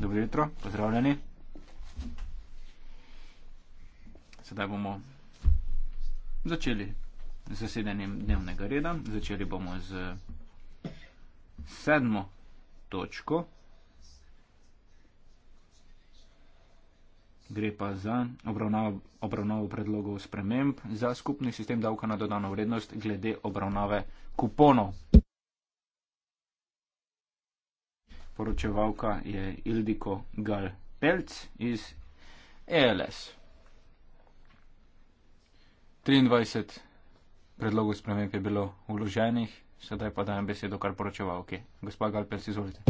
Dobro jutro, pozdravljeni. Sedaj bomo začeli z zasedanjem dnevnega reda. Začeli bomo z sedmo točko. Gre pa za obravnavo, obravnavo predlogov sprememb za skupni sistem davka na dodano vrednost glede obravnave kuponov. poročevalka je Ildiko Galpelc iz ELS. 23 predlogov sprememb je bilo uloženih, sedaj pa dajem besedo kar poročevalki. Gospa Galpelc, izvolite.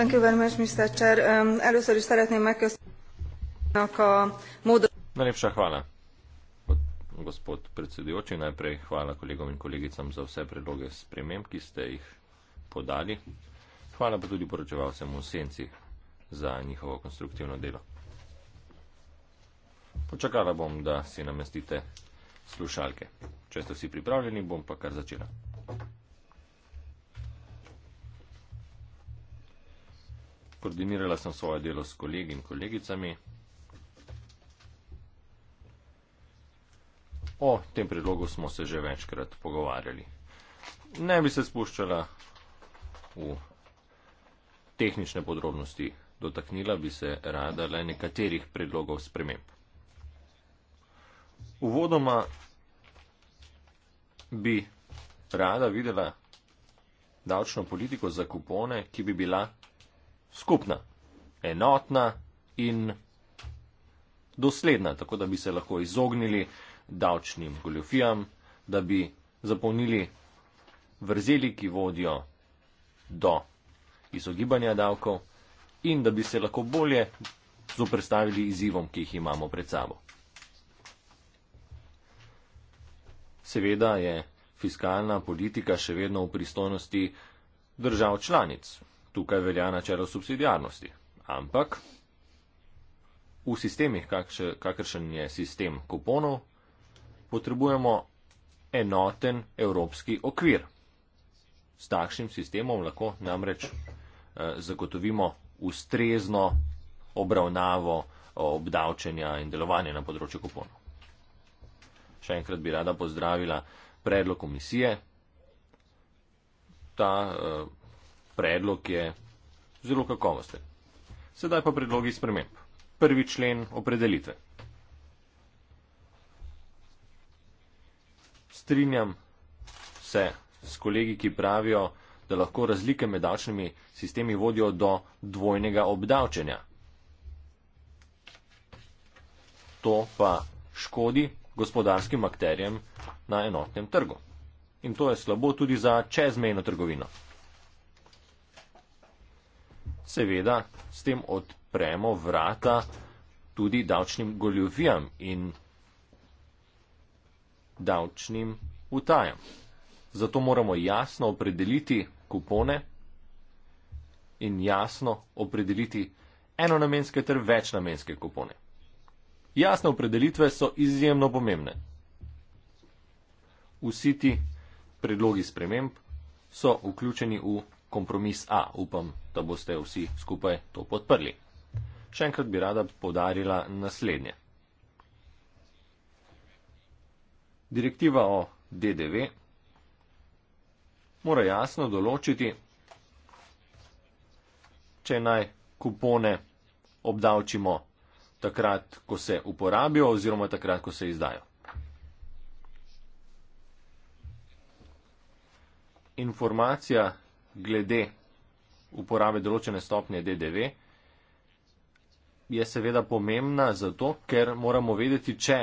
Thank you very much, Mr. Chair. Um, először is szeretném megköszönni a módot. Najlepša hvala. Gospod predsedujoči, najprej hvala kolegom in kolegicam za vse predloge sprememb, ki ste jih podali. Hvala pa tudi poročevalcem v senci za njihovo konstruktivno delo. Počakala bom, da si namestite slušalke. Če ste vsi pripravljeni, bom pa kar začela. Koordinirala sem svoje delo s kolegi in kolegicami. O tem predlogu smo se že večkrat pogovarjali. Ne bi se spuščala v tehnične podrobnosti. Dotaknila bi se rada le nekaterih predlogov sprememb. Uvodoma bi rada videla davčno politiko za kupone, ki bi bila skupna, enotna in dosledna, tako da bi se lahko izognili davčnim goljofijam, da bi zapolnili vrzeli, ki vodijo do izogibanja davkov in da bi se lahko bolje zoprstavili izzivom, ki jih imamo pred sabo. Seveda je fiskalna politika še vedno v pristojnosti držav članic, tukaj velja načelo subsidijarnosti, ampak v sistemih, kakršen je sistem kuponov, potrebujemo enoten evropski okvir. S takšnim sistemom lahko namreč Eh, zagotovimo ustrezno obravnavo obdavčenja in delovanja na področju kuponov. Še enkrat bi rada pozdravila predlog komisije. Ta eh, predlog je zelo kakovosten. Sedaj pa predlogi sprememb. Prvi člen opredelitve. Strinjam se s kolegi, ki pravijo, da lahko razlike med davčnimi sistemi vodijo do dvojnega obdavčenja. To pa škodi gospodarskim akterjem na enotnem trgu. In to je slabo tudi za čezmejno trgovino. Seveda, s tem odpremo vrata tudi davčnim goljufijam in davčnim utajam. Zato moramo jasno opredeliti kupone in jasno opredeliti enonamenske ter večnamenske kupone. Jasne opredelitve so izjemno pomembne. Vsi ti predlogi sprememb so vključeni v kompromis A. Upam, da boste vsi skupaj to podprli. Še enkrat bi rada podarila naslednje. Direktiva o DDV mora jasno določiti, če naj kupone obdavčimo takrat, ko se uporabijo oziroma takrat, ko se izdajo. Informacija glede uporabe določene stopnje DDV je seveda pomembna zato, ker moramo vedeti, če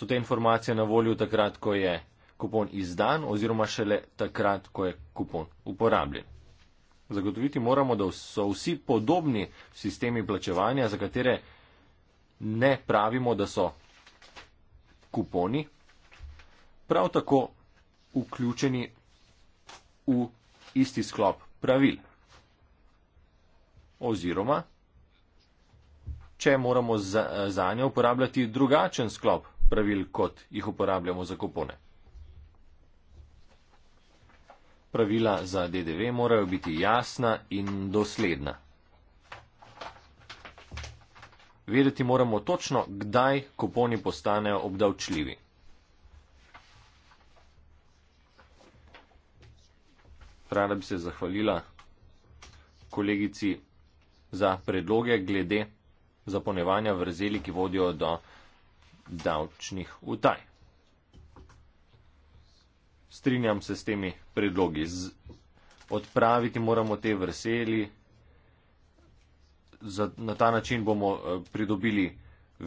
so te informacije na voljo takrat, ko je kupon izdan oziroma šele takrat, ko je kupon uporabljen. Zagotoviti moramo, da so vsi podobni sistemi plačevanja, za katere ne pravimo, da so kuponi, prav tako vključeni v isti sklop pravil. Oziroma, če moramo za, eh, za njo uporabljati drugačen sklop pravil, kot jih uporabljamo za kupone. pravila za DDV morajo biti jasna in dosledna. Vedeti moramo točno, kdaj kuponi postanejo obdavčljivi. Rada bi se zahvalila kolegici za predloge glede zaponevanja vrzeli, ki vodijo do davčnih utaj strinjam se s temi predlogi. Z odpraviti moramo te vrseli, Za, na ta način bomo eh, pridobili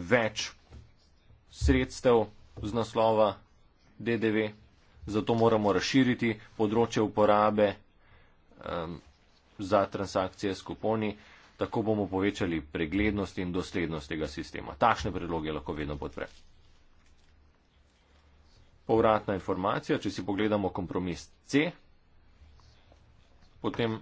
več sredstev z naslova DDV, zato moramo razširiti področje uporabe um, za transakcije s kuponi, tako bomo povečali preglednost in doslednost tega sistema. Takšne predloge lahko vedno podprejo povratna informacija, če si pogledamo kompromis C, potem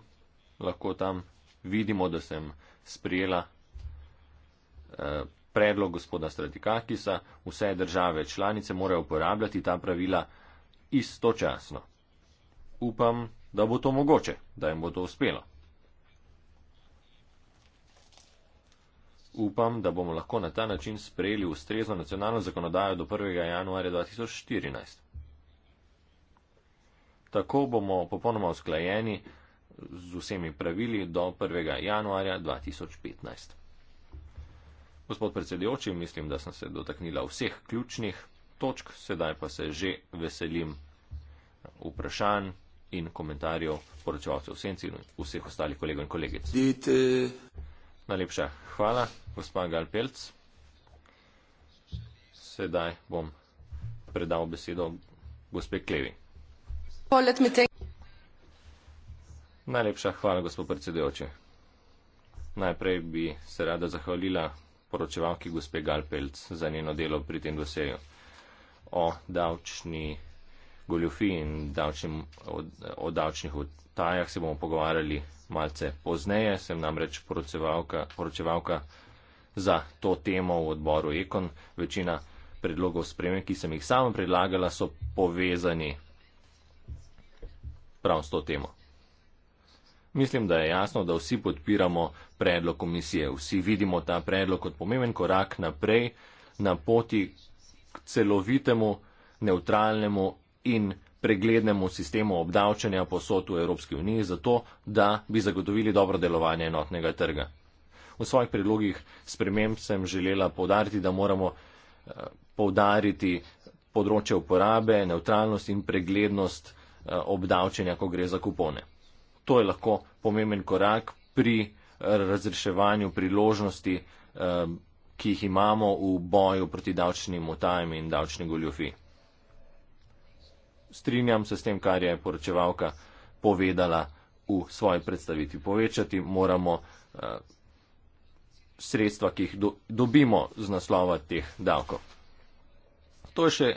lahko tam vidimo, da sem sprijela eh, predlog gospoda Stratikakisa, vse države članice morajo uporabljati ta pravila istočasno. Upam, da bo to mogoče, da jim bo to uspelo. upam, da bomo lahko na ta način sprejeli ustrezno nacionalno zakonodajo do 1. januarja 2014. Tako bomo popolnoma usklajeni z vsemi pravili do 1. januarja 2015. Gospod predsedujoči, mislim, da sem se dotaknila vseh ključnih točk, sedaj pa se že veselim vprašanj in komentarjev poročevalcev v senci in vseh ostalih kolegov in kolegic. Dite. Najlepša hvala gospa Galpelc. Sedaj bom predal besedo gospe Klevi. Najlepša hvala, gospod predsedujoči. Najprej bi se rada zahvalila poročevalki gospe Galpelc za njeno delo pri tem doseju o davčni goljufi in davčnim, o, o davčnih utajah se bomo pogovarjali malce pozneje. Sem namreč poročevalka, poročevalka za to temo v odboru Ekon. Večina predlogov spreme, ki sem jih sama predlagala, so povezani prav s to temo. Mislim, da je jasno, da vsi podpiramo predlog komisije. Vsi vidimo ta predlog kot pomemben korak naprej na poti k celovitemu, neutralnemu in preglednemu sistemu obdavčanja posod v Evropski uniji, zato da bi zagotovili dobro delovanje enotnega trga v svojih predlogih sprememb sem želela povdariti, da moramo eh, povdariti področje uporabe, neutralnost in preglednost eh, obdavčenja, ko gre za kupone. To je lahko pomemben korak pri eh, razreševanju priložnosti, ki jih imamo v boju proti davčnim utajem in davčni goljofi. Strinjam se s tem, kar je poročevalka povedala v svoji predstavitvi. Povečati moramo sredstva, ki jih do, dobimo z naslova teh davkov. To je še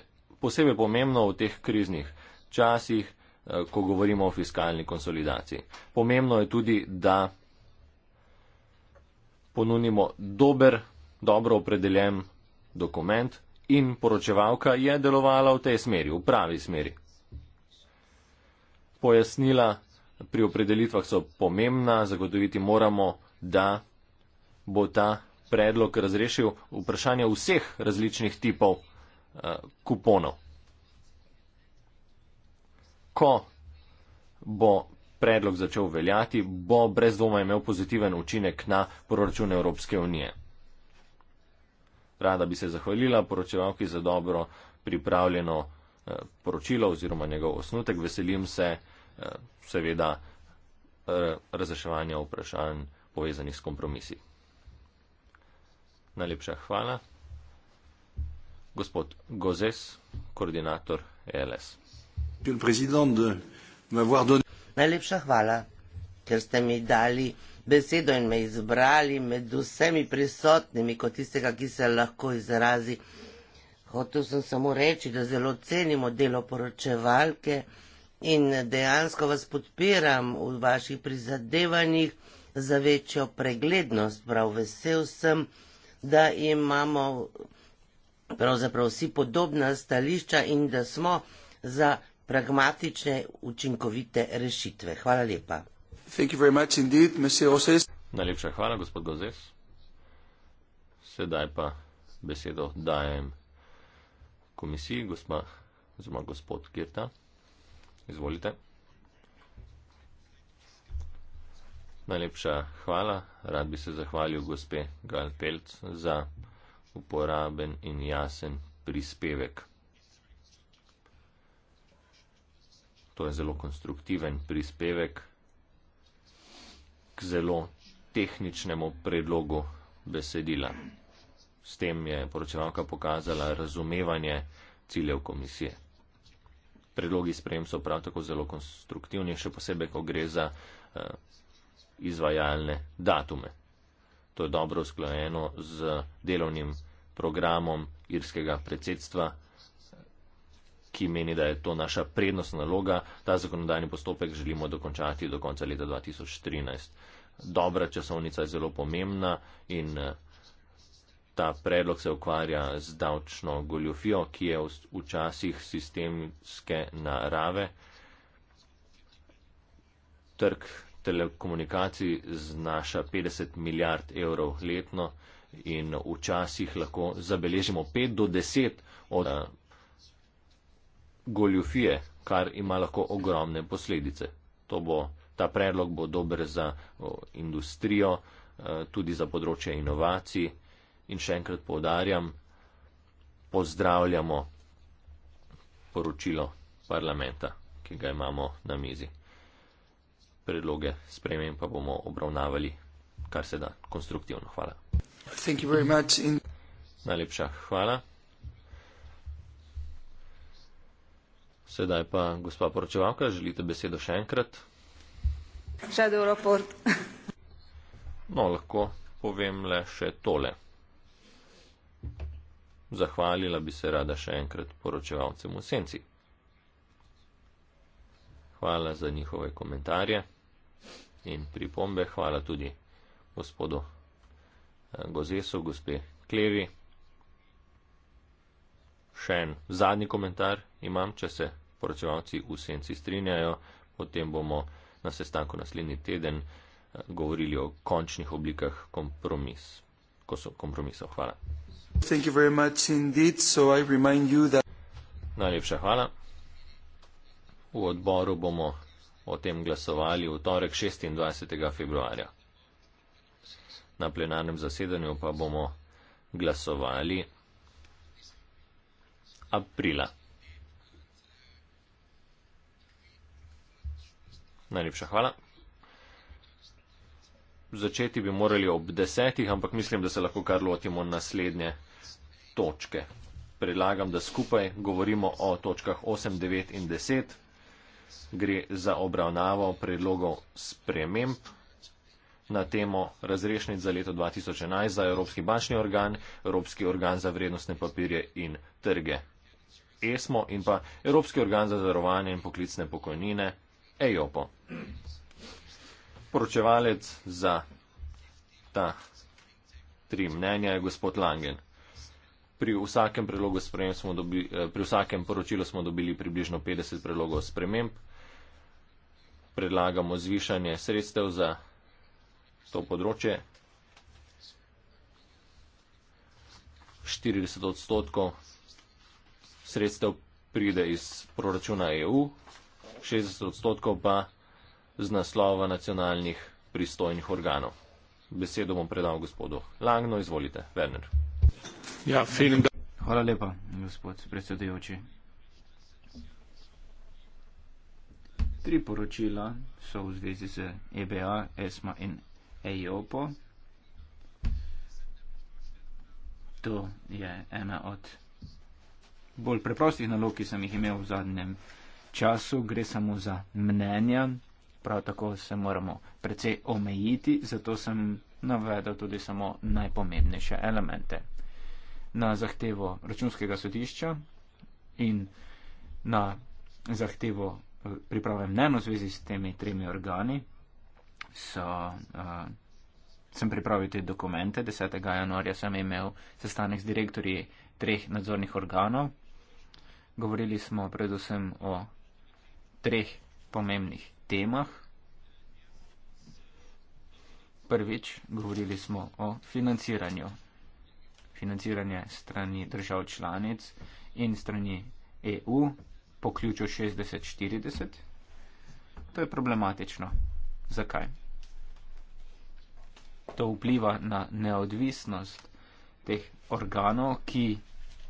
posebej pomembno v teh kriznih časih, eh, ko govorimo o fiskalni konsolidaciji. Pomembno je tudi, da ponunimo dober, dobro opredeljen dokument in poročevalka je delovala v tej smeri, v pravi smeri. Pojasnila pri opredelitvah so pomembna, zagotoviti moramo, da bo ta predlog razrešil vprašanje vseh različnih tipov uh, kuponov. Ko bo predlog začel veljati, bo brez dvoma imel pozitiven učinek na proračun Evropske unije. Rada bi se zahvalila poročevalki za dobro pripravljeno eh, poročilo oziroma njegov osnutek. Veselim se eh, seveda razreševanja vprašanj povezanih s kompromisi. Najlepša hvala. Gospod Gozes, koordinator e LS. Najlepša hvala, ker ste mi dali besedo in me izbrali med vsemi prisotnimi, kot tistega, ki se lahko izrazi. Hotel sem samo reči, da zelo cenimo delo poročevalke in dejansko vas podpiram v vaših prizadevanjih za večjo preglednost. Prav vesel sem da imamo pravzaprav vsi podobna stališča in da smo za pragmatične, učinkovite rešitve. Hvala lepa. Indeed, Najlepša hvala, gospod Gozes. Sedaj pa besedo dajem komisiji, gospa, gospod Kirta. Izvolite. Najlepša hvala. Rad bi se zahvalil gospe Galpelc za uporaben in jasen prispevek. To je zelo konstruktiven prispevek k zelo tehničnemu predlogu besedila. S tem je poročevalka pokazala razumevanje ciljev komisije. Predlogi sprejem so prav tako zelo konstruktivni, še posebej, ko gre za eh, izvajalne datume. To je dobro usklajeno z delovnim programom irskega predsedstva, ki meni, da je to naša prednostna naloga. Ta zakonodajni postopek želimo dokončati do konca leta 2013. Dobra časovnica je zelo pomembna in eh, ta predlog se ukvarja z davčno goljofijo, ki je včasih sistemske narave. Trg telekomunikacij znaša 50 milijard evrov letno in včasih lahko zabeležimo 5 do 10 od eh, goljufije, kar ima lahko ogromne posledice. Bo, ta predlog bo dober za industrijo, eh, tudi za področje inovacij in še enkrat povdarjam, pozdravljamo poročilo parlamenta, ki ga imamo na mizi predloge sprememb pa bomo obravnavali kar se da konstruktivno. Hvala. In... Najlepša hvala. Sedaj pa gospa poročevalka, želite besedo še enkrat? Še do raport. no, lahko povem le še tole. Zahvalila bi se rada še enkrat poročevalcem v senci hvala za njihove komentarje in pripombe, hvala tudi gospodu eh, Gozesu, gospe Klevi. Še en zadnji komentar imam, če se poročevalci v senci strinjajo, potem bomo na sestanku naslednji teden eh, govorili o končnih oblikah kompromis. kompromisov. Hvala. Najlepša hvala. V odboru bomo o tem glasovali v torek 26. februarja. Na plenarnem zasedanju pa bomo glasovali aprila. Najlepša hvala. Začeti bi morali ob desetih, ampak mislim, da se lahko kar lotimo naslednje točke. Predlagam, da skupaj govorimo o točkah 8, 9 in 10 gre za obravnavo predlogov sprememb na temo razrešnic za leto 2011 za Evropski bančni organ, Evropski organ za vrednostne papirje in trge ESMO in pa Evropski organ za zarovanje in poklicne pokojnine EIOPO. Poročevalec za ta tri mnenja je gospod Langen pri vsakem predlogu sprememb smo dobili, eh, pri vsakem poročilu smo dobili približno 50 predlogov sprememb. Predlagamo zvišanje sredstev za to področje. 40 odstotkov sredstev pride iz proračuna EU, 60 odstotkov pa z naslova nacionalnih pristojnih organov. Besedo bom predal gospodu Lagno, izvolite, Werner. Ja, Hvala lepa, gospod predsedujoči. Tri poročila so v zvezi z EBA, ESMA in EIOPO. To je ena od bolj preprostih nalog, ki sem jih imel v zadnjem času. Gre samo za mnenja, prav tako se moramo precej omejiti, zato sem navedel tudi samo najpomembnejše elemente na zahtevo računskega sodišča in na zahtevo eh, priprave mnen v zvezi s temi tremi organi so, uh, sem pripravil te dokumente. 10. januarja sem imel sestanek z direktorji treh nadzornih organov. Govorili smo predvsem o treh pomembnih temah. Prvič, govorili smo o financiranju financiranje strani držav članic in strani EU po ključu 60-40. To je problematično. Zakaj? To vpliva na neodvisnost teh organov, ki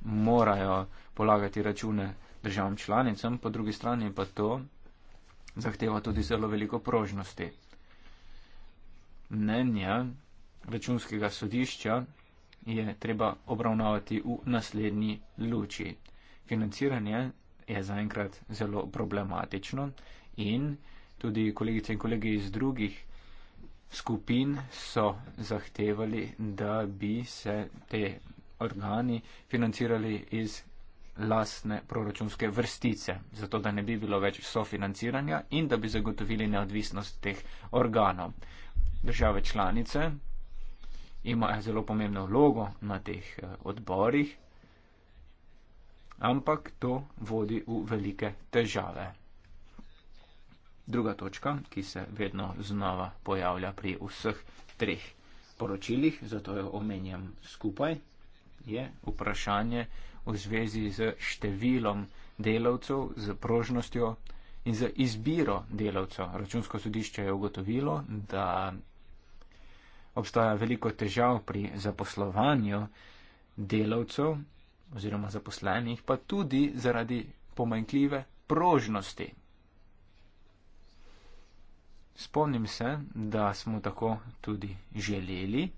morajo polagati račune državam članicam, po drugi strani pa to zahteva tudi zelo veliko prožnosti. Mnenje računskega sodišča je treba obravnavati v naslednji luči. Financiranje je zaenkrat zelo problematično in tudi kolegice in kolegi iz drugih skupin so zahtevali, da bi se te organi financirali iz lastne proračunske vrstice, zato da ne bi bilo več sofinanciranja in da bi zagotovili neodvisnost teh organov. Države članice imajo zelo pomembno vlogo na teh eh, odborih, ampak to vodi v velike težave. Druga točka, ki se vedno znova pojavlja pri vseh treh poročilih, zato jo omenjam skupaj, je vprašanje v zvezi z številom delavcev, z prožnostjo in z izbiro delavcev. Računsko sodišče je ugotovilo, da obstaja veliko težav pri zaposlovanju delavcev oziroma zaposlenih, pa tudi zaradi pomanjkljive prožnosti. Spomnim se, da smo tako tudi želeli.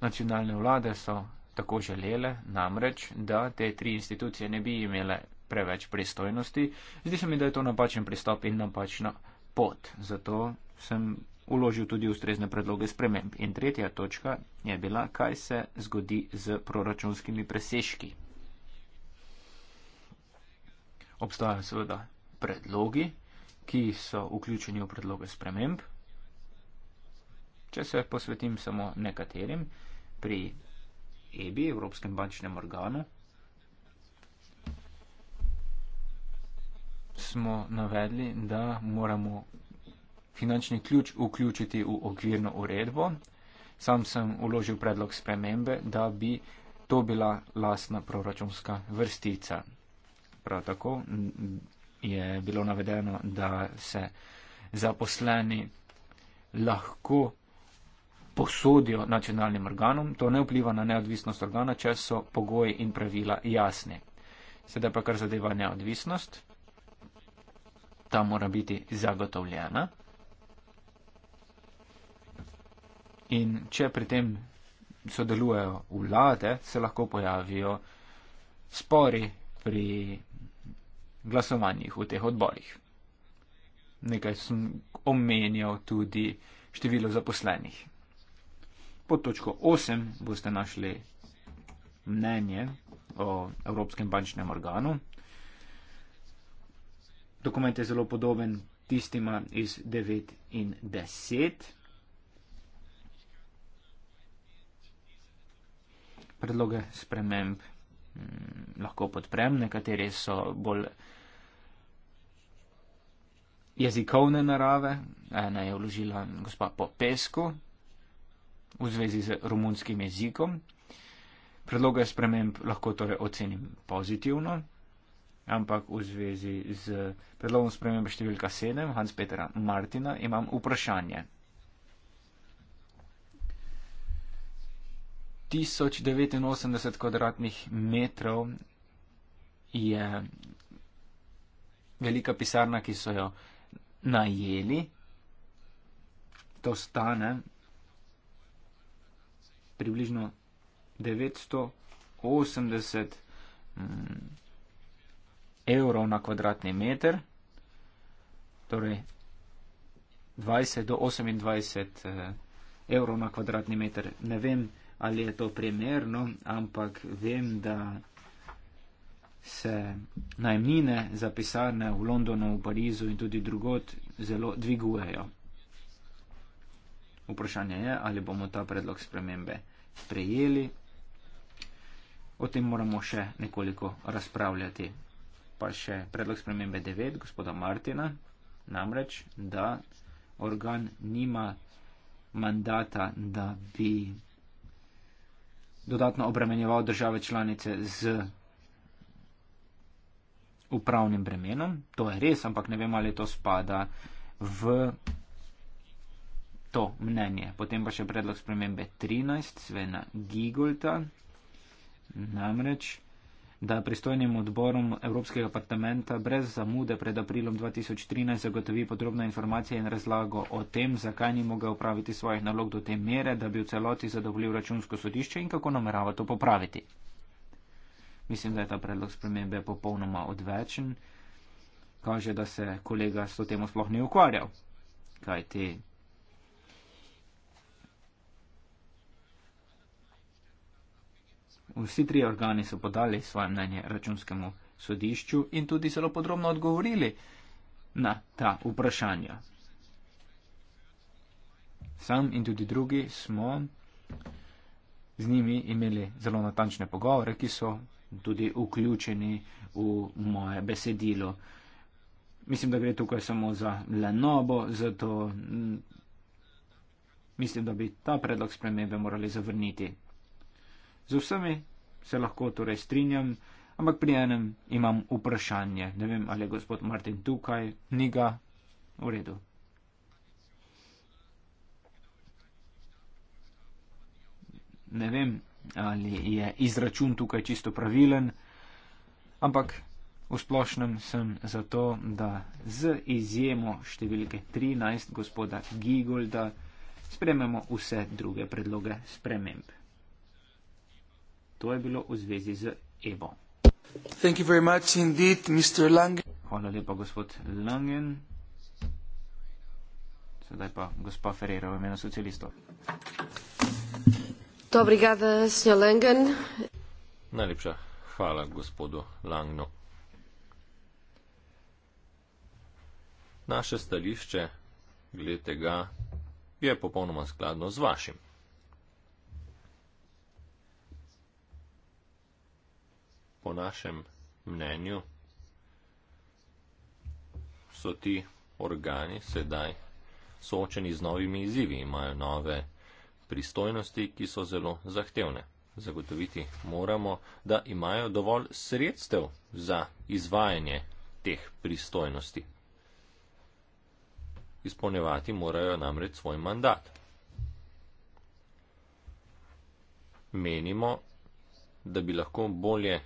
Nacionalne vlade so tako želele, namreč, da te tri institucije ne bi imele preveč pristojnosti. Zdi se mi, da je to napačen pristop in napačna pot. Zato sem vložil tudi ustrezne predloge sprememb. In tretja točka je bila, kaj se zgodi z proračunskimi preseški. Obstajajo seveda predlogi, ki so vključeni v predloge sprememb. Če se posvetim samo nekaterim, pri EBI, Evropskem bančnem organu, smo navedli, da moramo finančni ključ vključiti v okvirno uredbo. Sam sem uložil predlog spremembe, da bi to bila lastna proračunska vrstica. Prav tako je bilo navedeno, da se zaposleni lahko posodijo nacionalnim organom, to ne vpliva na neodvisnost organa, če so pogoji in pravila jasni. Sedaj pa kar zadeva neodvisnost, ta mora biti zagotovljena. In če pri tem sodelujejo vlade, se lahko pojavijo spori pri glasovanjih v teh odborih. Nekaj sem omenjal tudi število zaposlenih. Pod točko 8 boste našli mnenje o Evropskem bančnem organu. Dokument je zelo podoben tistima iz 9 in 10. predloge sprememb mm, lahko podprem, nekateri so bolj jezikovne narave, ena je vložila gospa Popesku v zvezi z romunskim jezikom. Predloge sprememb lahko torej ocenim pozitivno, ampak v zvezi z predlogom spremembe številka 7 Hans-Petra Martina imam vprašanje. 1089 kvadratnih metrov je velika pisarna, ki so jo najeli. To stane približno 980 mm, evrov na kvadratni meter, torej 20 do 28 eh, evrov na kvadratni meter. Ne vem, ali je to primerno, ampak vem, da se najmnine za pisarne v Londonu, v Parizu in tudi drugot zelo dvigujejo. Vprašanje je, ali bomo ta predlog spremembe sprejeli. O tem moramo še nekoliko razpravljati. Pa še predlog spremembe 9 gospoda Martina, namreč, da organ nima mandata, da bi dodatno obremenjeval države članice z upravnim bremenom. To je res, ampak ne vem, ali to spada v to mnenje. Potem pa še predlog spremembe 13, Svena Gigulta. Namreč da pristojnim odborom Evropskega parlamenta brez zamude pred aprilom 2013 zagotovi podrobne informacije in razlago o tem, zakaj ni mogel upraviti svojih nalog do te mere, da bi v celoti zadovoljil računsko sodišče in kako namerava to popraviti. Mislim, da je ta predlog spremembe popolnoma odvečen. Kaže, da se kolega s to temo sploh ni ukvarjal. Kaj ti? Te Vsi tri organi so podali svoje mnenje računskemu sodišču in tudi zelo podrobno odgovorili na ta vprašanja. Sam in tudi drugi smo z njimi imeli zelo natančne pogovore, ki so tudi vključeni v moje besedilo. Mislim, da gre tukaj samo za lenobo, zato mm, mislim, da bi ta predlog spremembe morali zavrniti. Z vsemi se lahko torej strinjam, ampak pri enem imam vprašanje. Ne vem, ali je gospod Martin tukaj, ni ga v redu. Ne vem, ali je izračun tukaj čisto pravilen, ampak v splošnem sem zato, da z izjemo številke 13 gospoda Gigolda sprememo vse druge predloge sprememb. To je bilo v zvezi z Evo. Hvala lepa, gospod Langen. Sedaj pa gospa Ferrero v imenu socialistov. Najlepša hvala gospodu Langnu. Naše stališče glede tega je popolnoma skladno z vašim. po našem mnenju, so ti organi sedaj soočeni z novimi izzivi, imajo nove pristojnosti, ki so zelo zahtevne. Zagotoviti moramo, da imajo dovolj sredstev za izvajanje teh pristojnosti. Izpolnevati morajo namreč svoj mandat. Menimo, da bi lahko bolje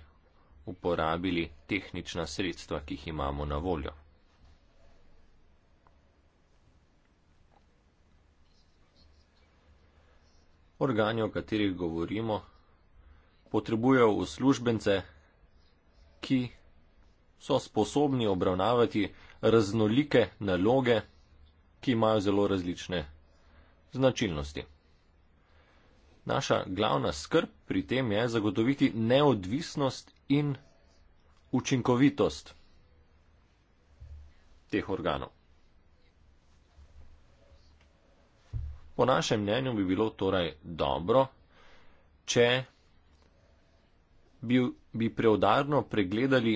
uporabili tehnična sredstva, ki jih imamo na voljo. Organi, o katerih govorimo, potrebujejo uslužbence, ki so sposobni obravnavati raznolike naloge, ki imajo zelo različne značilnosti. Naša glavna skrb pri tem je zagotoviti neodvisnost in učinkovitost teh organov. Po našem mnenju bi bilo torej dobro, če bi, bi preudarno pregledali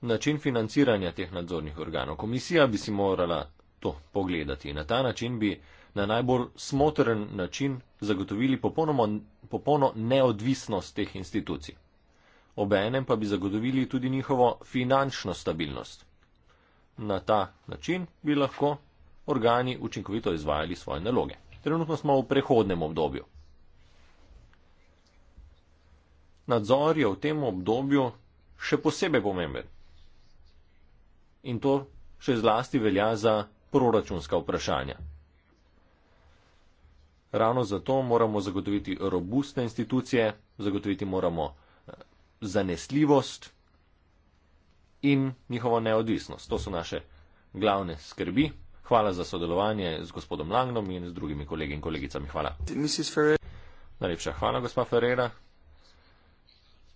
način financiranja teh nadzornih organov. Komisija bi si morala to pogledati. Na ta način bi na najbolj smotren način zagotovili popolno neodvisnost teh institucij obenem pa bi zagotovili tudi njihovo finančno stabilnost. Na ta način bi lahko organi učinkovito izvajali svoje naloge. Trenutno smo v prehodnem obdobju. Nadzor je v tem obdobju še posebej pomemben. In to še zlasti velja za proračunska vprašanja. Ravno zato moramo zagotoviti robustne institucije, zagotoviti moramo zanesljivost in njihovo neodvisnost. To so naše glavne skrbi. Hvala za sodelovanje z gospodom Langnom in z drugimi kolegi in kolegicami. Hvala. Najlepša hvala, gospa Ferreira.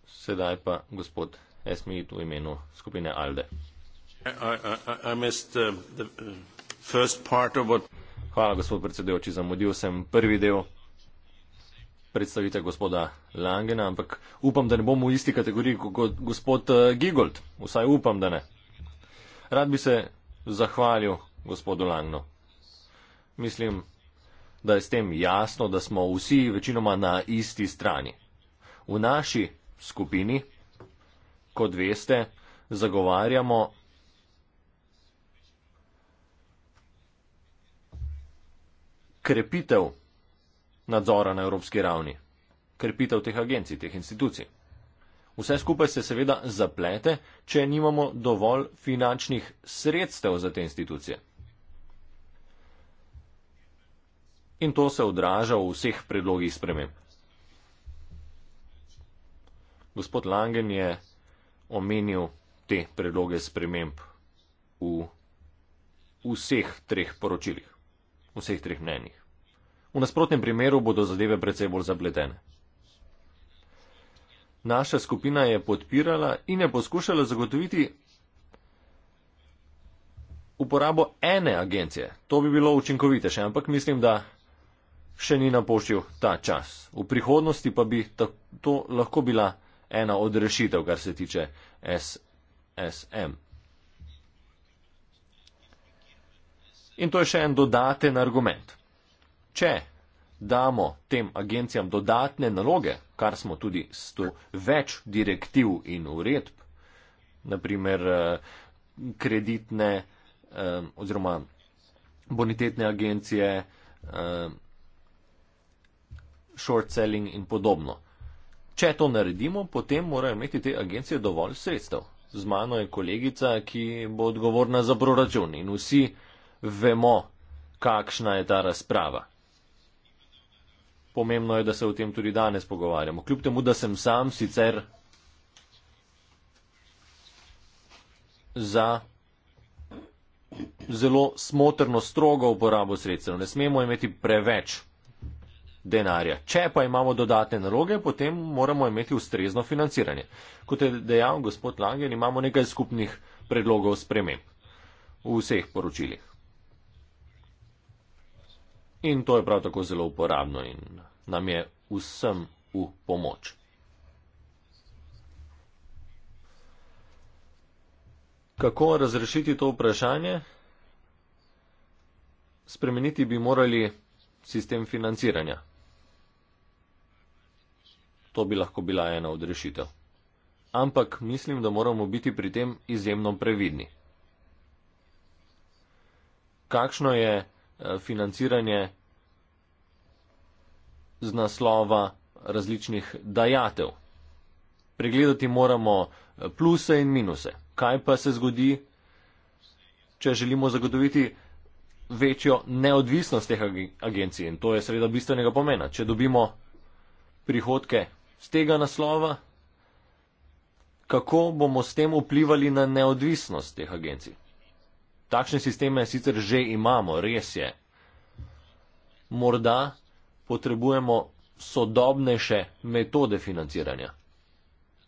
Sedaj pa gospod Esmit v imenu skupine Alde. I, I, I, I uh, uh, what... Hvala, gospod predsedujoči, zamudil sem prvi del predstavitev gospoda Langena, ampak upam, da ne bomo v isti kategoriji kot gospod eh, Gigold. Vsaj upam, da ne. Rad bi se zahvalil gospodu Langnu. Mislim, da je s tem jasno, da smo vsi večinoma na isti strani. V naši skupini, kot veste, zagovarjamo. Krepitev nadzora na evropski ravni, krepitev teh agencij, teh institucij. Vse skupaj se seveda zaplete, če nimamo dovolj finančnih sredstev za te institucije. In to se odraža v vseh predlogih sprememb. Gospod Langen je omenil te predloge sprememb v vseh treh poročilih, v vseh treh mnenjih. V nasprotnem primeru bodo zadeve precej bolj zapletene. Naša skupina je podpirala in je poskušala zagotoviti uporabo ene agencije. To bi bilo učinkovitejše, ampak mislim, da še ni napoštil ta čas. V prihodnosti pa bi to lahko bila ena od rešitev, kar se tiče SSM. In to je še en dodaten argument če damo tem agencijam dodatne naloge, kar smo tudi s to več direktiv in uredb, naprimer eh, kreditne eh, oziroma bonitetne agencije, eh, short selling in podobno. Če to naredimo, potem morajo imeti te agencije dovolj sredstev. Z mano je kolegica, ki bo odgovorna za proračun in vsi vemo, kakšna je ta razprava pomembno je, da se o tem tudi danes pogovarjamo. Kljub temu, da sem sam sicer za zelo smotrno strogo uporabo sredstev. Ne smemo imeti preveč denarja. Če pa imamo dodatne naloge, potem moramo imeti ustrezno financiranje. Kot je dejal gospod Langen, imamo nekaj skupnih predlogov sprememb v vseh poročilih. In to je prav tako zelo uporabno in nam je vsem v pomoč. Kako razrešiti to vprašanje? Spremeniti bi morali sistem financiranja. To bi lahko bila ena od rešitev. Ampak mislim, da moramo biti pri tem izjemno previdni. Kakšno je Eh, financiranje z naslova različnih dajatev. Pregledati moramo eh, pluse in minuse. Kaj pa se zgodi, če želimo zagotoviti večjo neodvisnost teh agencij? In to je seveda bistvenega pomena. Če dobimo prihodke z tega naslova, kako bomo s tem vplivali na neodvisnost teh agencij? Takšne sisteme sicer že imamo, res je. Morda potrebujemo sodobnejše metode financiranja.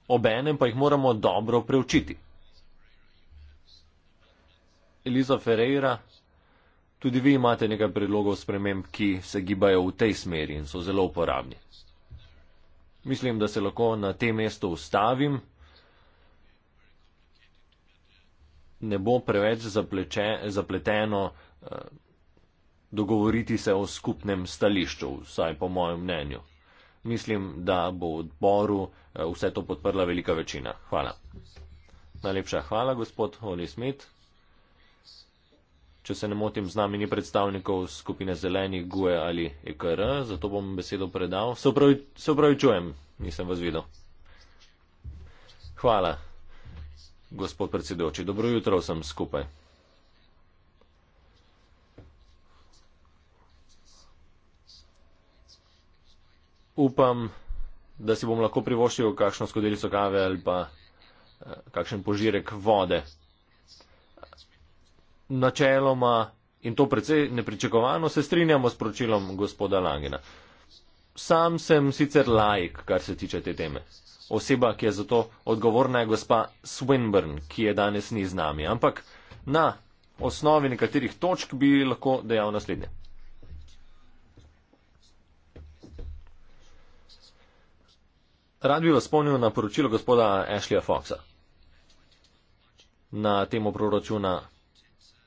Obenem pa jih moramo dobro preučiti. Eliza Ferreira, tudi vi imate nekaj predlogov sprememb, ki se gibajo v tej smeri in so zelo uporabni. Mislim, da se lahko na tem mestu ustavim. ne bo preveč zapleče, zapleteno eh, dogovoriti se o skupnem stališču, vsaj po mojem mnenju. Mislim, da bo v odboru eh, vse to podprla velika večina. Hvala. Najlepša hvala, gospod Oli Smit. Če se ne motim, z nami ni predstavnikov skupine Zeleni, GUE ali EKR, zato bom besedo predal. Se upravičujem, nisem vas videl. Hvala. Gospod predsedoči, dobro jutro vsem skupaj. Upam, da si bom lahko privoščil kakšno skodelico kave ali pa eh, kakšen požirek vode. Načeloma, in to precej nepričakovano, se strinjamo s pročilom gospoda Langena. Sam sem sicer lajk, kar se tiče te teme. Oseba, ki je za to odgovorna, je gospa Swinburne, ki je danes ni z nami. Ampak na osnovi nekaterih točk bi lahko dejal naslednje. Rad bi vas spomnil na poročilo gospoda Ashleya Foxa na temo proračuna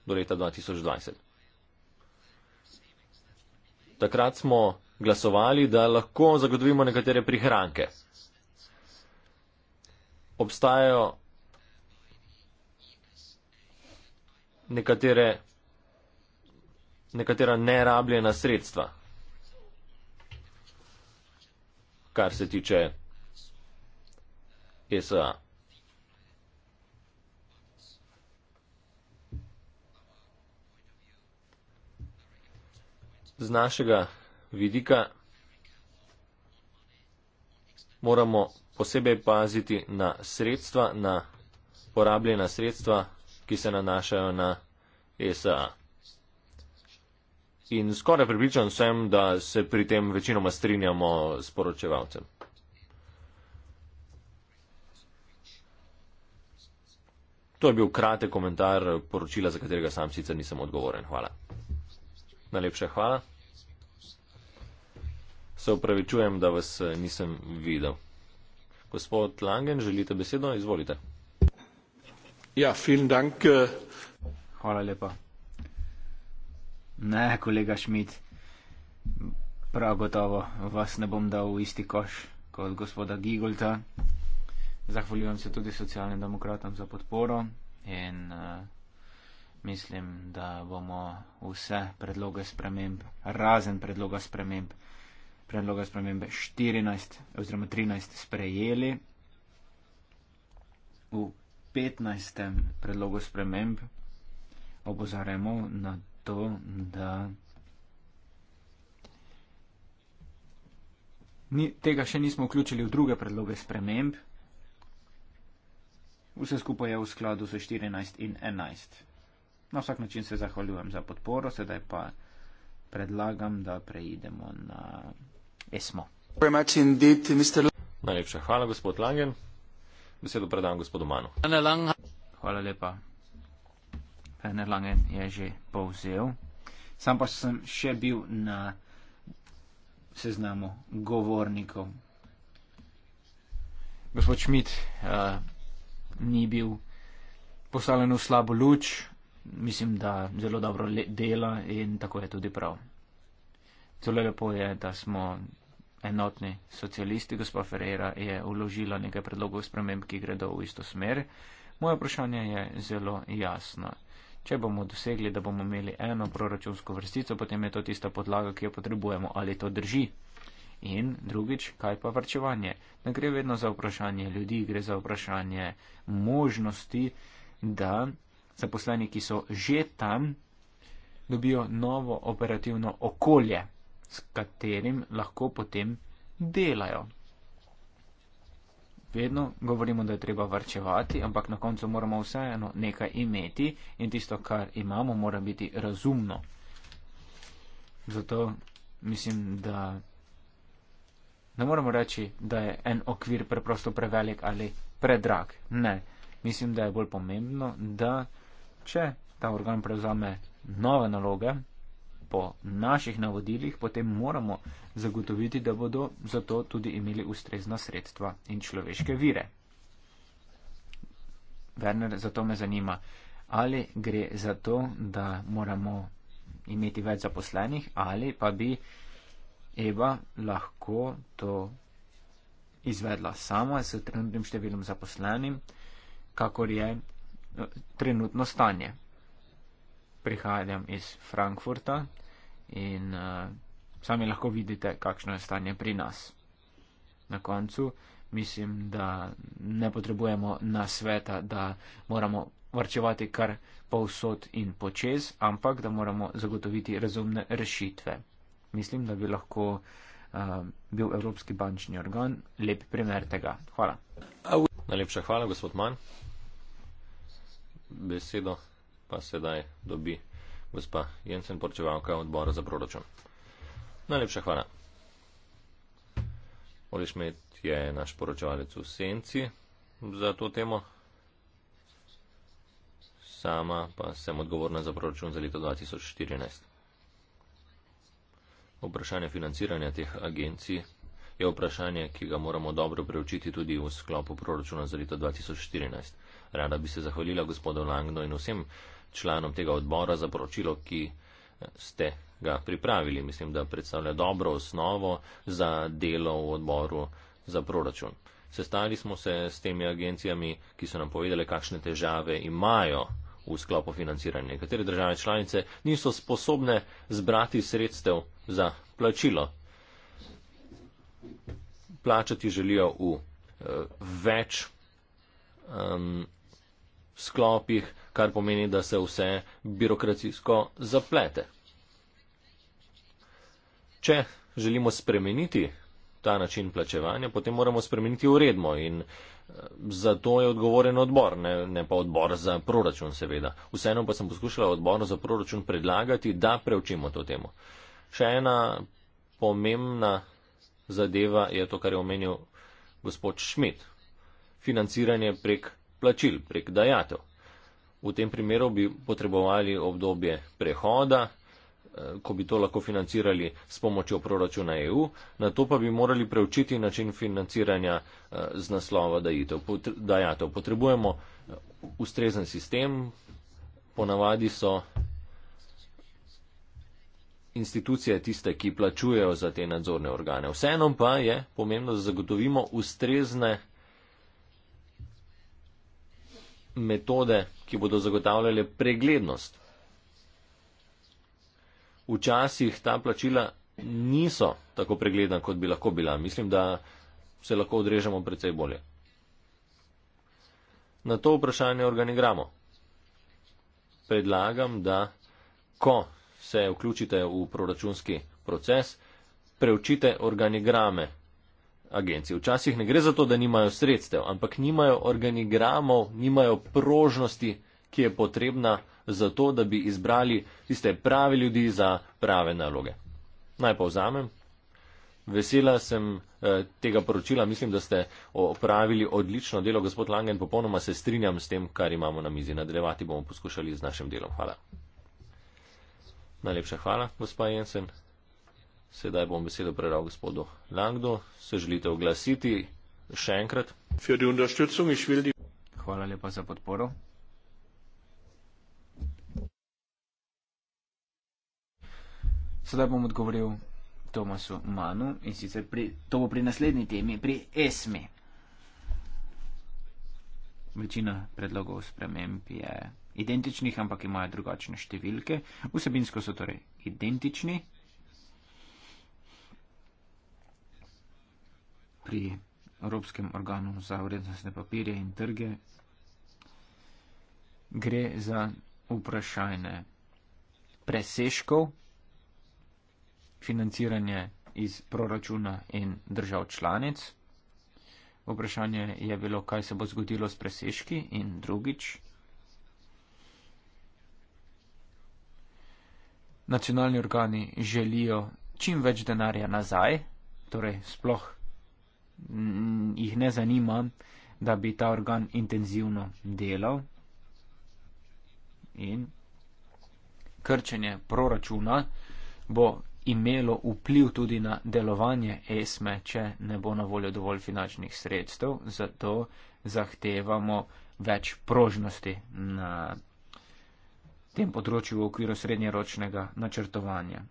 do leta 2020. Takrat smo glasovali, da lahko zagotovimo nekatere prihranke obstajajo nekatere, nekatera nerabljena sredstva, kar se tiče SA. Z našega vidika moramo posebej paziti na sredstva, na porabljena sredstva, ki se nanašajo na e SA. In skoraj pripričan sem, da se pri tem večinoma strinjamo s poročevalcem. To je bil kratek komentar poročila, za katerega sam sicer nisem odgovoren. Hvala. Najlepša hvala. Se upravičujem, da vas eh, nisem videl. Gospod Langen, želite besedo? Izvolite. Ja, film dank. Eh. Hvala lepa. Ne, kolega Šmit, prav gotovo vas ne bom dal v isti koš kot gospoda Gigolta. Zahvaljujem se tudi socialnim demokratom za podporo in uh, mislim, da bomo vse predloge sprememb, razen predloga sprememb, uh, predloga spremembe 14 oziroma 13 sprejeli. V 15. predlogu sprememb opozarjamo na to, da ni, tega še nismo vključili v druge predloge sprememb. Vse skupaj je v skladu z 14 in 11. Na vsak način se zahvaljujem za podporo, sedaj pa predlagam, da preidemo na ESMO. Najlepša hvala, gospod Langen. Besedo predam gospodu Manu. Hvala lepa. Pener Langen je že povzel. Sam pa sem še bil na seznamu govornikov. Gospod Šmit uh, eh, ni bil postavljen v slabo luč. Mislim, da zelo dobro dela in tako je tudi prav zelo lepo je, da smo enotni socialisti. Gospa Ferreira je uložila nekaj predlogov sprememb, ki gredo v isto smer. Moje vprašanje je zelo jasno. Če bomo dosegli, da bomo imeli eno proračunsko vrstico, potem je to tista podlaga, ki jo potrebujemo. Ali to drži? In drugič, kaj pa vrčevanje? Ne gre vedno za vprašanje ljudi, gre za vprašanje možnosti, da zaposleni, ki so že tam, dobijo novo operativno okolje s katerim lahko potem delajo. Vedno govorimo, da je treba varčevati, ampak na koncu moramo vseeno nekaj imeti in tisto, kar imamo, mora biti razumno. Zato mislim, da ne moramo reči, da je en okvir preprosto prevelik ali predrag. Ne. Mislim, da je bolj pomembno, da če ta organ prevzame nove naloge, po naših navodilih, potem moramo zagotoviti, da bodo za to tudi imeli ustrezna sredstva in človeške vire. Werner, zato me zanima, ali gre za to, da moramo imeti več zaposlenih, ali pa bi Eva lahko to izvedla sama s trenutnim številom zaposlenim, kakor je eh, trenutno stanje prihajam iz Frankfurta in uh, sami lahko vidite, kakšno je stanje pri nas. Na koncu mislim, da ne potrebujemo na sveta, da moramo varčevati kar povsod in počez, ampak da moramo zagotoviti razumne rešitve. Mislim, da bi lahko uh, bil Evropski bančni organ lep primer tega. Hvala. Najlepša hvala, gospod Manj. Besedo pa sedaj dobi gospa Jensen, poročevalka odbora za proračun. Najlepša hvala. Olišmet je naš poročevalec v senci za to temo. Sama pa sem odgovorna za proračun za leto 2014. Vprašanje financiranja teh agencij je vprašanje, ki ga moramo dobro preučiti tudi v sklopu proračuna za leto 2014. Rada bi se zahvalila gospodu Langno in vsem članom tega odbora za poročilo, ki ste ga pripravili. Mislim, da predstavlja dobro osnovo za delo v odboru za proračun. Sestali smo se s temi agencijami, ki so nam povedali, kakšne težave imajo v sklopu financiranja. Nekatere države članice niso sposobne zbrati sredstev za plačilo. Plačati želijo v eh, več um, sklopih, kar pomeni, da se vse birokracijsko zaplete. Če želimo spremeniti ta način plačevanja, potem moramo spremeniti uredmo in eh, zato je odgovoren odbor, ne, ne pa odbor za proračun seveda. Vseeno pa sem poskušala odboru za proračun predlagati, da preučimo to temo. Še ena pomembna zadeva je to, kar je omenil gospod Šmit. Financiranje prek plačil prek dajatev. V tem primeru bi potrebovali obdobje prehoda, eh, ko bi to lahko financirali s pomočjo proračuna EU, na to pa bi morali preučiti način financiranja eh, z naslova dajatev. Potrebujemo eh, ustrezen sistem, ponavadi so institucije tiste, ki plačujejo za te nadzorne organe. Vseeno pa je pomembno, da zagotovimo ustrezne metode, ki bodo zagotavljale preglednost. Včasih ta plačila niso tako pregledna, kot bi lahko bila. Mislim, da se lahko odrežemo precej bolje. Na to vprašanje organigramo. Predlagam, da ko se vključite v proračunski proces, preučite organigrame agencij. Včasih ne gre za to, da nimajo sredstev, ampak nimajo organigramov, nimajo prožnosti, ki je potrebna za to, da bi izbrali tiste prave ljudi za prave naloge. Naj povzamem. Vesela sem eh, tega poročila, mislim, da ste opravili odlično delo, gospod Langen, popolnoma se strinjam s tem, kar imamo na mizi. Nadaljevati bomo poskušali z našim delom. Hvala. Najlepša hvala, gospod Jensen. Sedaj bom besedo predal gospodu Langdu. Se želite oglasiti še enkrat? Hvala lepa za podporo. Sedaj bom odgovoril Tomasu Manu in sicer pri, to bo pri naslednji temi, pri ESME. Večina predlogov sprememb je identičnih, ampak imajo drugačne številke. Vsebinsko so torej identični, pri Evropskem organu za vrednostne papirje in trge, gre za vprašanje preseškov, financiranje iz proračuna in držav članic. Vprašanje je bilo, kaj se bo zgodilo s preseški in drugič. Nacionalni organi želijo čim več denarja nazaj, torej sploh Mm, jih ne zanima, da bi ta organ intenzivno delal. In krčenje proračuna bo imelo vpliv tudi na delovanje ESME, če ne bo na voljo dovolj finančnih sredstev, zato zahtevamo več prožnosti na tem področju v okviru srednjeročnega načrtovanja.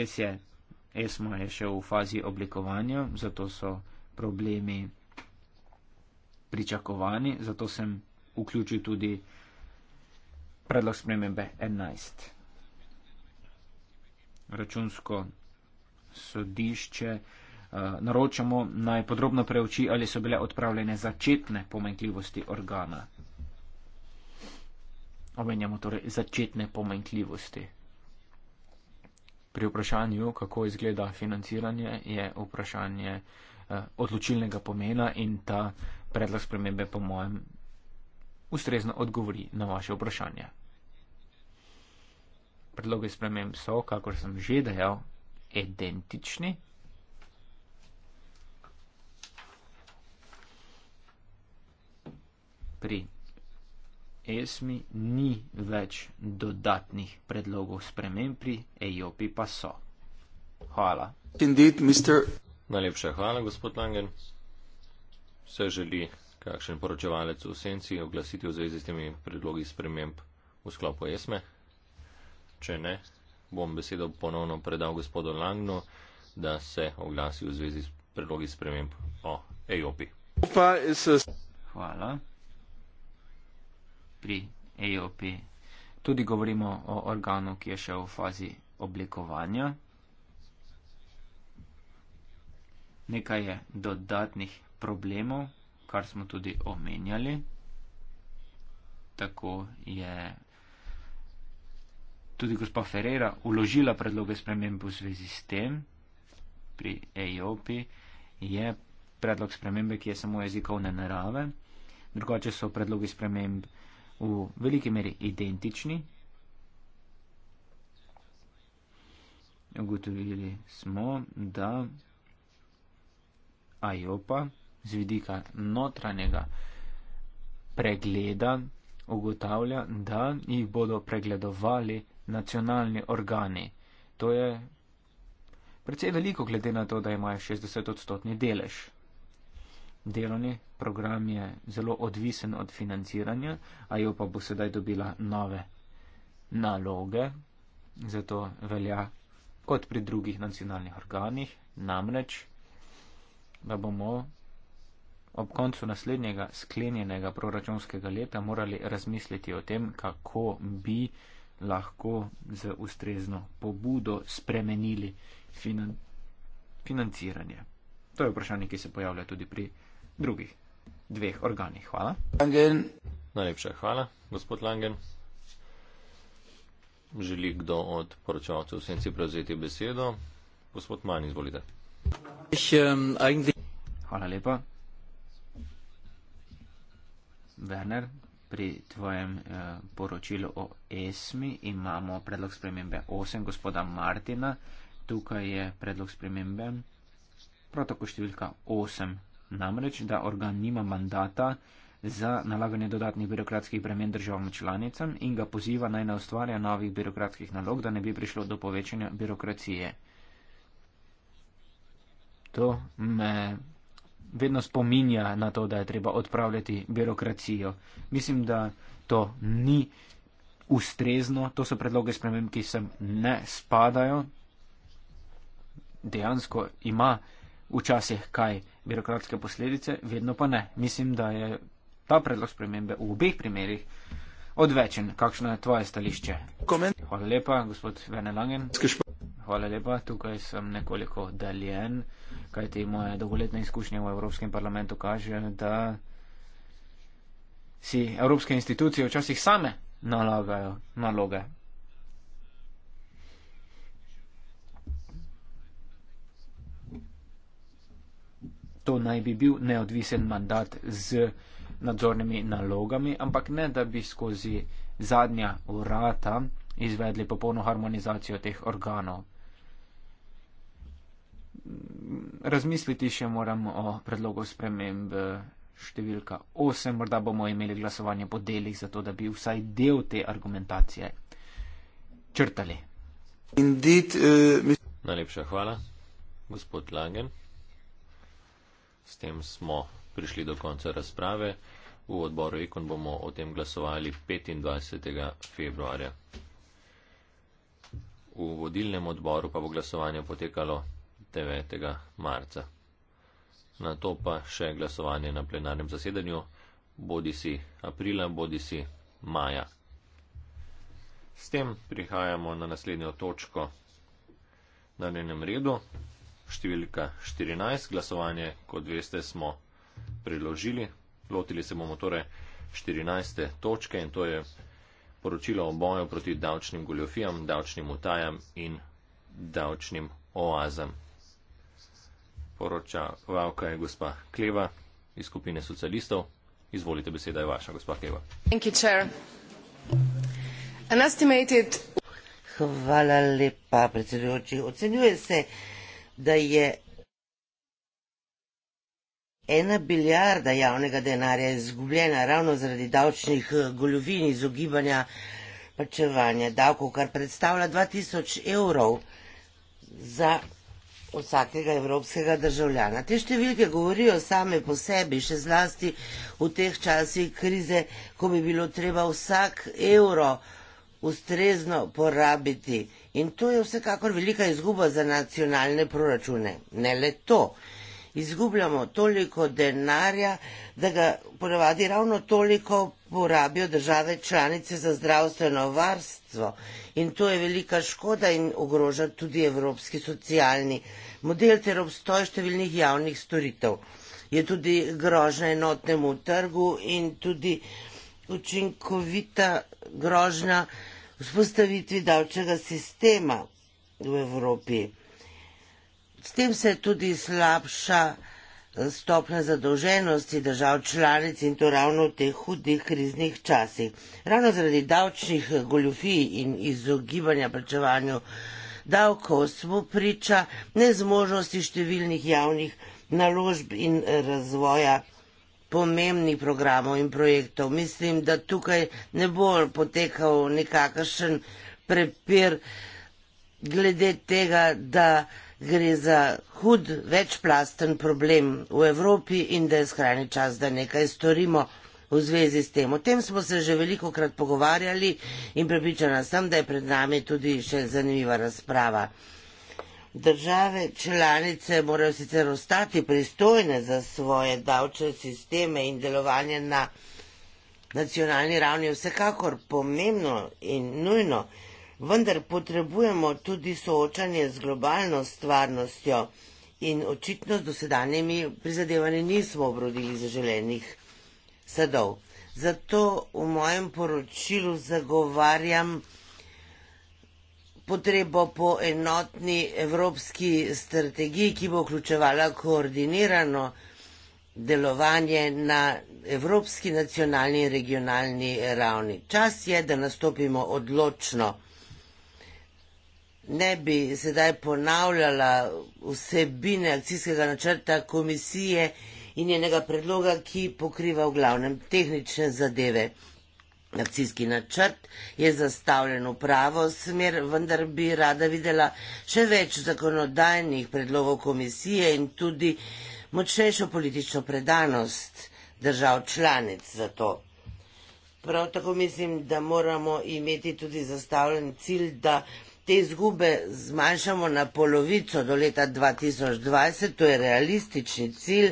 Res je, ESMA je še v fazi oblikovanja, zato so problemi pričakovani, zato sem vključil tudi predlog spremembe 11. Računsko sodišče eh, naročamo naj podrobno preuči, ali so bile odpravljene začetne pomenkljivosti organa. Omenjamo torej začetne pomenkljivosti pri vprašanju, kako izgleda financiranje, je vprašanje eh, odločilnega pomena in ta predlog spremembe, po mojem, ustrezno odgovori na vaše vprašanje. Predloge sprememb so, kako sem že dejal, identični. Pri ESMI ni več dodatnih predlogov sprememb pri EIOPI pa so. Hvala. Indeed, mister... Najlepša hvala, gospod Langen. Se želi kakšen poročevalec v senci oglasiti v zvezi s temi predlogi sprememb v sklopu ESME? Če ne, bom besedo ponovno predal gospodu Langnu, da se oglasi v zvezi s predlogi sprememb o EIOPI. Hvala pri AOP. E tudi govorimo o organu, ki je še v fazi oblikovanja. Nekaj je dodatnih problemov, kar smo tudi omenjali. Tako je tudi gospa Ferreira uložila predloge sprememb v zvezi s tem pri AOP. E je predlog spremembe, ki je samo jezikovne narave. Drugače so predlogi sprememb v veliki meri identični. Ugotovili smo, da Ajopa z vidika notranjega pregleda ugotavlja, da jih bodo pregledovali nacionalni organi. To je precej veliko glede na to, da imajo 60-odstotni delež delovni program je zelo odvisen od financiranja, a jo pa bo sedaj dobila nove naloge, zato velja kot pri drugih nacionalnih organih, namreč, da bomo ob koncu naslednjega sklenjenega proračunskega leta morali razmisliti o tem, kako bi lahko z ustrezno pobudo spremenili finan financiranje. To je vprašanje, ki se pojavlja tudi pri drugih dveh organih. Hvala. Langen. Najlepša hvala, gospod Langen. Želi kdo od poročevalcev v senci prevzeti besedo? Gospod Manj, izvolite. Ähm, hvala lepa. Werner, pri tvojem eh, poročilu o ESMI imamo predlog spremembe 8 gospoda Martina. Tukaj je predlog spremembe protoko številka 8 namreč, da organ nima mandata za nalaganje dodatnih birokratskih bremen državam članicam in ga poziva naj ne ustvarja novih birokratskih nalog, da ne bi prišlo do povečanja birokracije. To me vedno spominja na to, da je treba odpravljati birokracijo. Mislim, da to ni ustrezno, to so predloge spremem, ki sem ne spadajo. Dejansko ima včasih kaj birokratske posledice, vedno pa ne. Mislim, da je ta predlog spremembe v obeh primerjih odvečen. Kakšno je tvoje stališče? Komen. Hvala lepa, gospod Venelangen. Hvala lepa, tukaj sem nekoliko daljen, kajti moje dolgoletne izkušnje v Evropskem parlamentu kaže, da si evropske institucije včasih same nalagajo naloge. to naj bi bil neodvisen mandat z nadzornimi nalogami, ampak ne, da bi skozi zadnja urata izvedli popolno harmonizacijo teh organov. Razmisliti še moram o predlogu sprememb številka 8, morda bomo imeli glasovanje po delih, zato da bi vsaj del te argumentacije črtali. Indeed, uh, mis- Najlepša hvala, gospod Langen. S tem smo prišli do konca razprave. V odboru Ekon bomo o tem glasovali 25. februarja. V vodilnem odboru pa bo glasovanje potekalo 9. marca. Na to pa še glasovanje na plenarnem zasedanju, bodi si aprila, bodi si maja. S tem prihajamo na naslednjo točko na njenem redu številka 14. Glasovanje, kot veste, smo predložili. Lotili se bomo torej 14. točke in to je poročilo o boju proti davčnim goljofijam, davčnim utajam in davčnim oazam. Poročavka je gospa Kleva iz skupine socialistov. Izvolite, beseda je vaša, gospa Kleva. Hvala lepa, predsedujoči. Ocenjuje se, da je ena biljarda javnega denarja izgubljena ravno zaradi davčnih eh, goljovin izogibanja plačevanja davkov, kar predstavlja 2000 evrov za vsakega evropskega državljana. Te številke govorijo same po sebi, še zlasti v teh časih krize, ko bi bilo treba vsak evro ustrezno porabiti In to je vsekakor velika izguba za nacionalne proračune. Ne le to. Izgubljamo toliko denarja, da ga ponavadi ravno toliko porabijo države članice za zdravstveno varstvo. In to je velika škoda in ogroža tudi evropski socialni model ter obstoj številnih javnih storitev. Je tudi grožna enotnemu trgu in tudi učinkovita grožna. Mhm vzpostavitvi davčnega sistema v Evropi. S tem se tudi slabša stopna zadolženosti držav članic in to ravno v teh hudih kriznih časih. Ravno zaradi davčnih goljufij in izogibanja plačevanju davkov smo priča nezmožnosti številnih javnih naložb in razvoja pomembnih programov in projektov. Mislim, da tukaj ne bo potekal nekakšen prepir glede tega, da gre za hud večplasten problem v Evropi in da je skrajni čas, da nekaj storimo v zvezi s tem. O tem smo se že veliko krat pogovarjali in prepričana sem, da je pred nami tudi še zanimiva razprava. Države članice morajo sicer ostati pristojne za svoje davčne sisteme in delovanje na nacionalni ravni, vsekakor pomembno in nujno, vendar potrebujemo tudi soočanje z globalno stvarnostjo in očitno z dosedanjimi prizadevanji nismo obrodili zaželenih sadov. Zato v mojem poročilu zagovarjam potrebo po enotni evropski strategiji, ki bo vključevala koordinirano delovanje na evropski, nacionalni in regionalni ravni. Čas je, da nastopimo odločno. Ne bi sedaj ponavljala vsebine akcijskega načrta komisije in njenega predloga, ki pokriva v glavnem tehnične zadeve. Akcijski načrt je zastavljen v pravo smer, vendar bi rada videla še več zakonodajnih predlogov komisije in tudi močnejšo politično predanost držav članic za to. Prav tako mislim, da moramo imeti tudi zastavljen cilj, da te izgube zmanjšamo na polovico do leta 2020, to je realistični cilj,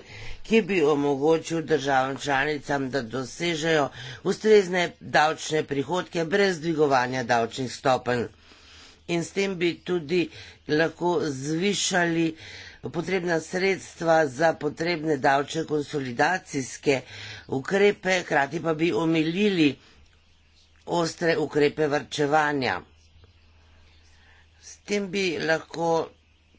ki bi omogočil državam članicam, da dosežejo ustrezne davčne prihodke brez dvigovanja davčnih stopenj. In s tem bi tudi lahko zvišali potrebna sredstva za potrebne davčne konsolidacijske ukrepe, hkrati pa bi omilili ostre ukrepe vrčevanja tem bi lahko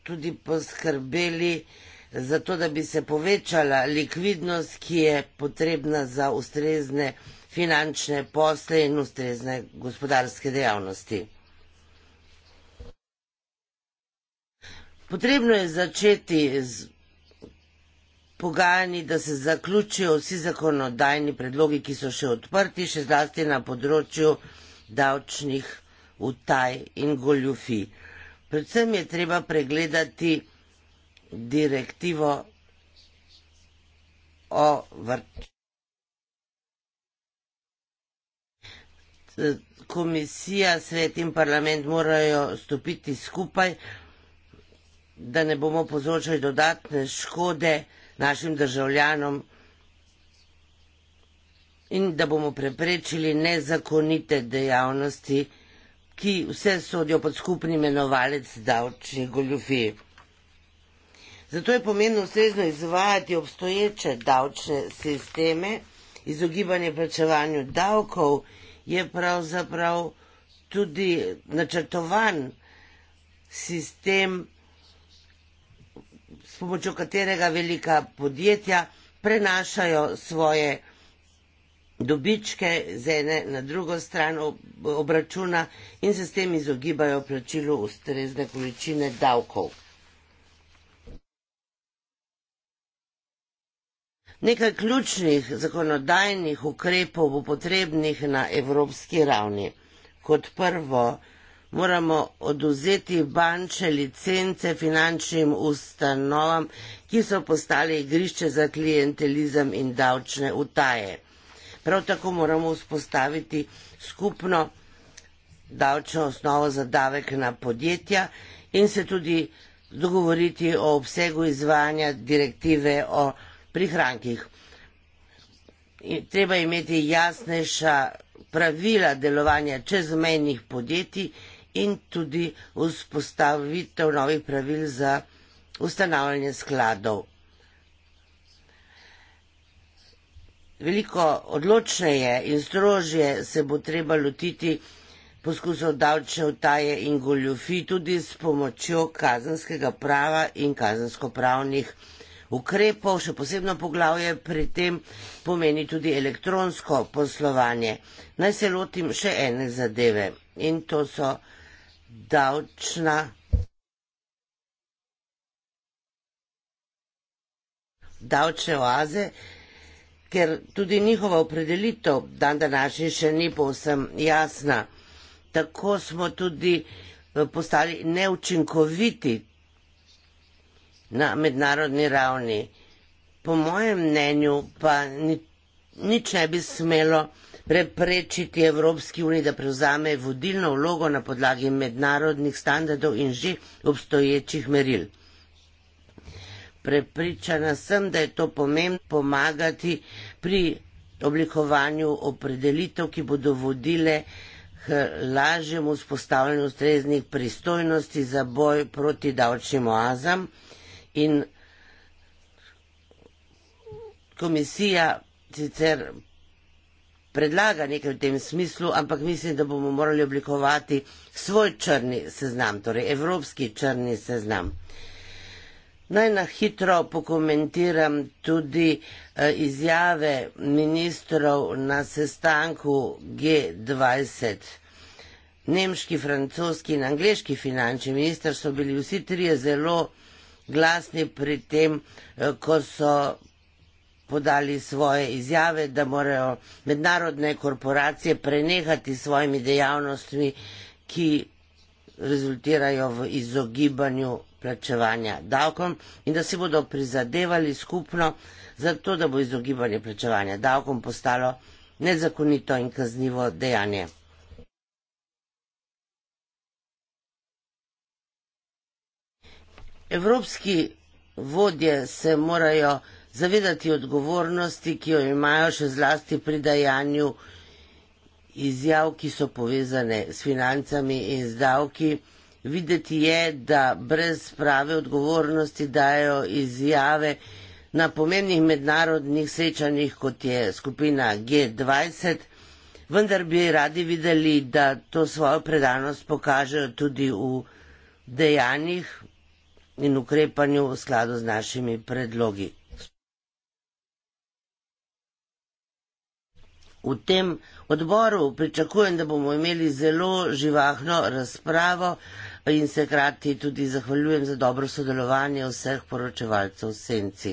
tudi poskrbeli za to, da bi se povečala likvidnost, ki je potrebna za ustrezne finančne posle in ustrezne gospodarske dejavnosti. Potrebno je začeti z pogajanji, da se zaključijo vsi zakonodajni predlogi, ki so še odprti, še zlasti na področju davčnih utaj in goljufij. Predvsem je treba pregledati direktivo o vrčevanju. Komisija, svet in parlament morajo stopiti skupaj, da ne bomo povzročali dodatne škode našim državljanom in da bomo preprečili nezakonite dejavnosti ki vse sodijo pod skupni imenovalec davčnih goljufij. Zato je pomembno ustrezno izvajati obstoječe davčne sisteme, izogibanje plačevanju davkov je pravzaprav tudi načrtovan sistem, s pomočjo katerega velika podjetja prenašajo svoje davke dobičke z ene na drugo stran obračuna in se s tem izogibajo plačilu ustrezne količine davkov. Nekaj ključnih zakonodajnih ukrepov bo potrebnih na evropski ravni. Kot prvo, moramo oduzeti banče licence finančnim ustanovam, ki so postali igrišče za klientelizem in davčne utaje. Prav tako moramo vzpostaviti skupno davčno osnovo za davek na podjetja in se tudi dogovoriti o obsegu izvajanja direktive o prihrankih. Treba imeti jasnejša pravila delovanja čezmejnih podjetij in tudi vzpostavitev novih pravil za ustanavljanje skladov. Veliko odločneje in strožje se bo treba lotiti poskusov davčne utaje in goljofi tudi s pomočjo kazenskega prava in kazenskopravnih ukrepov. Še posebno poglavje pri tem pomeni tudi elektronsko poslovanje. Naj se lotim še ene zadeve in to so davčna. davčne oaze ker tudi njihova opredelitev dan današnji še ni povsem jasna. Tako smo tudi eh, postali neučinkoviti na mednarodni ravni. Po mojem mnenju pa ni, nič ne bi smelo preprečiti Evropski uniji, da prevzame vodilno vlogo na podlagi mednarodnih standardov in že obstoječih meril. Prepričana sem, da je to pomembno pomagati pri oblikovanju opredelitev, ki bodo vodile k lažjemu spostavljanju ustreznih pristojnosti za boj proti davčnim oazam in komisija sicer predlaga nekaj v tem smislu, ampak mislim, da bomo morali oblikovati svoj črni seznam, torej evropski črni seznam. Naj na hitro pokomentiram tudi eh, izjave ministrov na sestanku G20. Nemški, francoski in angliški finančni minister so bili vsi trije zelo glasni pri tem, eh, ko so podali svoje izjave, da morajo mednarodne korporacije prenehati svojimi dejavnostmi, ki rezultirajo v izogibanju plačevanja davkom in da si bodo prizadevali skupno za to, da bo izogibanje plačevanja davkom postalo nezakonito in kaznivo dejanje. Evropski vodje se morajo zavedati odgovornosti, ki jo imajo še zlasti pri dajanju izjav, ki so povezane s financami in z davki videti je, da brez prave odgovornosti dajo izjave na pomembnih mednarodnih srečanjih, kot je skupina G20, vendar bi radi videli, da to svojo predanost pokažejo tudi v dejanjih in ukrepanju v skladu z našimi predlogi. V tem odboru pričakujem, da bomo imeli zelo živahno razpravo, in se hkrati tudi zahvaljujem za dobro sodelovanje vseh poročevalcev v senci.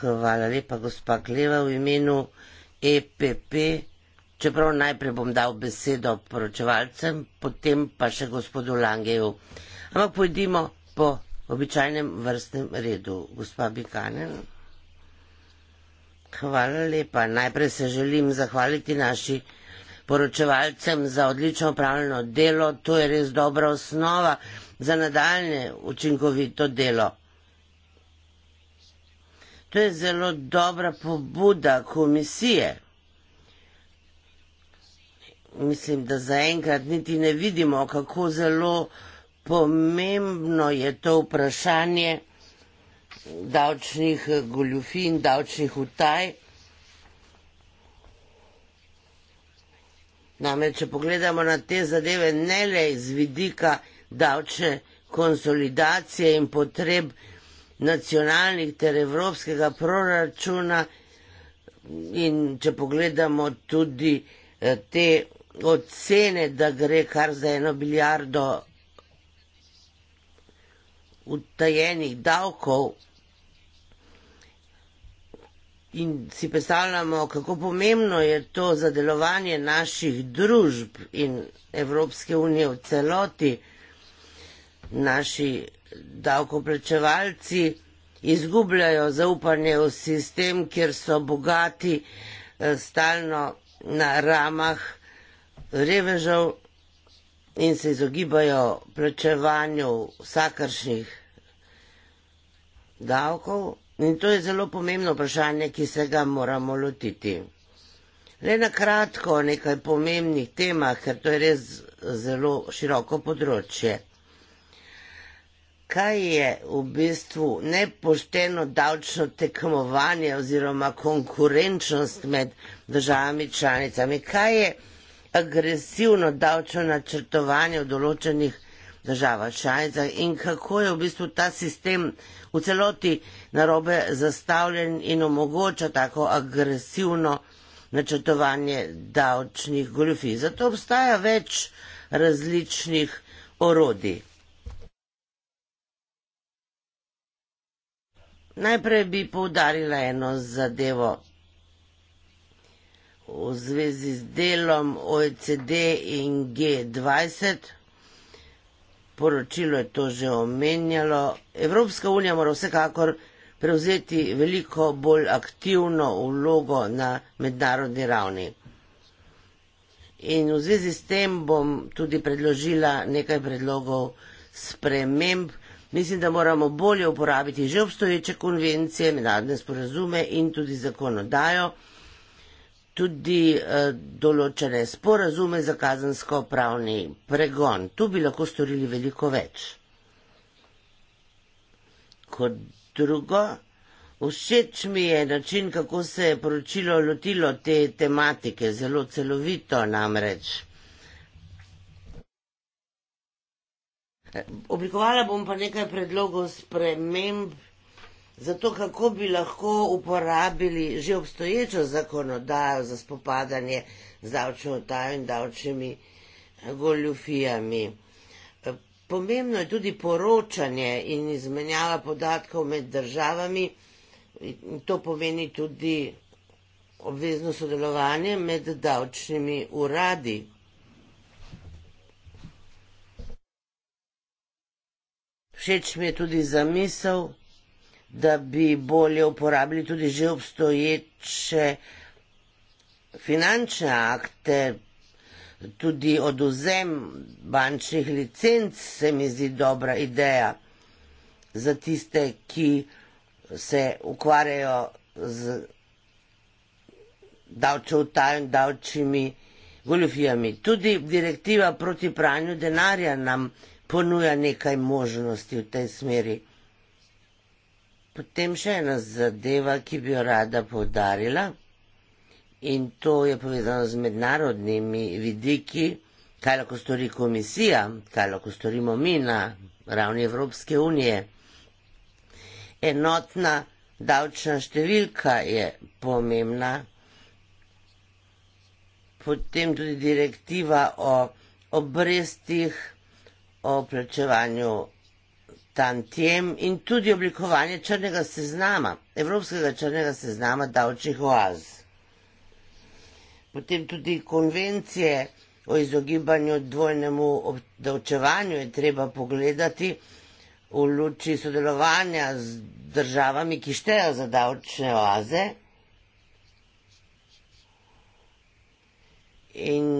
Hvala lepa, gospa Kleva, v imenu EPP. Čeprav najprej bom dal besedo poročevalcem, potem pa še gospodu Langeju. Ampak pojdimo po običajnem vrstnem redu. Gospa Bikanen. Hvala lepa. Najprej se želim zahvaliti naši poročevalcem za odlično upravljeno delo, to je res dobra osnova za nadaljne učinkovito delo. To je zelo dobra pobuda komisije. Mislim, da zaenkrat niti ne vidimo, kako zelo pomembno je to vprašanje davčnih goljufin, davčnih utaj. Namreč, če pogledamo na te zadeve ne le z vidika davčne konsolidacije in potreb nacionalnih ter evropskega proračuna, in če pogledamo tudi eh, te ocene, da gre kar za eno milijardo utajenih davkov, in si predstavljamo, kako pomembno je to za delovanje naših družb in Evropske unije v celoti, naši davkoplačevalci izgubljajo zaupanje v sistem, kjer so bogati eh, stalno na ramah revežev in se izogibajo plačevanju vsakršnih davkov. In to je zelo pomembno vprašanje, ki se ga moramo lotiti. Le na kratko o nekaj pomembnih temah, ker to je res zelo široko področje. Kaj je v bistvu nepošteno davčno tekmovanje oziroma konkurenčnost med državami članicami? Kaj je agresivno davčno načrtovanje v določenih državah članicah in kako je v bistvu ta sistem? v celoti narobe zastavljen in omogoča tako agresivno načrtovanje davčnih goljofij. Zato obstaja več različnih orodij. Najprej bi poudarila eno zadevo. V zvezi z delom OECD in G20 poročilo je to že omenjalo. Evropska unija mora vsekakor prevzeti veliko bolj aktivno vlogo na mednarodni ravni. In v zvezi s tem bom tudi predložila nekaj predlogov sprememb. Mislim, da moramo bolje uporabiti že obstoječe konvencije, mednarodne sporazume in tudi zakonodajo tudi eh, določene sporazume za kazansko pravni pregon. Tu bi lahko storili veliko več. Kot drugo, všeč mi je način, kako se je poročilo lotilo te tematike, zelo celovito namreč. Eh, oblikovala bom pa nekaj predlogov sprememb. Zato kako bi lahko uporabili že obstoječo zakonodajo za spopadanje z davčno tajo in davčnimi eh, goljufijami. Eh, pomembno je tudi poročanje in izmenjava podatkov med državami. To pomeni tudi obvezno sodelovanje med davčnimi uradi. Všeč mi je tudi zamisel, da bi bolje uporabili tudi že obstoječe finančne akte, tudi oduzem bančnih licenc se mi zdi dobra ideja za tiste, ki se ukvarjajo z davčevtajem, davčimi goljofijami. Tudi direktiva proti pranju denarja nam ponuja nekaj možnosti v tej smeri. Potem še ena zadeva, ki bi jo rada povdarila in to je povezano z mednarodnimi vidiki, kaj lahko stori komisija, kaj lahko storimo mi na ravni Evropske unije. Enotna davčna številka je pomembna, potem tudi direktiva o obrestih, o plačevanju Konstantijem in tudi oblikovanje črnega seznama, evropskega črnega seznama davčnih oaz. Potem tudi konvencije o izogibanju dvojnemu obdavčevanju je treba pogledati v luči sodelovanja z državami, ki štejo za davčne oaze. In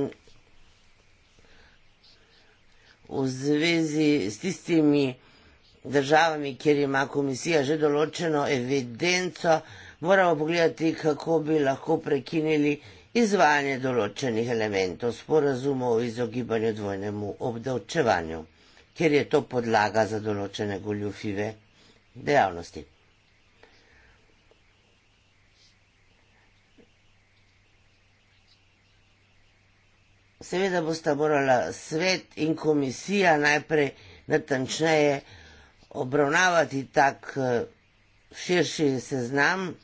v zvezi s tistimi državami, kjer ima komisija že določeno evidenco, moramo pogledati, kako bi lahko prekinili izvajanje določenih elementov sporazuma o izogibanju dvojnemu obdavčevanju, ker je to podlaga za določene goljufive dejavnosti. Seveda bosta morala svet in komisija najprej natančneje obravnavati tak eh, širši seznam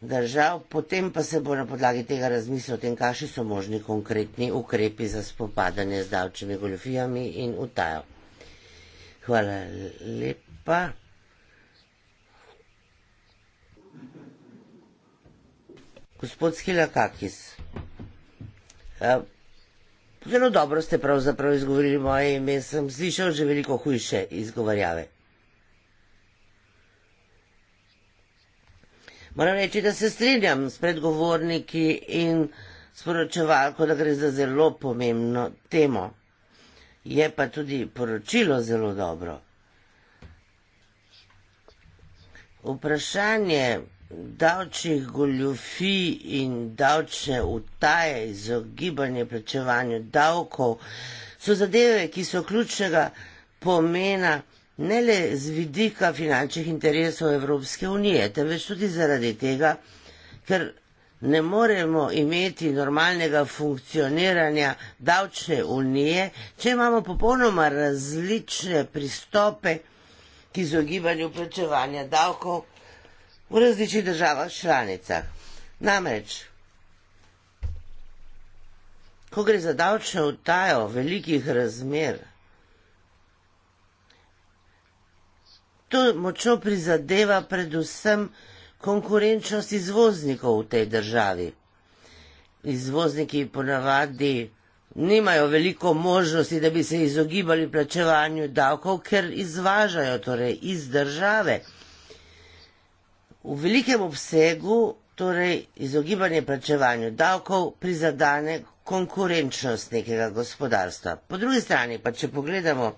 držav, potem pa se bo na podlagi tega razmislil o tem, kakšni so možni konkretni ukrepi za spopadanje z davčnimi goljofijami in utajo. Hvala lepa. Gospod Skilakakis, eh, zelo dobro ste pravzaprav izgovorili moje ime, sem slišal že veliko hujše izgovarjave. Moram reči, da se strinjam s predgovorniki in sporočevalko, da gre za zelo pomembno temo. Je pa tudi poročilo zelo dobro. Vprašanje davčnih goljufij in davčne utaje, izogibanje plačevanju davkov so zadeve, ki so ključnega pomena ne le z vidika finančnih interesov Evropske unije, temveč tudi zaradi tega, ker ne moremo imeti normalnega funkcioniranja davčne unije, če imamo popolnoma različne pristope k izogibanju plačevanja davkov v različnih državah članicah. Namreč, ko gre za davčno utajo velikih razmer, To močno prizadeva predvsem konkurenčnost izvoznikov v tej državi. Izvozniki ponavadi nimajo veliko možnosti, da bi se izogibali plačevanju davkov, ker izvažajo torej iz države. V velikem obsegu torej izogibanje plačevanju davkov prizadane konkurenčnost nekega gospodarstva. Po drugi strani pa, če pogledamo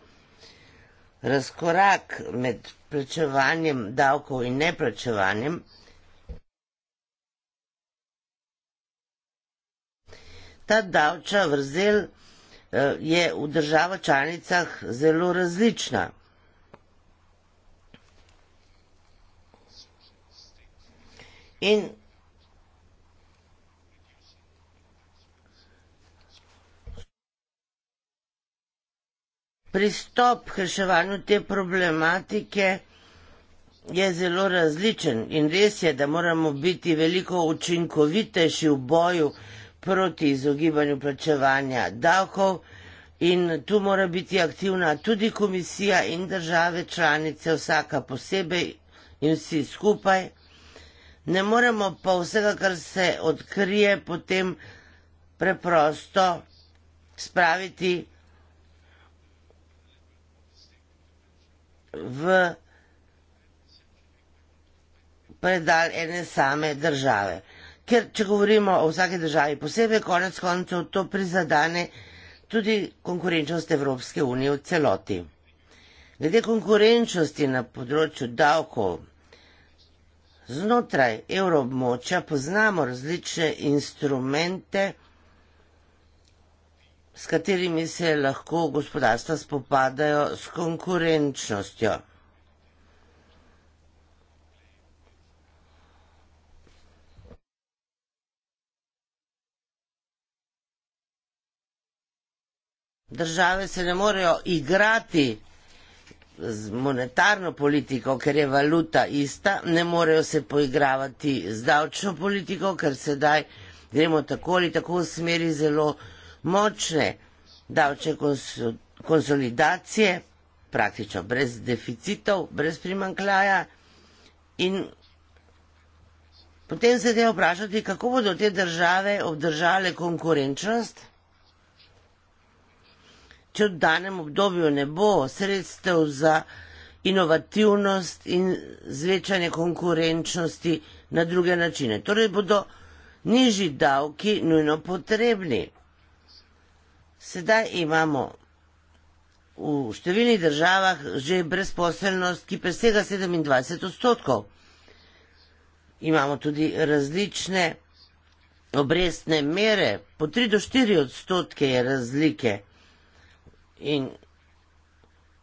razkorak med plačevanjem davkov in neplačevanjem, ta davča vrzel eh, je v državo članicah zelo različna. In pristop k reševanju te problematike je zelo različen in res je, da moramo biti veliko učinkovitejši v boju proti izogibanju plačevanja davkov in tu mora biti aktivna tudi komisija in države članice, vsaka posebej in vsi skupaj. Ne moremo pa vsega, kar se odkrije, potem preprosto spraviti v predal ene same države. Ker, če govorimo o vsaki državi posebej, konec koncev to prizadane tudi konkurenčnost Evropske unije v celoti. Glede konkurenčnosti na področju davkov znotraj evroobmočja poznamo različne instrumente, s katerimi se lahko gospodarstva spopadajo s konkurenčnostjo. Države se ne morejo igrati z monetarno politiko, ker je valuta ista, ne morejo se poigravati z davčno politiko, ker sedaj gremo tako ali tako v smeri zelo močne davčne konsolidacije, praktično brez deficitov, brez primankljaja. In potem se treba vprašati, kako bodo te države obdržale konkurenčnost, če v danem obdobju ne bo sredstev za inovativnost in zvečanje konkurenčnosti na druge načine. Torej bodo nižji davki nujno potrebni. Sedaj imamo v številnih državah že brezposelnost, ki presega 27 odstotkov. Imamo tudi različne obrestne mere, po 3 do 4 odstotke je razlike. In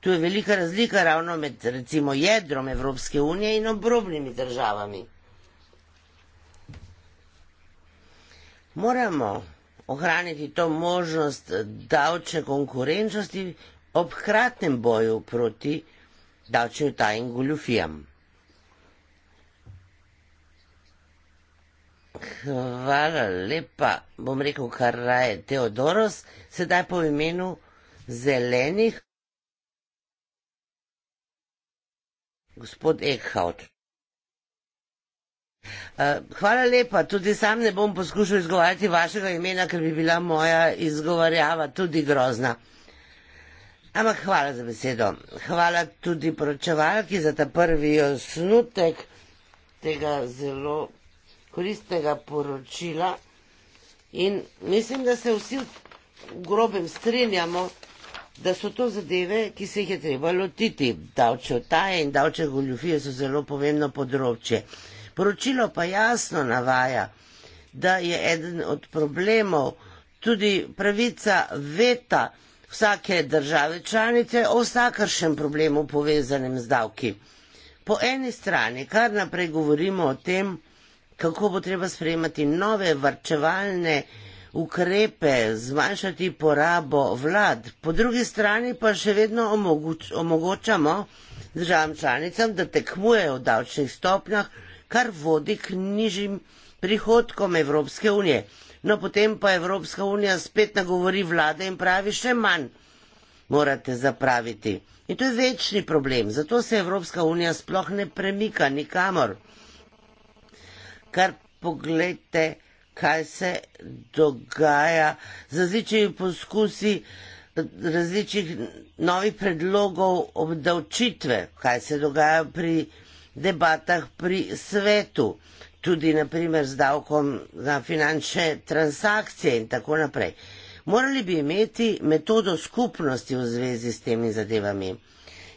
tu je velika razlika ravno med recimo jedrom Evropske unije in obrobnimi državami. Moramo ohraniti to možnost davčne konkurenčnosti ob hkratnem boju proti davčnim tajnim goljufijam. Hvala lepa, bom rekel, kar raje Teodoros, sedaj po imenu zelenih. Gospod Eckhout. Eh, hvala lepa. Tudi sam ne bom poskušal izgovarjati vašega imena, ker bi bila moja izgovarjava tudi grozna. Ampak hvala za besedo. Hvala tudi poročevalki za ta prvi osnutek tega zelo koristnega poročila. In mislim, da se vsi v grobem strinjamo, da so to zadeve, ki se jih je treba lotiti. Davče v taje in davče v goljufije so zelo pomembno področje. Poročilo pa jasno navaja, da je eden od problemov tudi pravica veta vsake države članice o vsakršnem problemu povezanem z davki. Po eni strani kar naprej govorimo o tem, kako bo treba sprejemati nove varčevalne ukrepe, zmanjšati porabo vlad, po drugi strani pa še vedno omogoč, omogočamo državam članicam, da tekmujejo v davčnih stopnjah, kar vodi k nižjim prihodkom Evropske unije. No potem pa Evropska unija spet nagovori vlade in pravi še manj morate zapraviti. In to je večni problem, zato se Evropska unija sploh ne premika nikamor. Kar pogledajte, kaj se dogaja z različnimi poskusi različnih novih predlogov obdavčitve, kaj se dogaja pri debatah pri svetu, tudi naprimer z davkom na finančne transakcije in tako naprej. Morali bi imeti metodo skupnosti v zvezi s temi zadevami.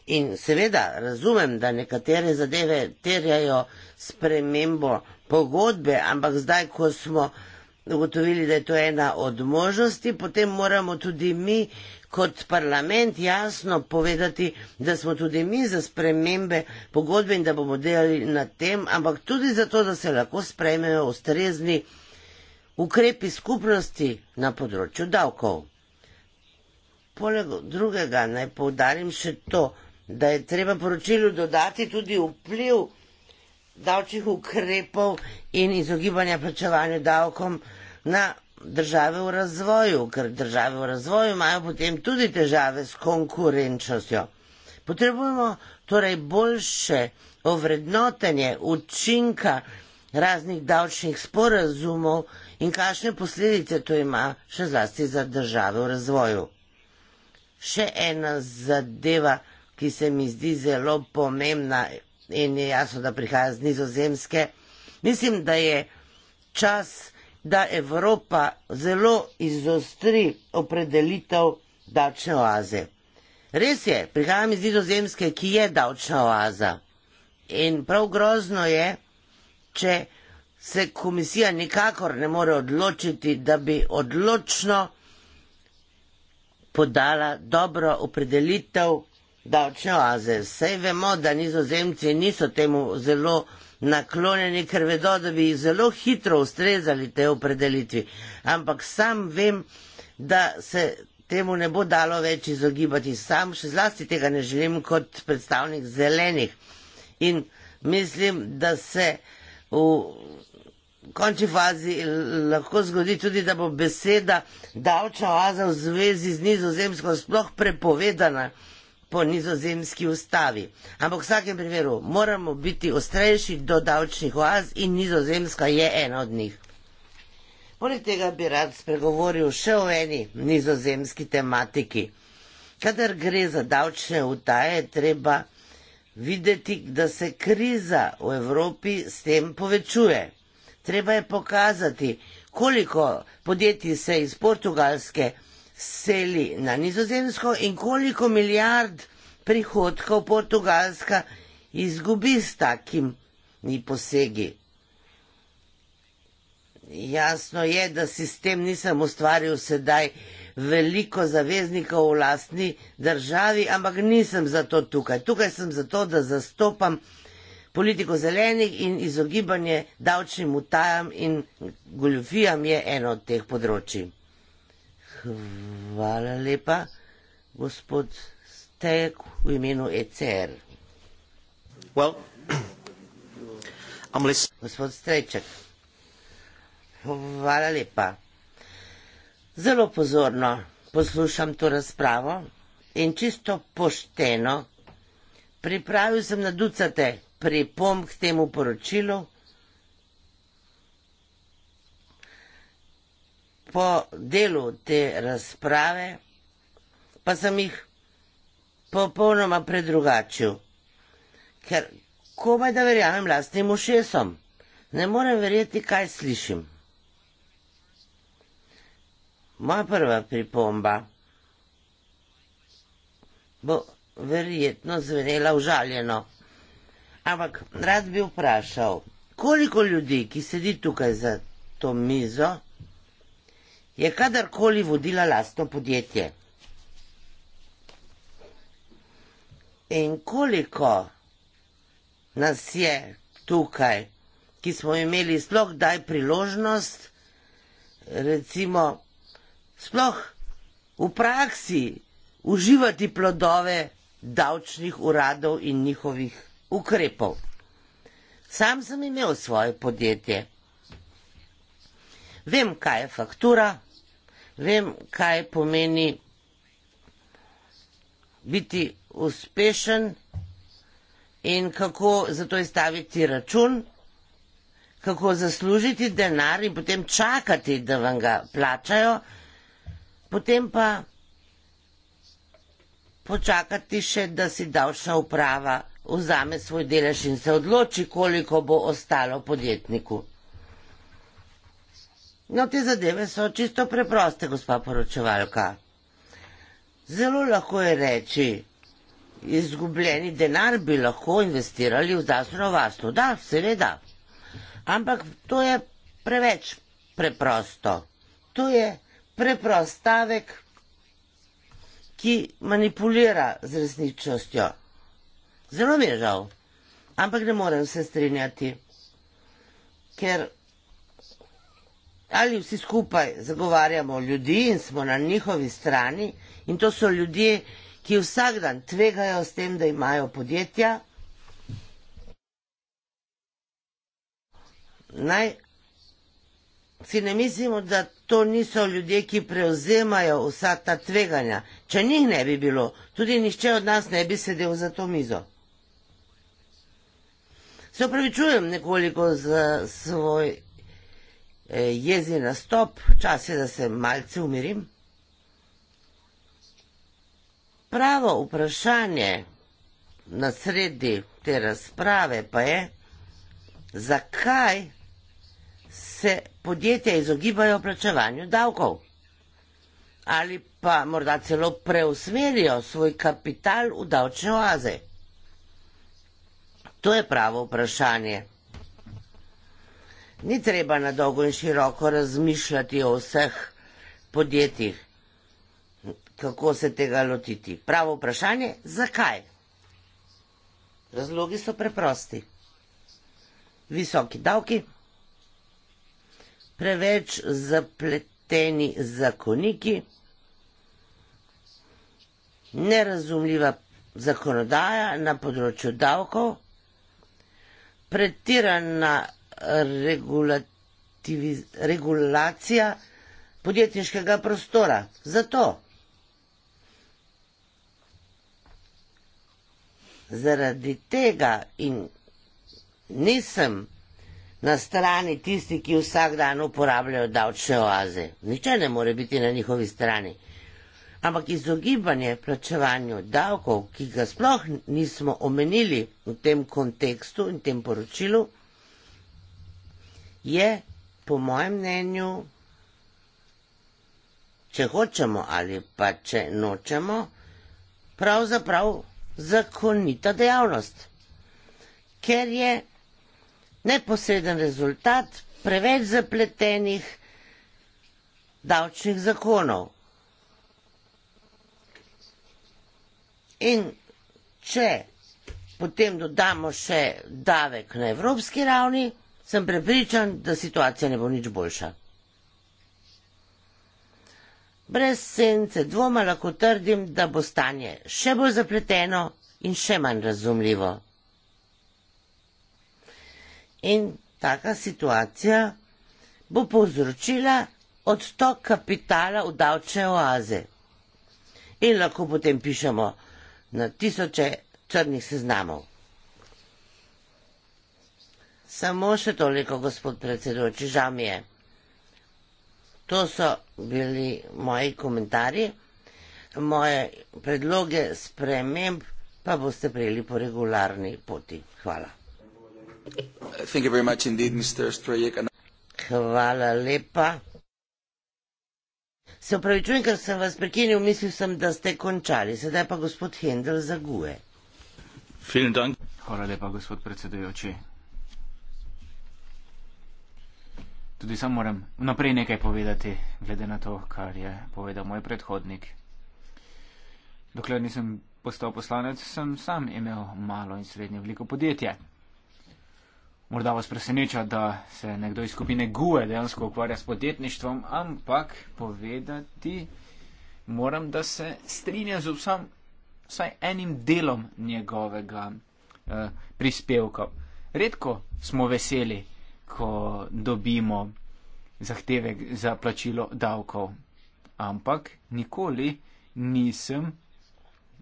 In seveda razumem, da nekatere zadeve terjajo spremembo pogodbe, ampak zdaj, ko smo ugotovili, da je to ena od možnosti, potem moramo tudi mi kot parlament jasno povedati, da smo tudi mi za spremembe pogodbe in da bomo delali na tem, ampak tudi zato, da se lahko sprejmejo ustrezni ukrepi skupnosti na področju davkov. Poleg drugega naj povdarim še to, da je treba poročilu dodati tudi vpliv davčnih ukrepov in izogibanja plačevanja davkom na države v razvoju, ker države v razvoju imajo potem tudi težave s konkurenčnostjo. Potrebujemo torej boljše ovrednotenje učinka raznih davčnih sporazumov in kakšne posledice to ima še zlasti za države v razvoju. Še ena zadeva, ki se mi zdi zelo pomembna in je jasno, da prihaja z nizozemske. Mislim, da je čas da Evropa zelo izostri opredelitev davčne oaze. Res je, prihajam iz Nizozemske, ki je davčna oaza. In prav grozno je, če se komisija nikakor ne more odločiti, da bi odločno podala dobro opredelitev davčne oaze. Vse vemo, da Nizozemci niso temu zelo odločili naklonjeni, ker vedo, da bi jih zelo hitro ustrezali te opredelitvi. Ampak sam vem, da se temu ne bo dalo več izogibati. Sam še zlasti tega ne želim kot predstavnik zelenih. In mislim, da se v končni fazi lahko zgodi tudi, da bo beseda davčna oaza v zvezi z nizozemsko sploh prepovedana po nizozemski ustavi. Ampak v vsakem primeru moramo biti ostrejši do davčnih oaz in nizozemska je ena od njih. Poleg tega bi rad spregovoril še o eni nizozemski tematiki. Kadar gre za davčne utaje, treba videti, da se kriza v Evropi s tem povečuje. Treba je pokazati, koliko podjetij se iz Portugalske vrne seli na nizozemsko in koliko milijard prihodkov Portugalska izgubi s takimi posegi. Jasno je, da sistem nisem ustvaril sedaj veliko zaveznikov v lastni državi, ampak nisem zato tukaj. Tukaj sem zato, da zastopam politiko zelenih in izogibanje davčnim utajam in goljofijam je eno od teh področji. Hvala lepa, gospod Stejek, v imenu ECR. Well, gospod Stejček, hvala lepa. Zelo pozorno poslušam to razpravo in čisto pošteno pripravil sem na ducate pripomb k temu poročilu. po delu te razprave, pa sem jih popolnoma predrugačil. Ker komaj da verjamem lastnim ušesom, ne morem verjeti, kaj slišim. Moja prva pripomba bo verjetno zvenela užaljeno. Ampak rad bi vprašal, koliko ljudi, ki sedi tukaj za to mizo, je kadarkoli vodila lastno podjetje. In koliko nas je tukaj, ki smo imeli sploh daj priložnost, recimo, sploh v praksi uživati plodove davčnih uradov in njihovih ukrepov. Sam sem imel svoje podjetje. Vem, kaj je faktura, vem, kaj pomeni biti uspešen in kako za to izstaviti račun, kako zaslužiti denar in potem čakati, da vam ga plačajo, potem pa počakati še, da si davčna uprava vzame svoj delež in se odloči, koliko bo ostalo podjetniku. No, te zadeve so čisto preproste, gospa poročevalka. Zelo lahko je reči, izgubljeni denar bi lahko investirali v zdravstveno varstvo. Da, seveda. Ampak to je preveč preprosto. To je preprost stavek, ki manipulira z resničnostjo. Zelo mi je žal. Ampak ne morem se strinjati. Ker ali vsi skupaj zagovarjamo ljudi in smo na njihovi strani in to so ljudje, ki vsak dan tvegajo s tem, da imajo podjetja. Naj si ne mislimo, da to niso ljudje, ki prevzemajo vsa ta tveganja. Če njih ne bi bilo, tudi nihče od nas ne bi sedel za to mizo. Se opravičujem nekoliko za svoj Eh, jezi na stop, čas je, da se malce umirim. Pravo vprašanje na sredi te razprave pa je, zakaj se podjetja izogibajo plačevanju davkov ali pa morda celo preusmerijo svoj kapital v davčne oaze. To je pravo vprašanje ni treba na dolgo in široko razmišljati o vseh podjetjih, kako se tega lotiti. Pravo vprašanje, zakaj? Razlogi so preprosti. Visoki davki, preveč zapleteni zakoniki, nerazumljiva zakonodaja na področju davkov, pretirana regulacija podjetniškega prostora. Zato. Zaradi tega in nisem na strani tisti, ki vsak dan uporabljajo davčne oaze. Niče ne more biti na njihovi strani. Ampak izogibanje plačevanju davkov, ki ga sploh nismo omenili v tem kontekstu in tem poročilu, je, po mojem mnenju, če hočemo ali pa če nočemo, pravzaprav zakonita dejavnost, ker je neposreden rezultat preveč zapletenih davčnih zakonov. In če potem dodamo še davek na evropski ravni, sem prepričan, da situacija ne bo nič boljša. Brez sence dvoma lahko trdim, da bo stanje še bolj zapleteno in še manj razumljivo. In taka situacija bo povzročila odtok kapitala v davčne oaze. In lahko potem pišemo na tisoče črnih seznamov. Samo še toliko, gospod predsedujoči, žal mi je. To so bili moji komentarji, moje predloge sprememb pa boste prijeli po regularni poti. Hvala. Thank you very much indeed, Mr. Strajek. Hvala lepa. Se upravičujem, ker sem vas prekinil, mislil sem, da ste končali. Sedaj pa gospod Hendel zaguje. Hvala lepa, gospod predsedujoči. Tudi sam moram naprej nekaj povedati, glede na to, kar je povedal moj predhodnik. Dokler nisem postal poslanec, sem sam imel malo in srednje veliko podjetje. Morda vas preseneča, da se nekdo iz skupine GUE dejansko ukvarja s podjetništvom, ampak povedati moram, da se strinjam z vsem, vsaj enim delom njegovega eh, prispevka. Redko smo veseli ko dobimo zahtevek za plačilo davkov. Ampak nikoli nisem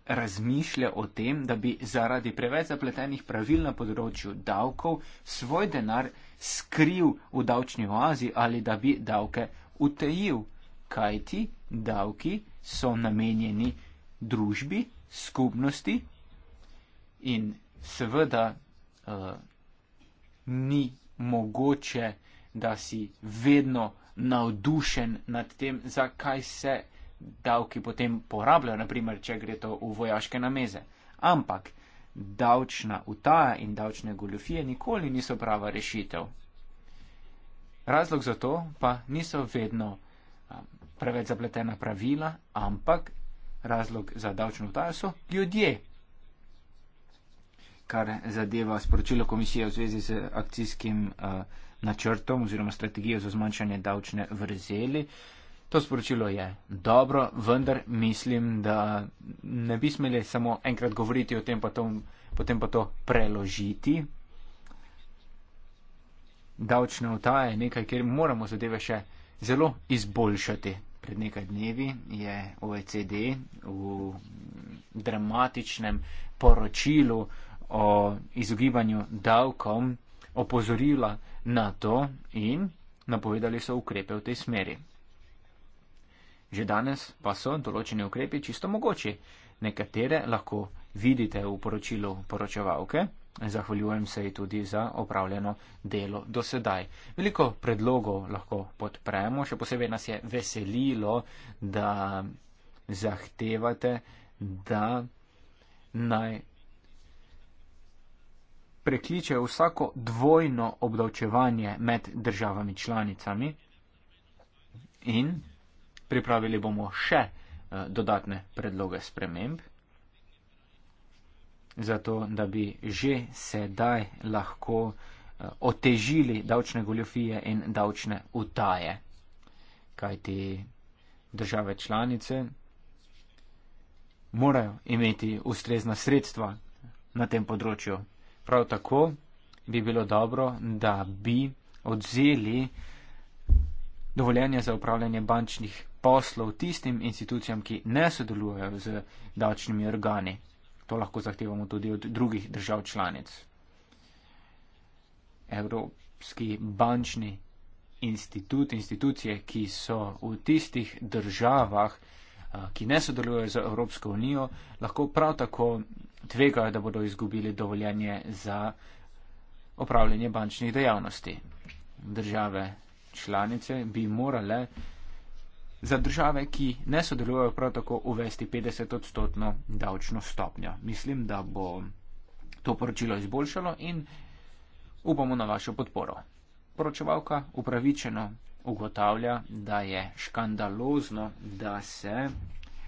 razmišljal o tem, da bi zaradi preveč zapletenih pravil na področju davkov svoj denar skril v davčni oazi ali da bi davke utejil. Kaj ti davki so namenjeni družbi, skupnosti in seveda uh, ni mogoče, da si vedno navdušen nad tem, zakaj se davki potem porabljajo, naprimer, če gre to v vojaške nameze. Ampak davčna utaja in davčne goljofije nikoli niso prava rešitev. Razlog za to pa niso vedno preveč zapletena pravila, ampak razlog za davčno utajo so ljudje, kar zadeva sporočilo komisije v zvezi z akcijskim uh, načrtom oziroma strategijo za zmanjšanje davčne vrzeli. To sporočilo je dobro, vendar mislim, da ne bi smeli samo enkrat govoriti o tem, pa to, potem pa to preložiti. Davčna utaja je nekaj, kjer moramo zadeve še zelo izboljšati. Pred nekaj dnevi je OECD v dramatičnem poročilu o izogibanju davkom opozorila na to in napovedali so ukrepe v tej smeri. Že danes pa so določene ukrepe čisto mogoče. Nekatere lahko vidite v poročilu poročevalke. Zahvaljujem se ji tudi za opravljeno delo do sedaj. Veliko predlogov lahko podpremo, še posebej nas je veselilo, da zahtevate, da naj prekliče vsako dvojno obdavčevanje med državami članicami in pripravili bomo še eh, dodatne predloge sprememb, zato da bi že sedaj lahko eh, otežili davčne goljofije in davčne utaje, kajti države članice morajo imeti ustrezna sredstva na tem področju. Prav tako bi bilo dobro, da bi odzeli dovoljenje za upravljanje bančnih poslov tistim institucijam, ki ne sodelujejo z davčnimi organi. To lahko zahtevamo tudi od drugih držav članic. Evropski bančni institut, institucije, ki so v tistih državah, ki ne sodelujejo z Evropsko unijo, lahko prav tako tvegajo, da bodo izgubili dovoljenje za opravljanje bančnih dejavnosti. Države članice bi morale za države, ki ne sodelujejo, prav tako uvesti 50-odstotno davčno stopnjo. Mislim, da bo to poročilo izboljšalo in upamo na vašo podporo. Poročevalka upravičeno ugotavlja, da je škandalozno, da se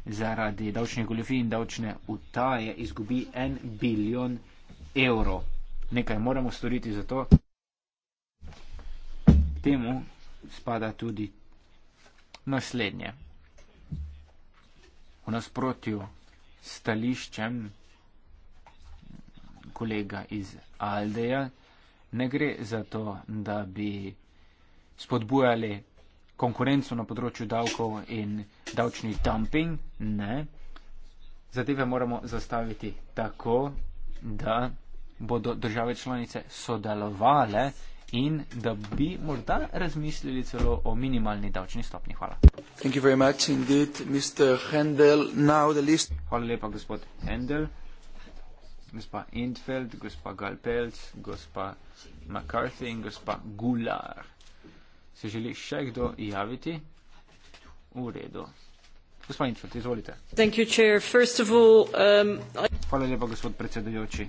zaradi davčnih goljofij in davčne utaje izgubi en bilijon evrov. Nekaj moramo storiti za to. K temu spada tudi naslednje. V nasprotju stališčem kolega iz Aldeja ne gre za to, da bi spodbujali konkurenco na področju davkov in davčni dumping. Ne. Zadeve moramo zastaviti tako, da bodo države članice sodelovale in da bi morda razmislili celo o minimalni davčni stopni. Hvala. Much, Handel, Hvala lepa, gospod Hendel, gospa Intfeld, gospa Galpelc, gospa McCarthy in gospa Gular. Se želi še kdo javiti? V redu. Gospod Inčvrt, izvolite. You, all, um, I... Hvala lepa, gospod predsedujoči.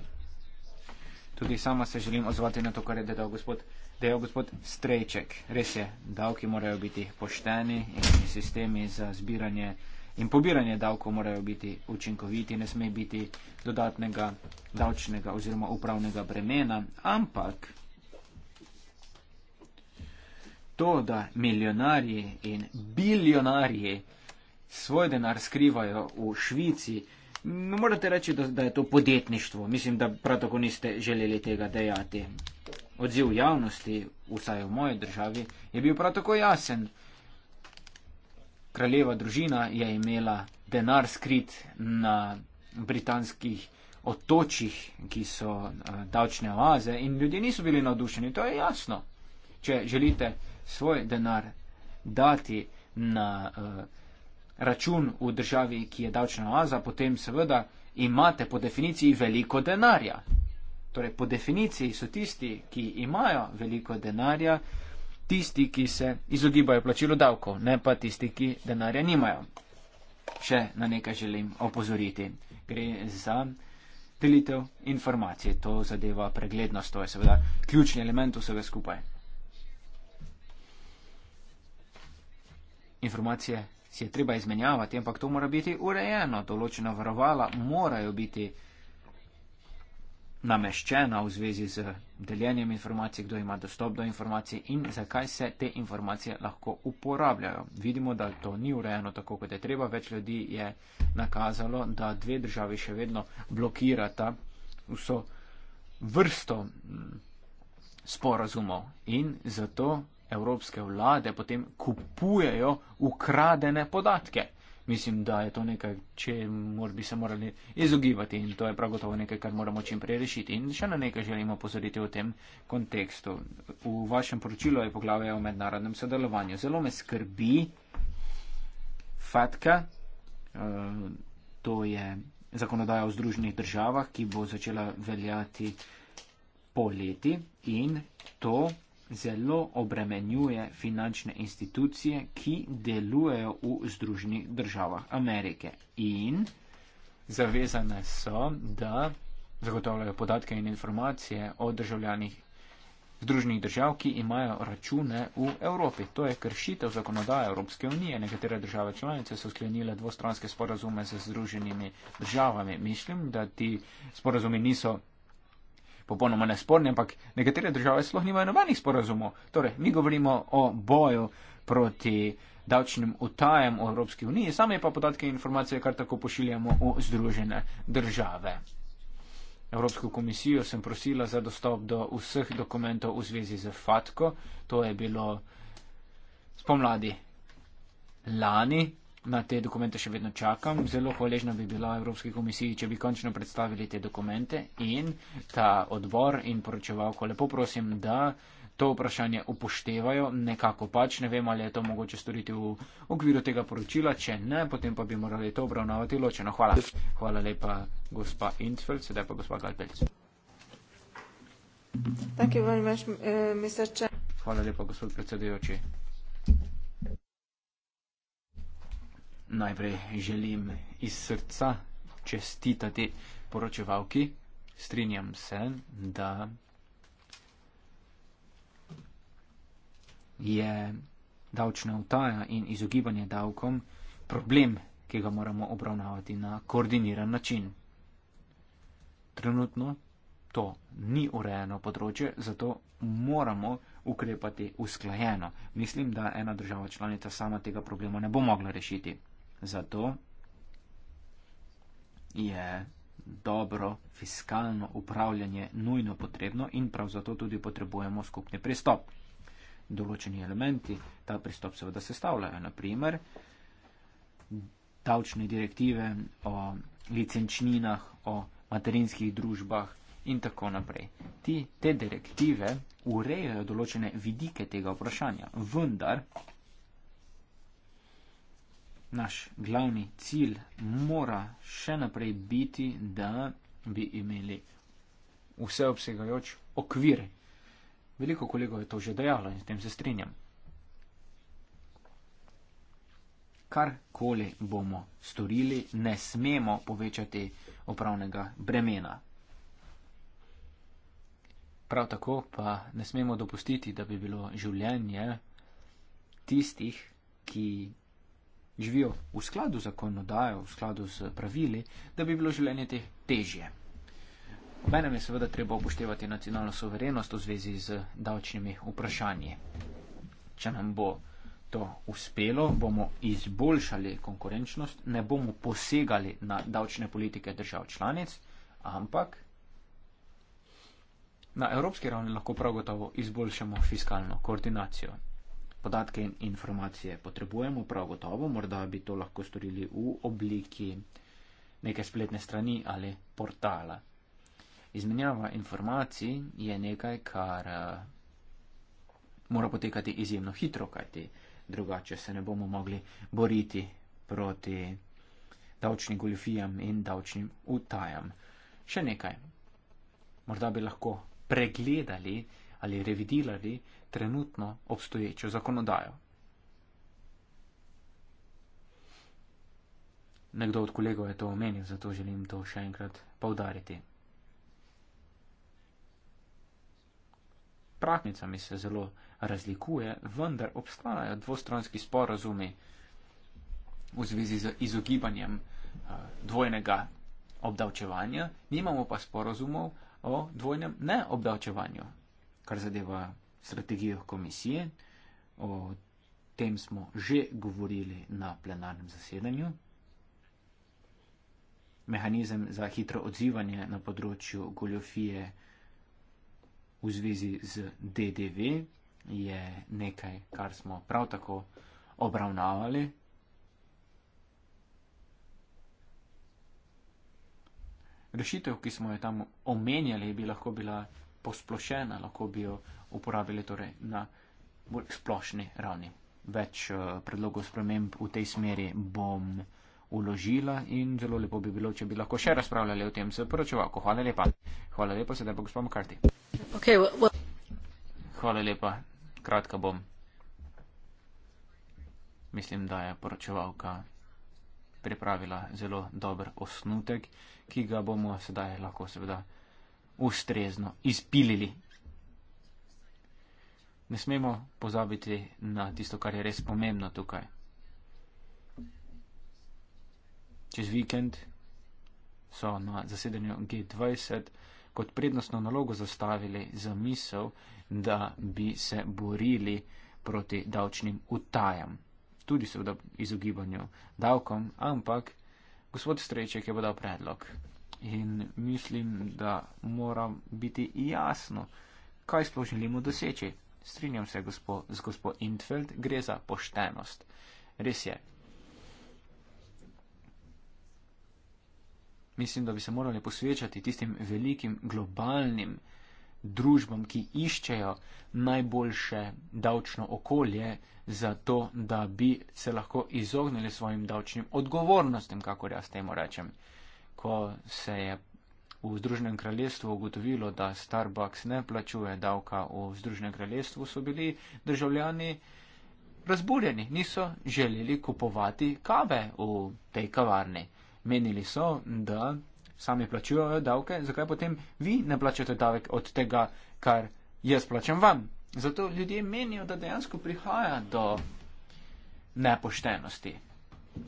Tudi sama se želim ozvati na to, kar je dejal gospod, dejal gospod Strejček. Res je, davki morajo biti pošteni in sistemi za zbiranje in pobiranje davkov morajo biti učinkoviti, ne sme biti dodatnega davčnega oziroma upravnega bremena, ampak to, da milijonarji in bilijonarji svoj denar skrivajo v Švici, ne morete reči, da, da je to podjetništvo. Mislim, da prav tako niste želeli tega dejati. Odziv javnosti, vsaj v moji državi, je bil prav tako jasen. Kraljeva družina je imela denar skrit na britanskih otočjih, ki so uh, davčne oaze in ljudje niso bili navdušeni. To je jasno. Če želite svoj denar dati na eh, račun v državi, ki je davčna oaza, potem seveda imate po definiciji veliko denarja. Torej, po definiciji so tisti, ki imajo veliko denarja, tisti, ki se izogibajo plačilu davkov, ne pa tisti, ki denarja nimajo. Še na nekaj želim opozoriti. Gre za delitev informacije. To zadeva preglednost. To je seveda ključni element vsega skupaj. informacije si je treba izmenjavati, ampak to mora biti urejeno, določena varovala morajo biti nameščena v zvezi z deljenjem informacij, kdo ima dostop do informacij in zakaj se te informacije lahko uporabljajo. Vidimo, da to ni urejeno tako, kot je treba. Več ljudi je nakazalo, da dve državi še vedno blokirata vso vrsto mm, sporazumov in zato evropske vlade potem kupujejo ukradene podatke. Mislim, da je to nekaj, če bi se morali izogibati in to je prav gotovo nekaj, kar moramo čim prej rešiti. In še na nekaj želimo pozoriti v tem kontekstu. V vašem poročilu je poglavje o mednarodnem sodelovanju. Zelo me skrbi FATKA, eh, to je zakonodaja v Združenih državah, ki bo začela veljati poleti in to zelo obremenjuje finančne institucije, ki delujejo v Združenih državah Amerike. In zavezane so, da zagotavljajo podatke in informacije o državljanih Združenih držav, ki imajo račune v Evropi. To je kršitev zakonodaje Evropske unije. Nekatere države članice so sklenile dvostranske sporazume z Združenimi državami. Mislim, da ti sporazumi niso popolnoma nesporni, ampak nekatere države sploh nimajo nobenih sporazumov. Torej, mi govorimo o boju proti davčnim utajem v Evropski uniji, same pa podatke in informacije kar tako pošiljamo v Združene države. Evropsko komisijo sem prosila za dostop do vseh dokumentov v zvezi z FATKO. To je bilo spomladi lani, Na te dokumente še vedno čakam. Zelo hvaležna bi bila Evropski komisiji, če bi končno predstavili te dokumente in ta odbor in poročevalko. Lepo prosim, da to vprašanje upoštevajo nekako pač. Ne vem, ali je to mogoče storiti v okviru tega poročila. Če ne, potem pa bi morali to obravnavati ločeno. Hvala. Hvala lepa, gospa Intfeld. Sedaj pa gospa Galpelc. Eh, Hvala lepa, gospod predsedujoči. Najprej želim iz srca čestitati poročevalki. Strinjam se, da je davčna utaja in izogibanje davkom problem, ki ga moramo obravnavati na koordiniran način. Trenutno to ni urejeno področje, zato moramo ukrepati usklajeno. Mislim, da ena država članica sama tega problema ne bo mogla rešiti. Zato je dobro fiskalno upravljanje nujno potrebno in prav zato tudi potrebujemo skupni pristop. Določeni elementi ta pristop seveda sestavljajo, naprimer davčne direktive o licenčninah, o materinskih družbah in tako naprej. Ti, te direktive urejajo določene vidike tega vprašanja, vendar naš glavni cilj mora še naprej biti, da bi imeli vseobsegajoč okvir. Veliko kolegov je to že dejalo in s tem se strinjam. Karkoli bomo storili, ne smemo povečati upravnega bremena. Prav tako pa ne smemo dopustiti, da bi bilo življenje tistih, ki živijo v skladu z zakonodajo, v skladu z pravili, da bi bilo življenje teh težje. Obenem je seveda treba upoštevati nacionalno soverenost v zvezi z davčnimi vprašanji. Če nam bo to uspelo, bomo izboljšali konkurenčnost, ne bomo posegali na davčne politike držav članic, ampak na evropski ravni lahko prav gotovo izboljšamo fiskalno koordinacijo podatke in informacije potrebujemo, prav gotovo, morda bi to lahko storili v obliki neke spletne strani ali portala. Izmenjava informacij je nekaj, kar uh, mora potekati izjemno hitro, kajti drugače se ne bomo mogli boriti proti davčnim goljofijam in davčnim utajam. Še nekaj. Morda bi lahko pregledali ali revidirali trenutno obstoječo zakonodajo. Nekdo od kolegov je to omenil, zato želim to še enkrat povdariti. Praknicami se zelo razlikuje, vendar obstajajo dvostranski sporazumi v zvezi z izogibanjem eh, dvojnega obdavčevanja, nimamo pa sporazumov o dvojnem neobdavčevanju, kar zadeva strategijo komisije. O tem smo že govorili na plenarnem zasedanju. Mehanizem za hitro odzivanje na področju goljofije v zvezi z DDV je nekaj, kar smo prav tako obravnavali. Rešitev, ki smo jo tam omenjali, bi lahko bila posplošena, lahko bi jo uporabili torej na bolj splošni ravni. Več uh, predlogov sprememb v tej smeri bom uložila in zelo lepo bi bilo, če bi lahko še razpravljali o tem s poročevalko. Hvala lepa. Hvala lepa, sedaj pa gospod Makarti. Okay, Hvala lepa, kratka bom. Mislim, da je poročevalka pripravila zelo dober osnutek, ki ga bomo sedaj lahko seveda ustrezno izpilili ne smemo pozabiti na tisto, kar je res pomembno tukaj. Čez vikend so na zasedanju G20 kot prednostno nalogo zastavili za misel, da bi se borili proti davčnim utajam, tudi seveda izogibanju davkom, ampak gospod Strejček je podal predlog. In mislim, da mora biti jasno, kaj sploh želimo doseči strinjam se gospo, z gospod Intfeld, gre za poštenost. Res je. Mislim, da bi se morali posvečati tistim velikim globalnim družbam, ki iščejo najboljše davčno okolje za to, da bi se lahko izognili svojim davčnim odgovornostim, kako jaz temu rečem, ko se je v Združenem kraljestvu ugotovilo, da Starbucks ne plačuje davka v Združenem kraljestvu, so bili državljani razburjeni, niso želeli kupovati kave v tej kavarni. Menili so, da sami plačujejo davke, zakaj potem vi ne plačate davek od tega, kar jaz plačam vam. Zato ljudje menijo, da dejansko prihaja do nepoštenosti.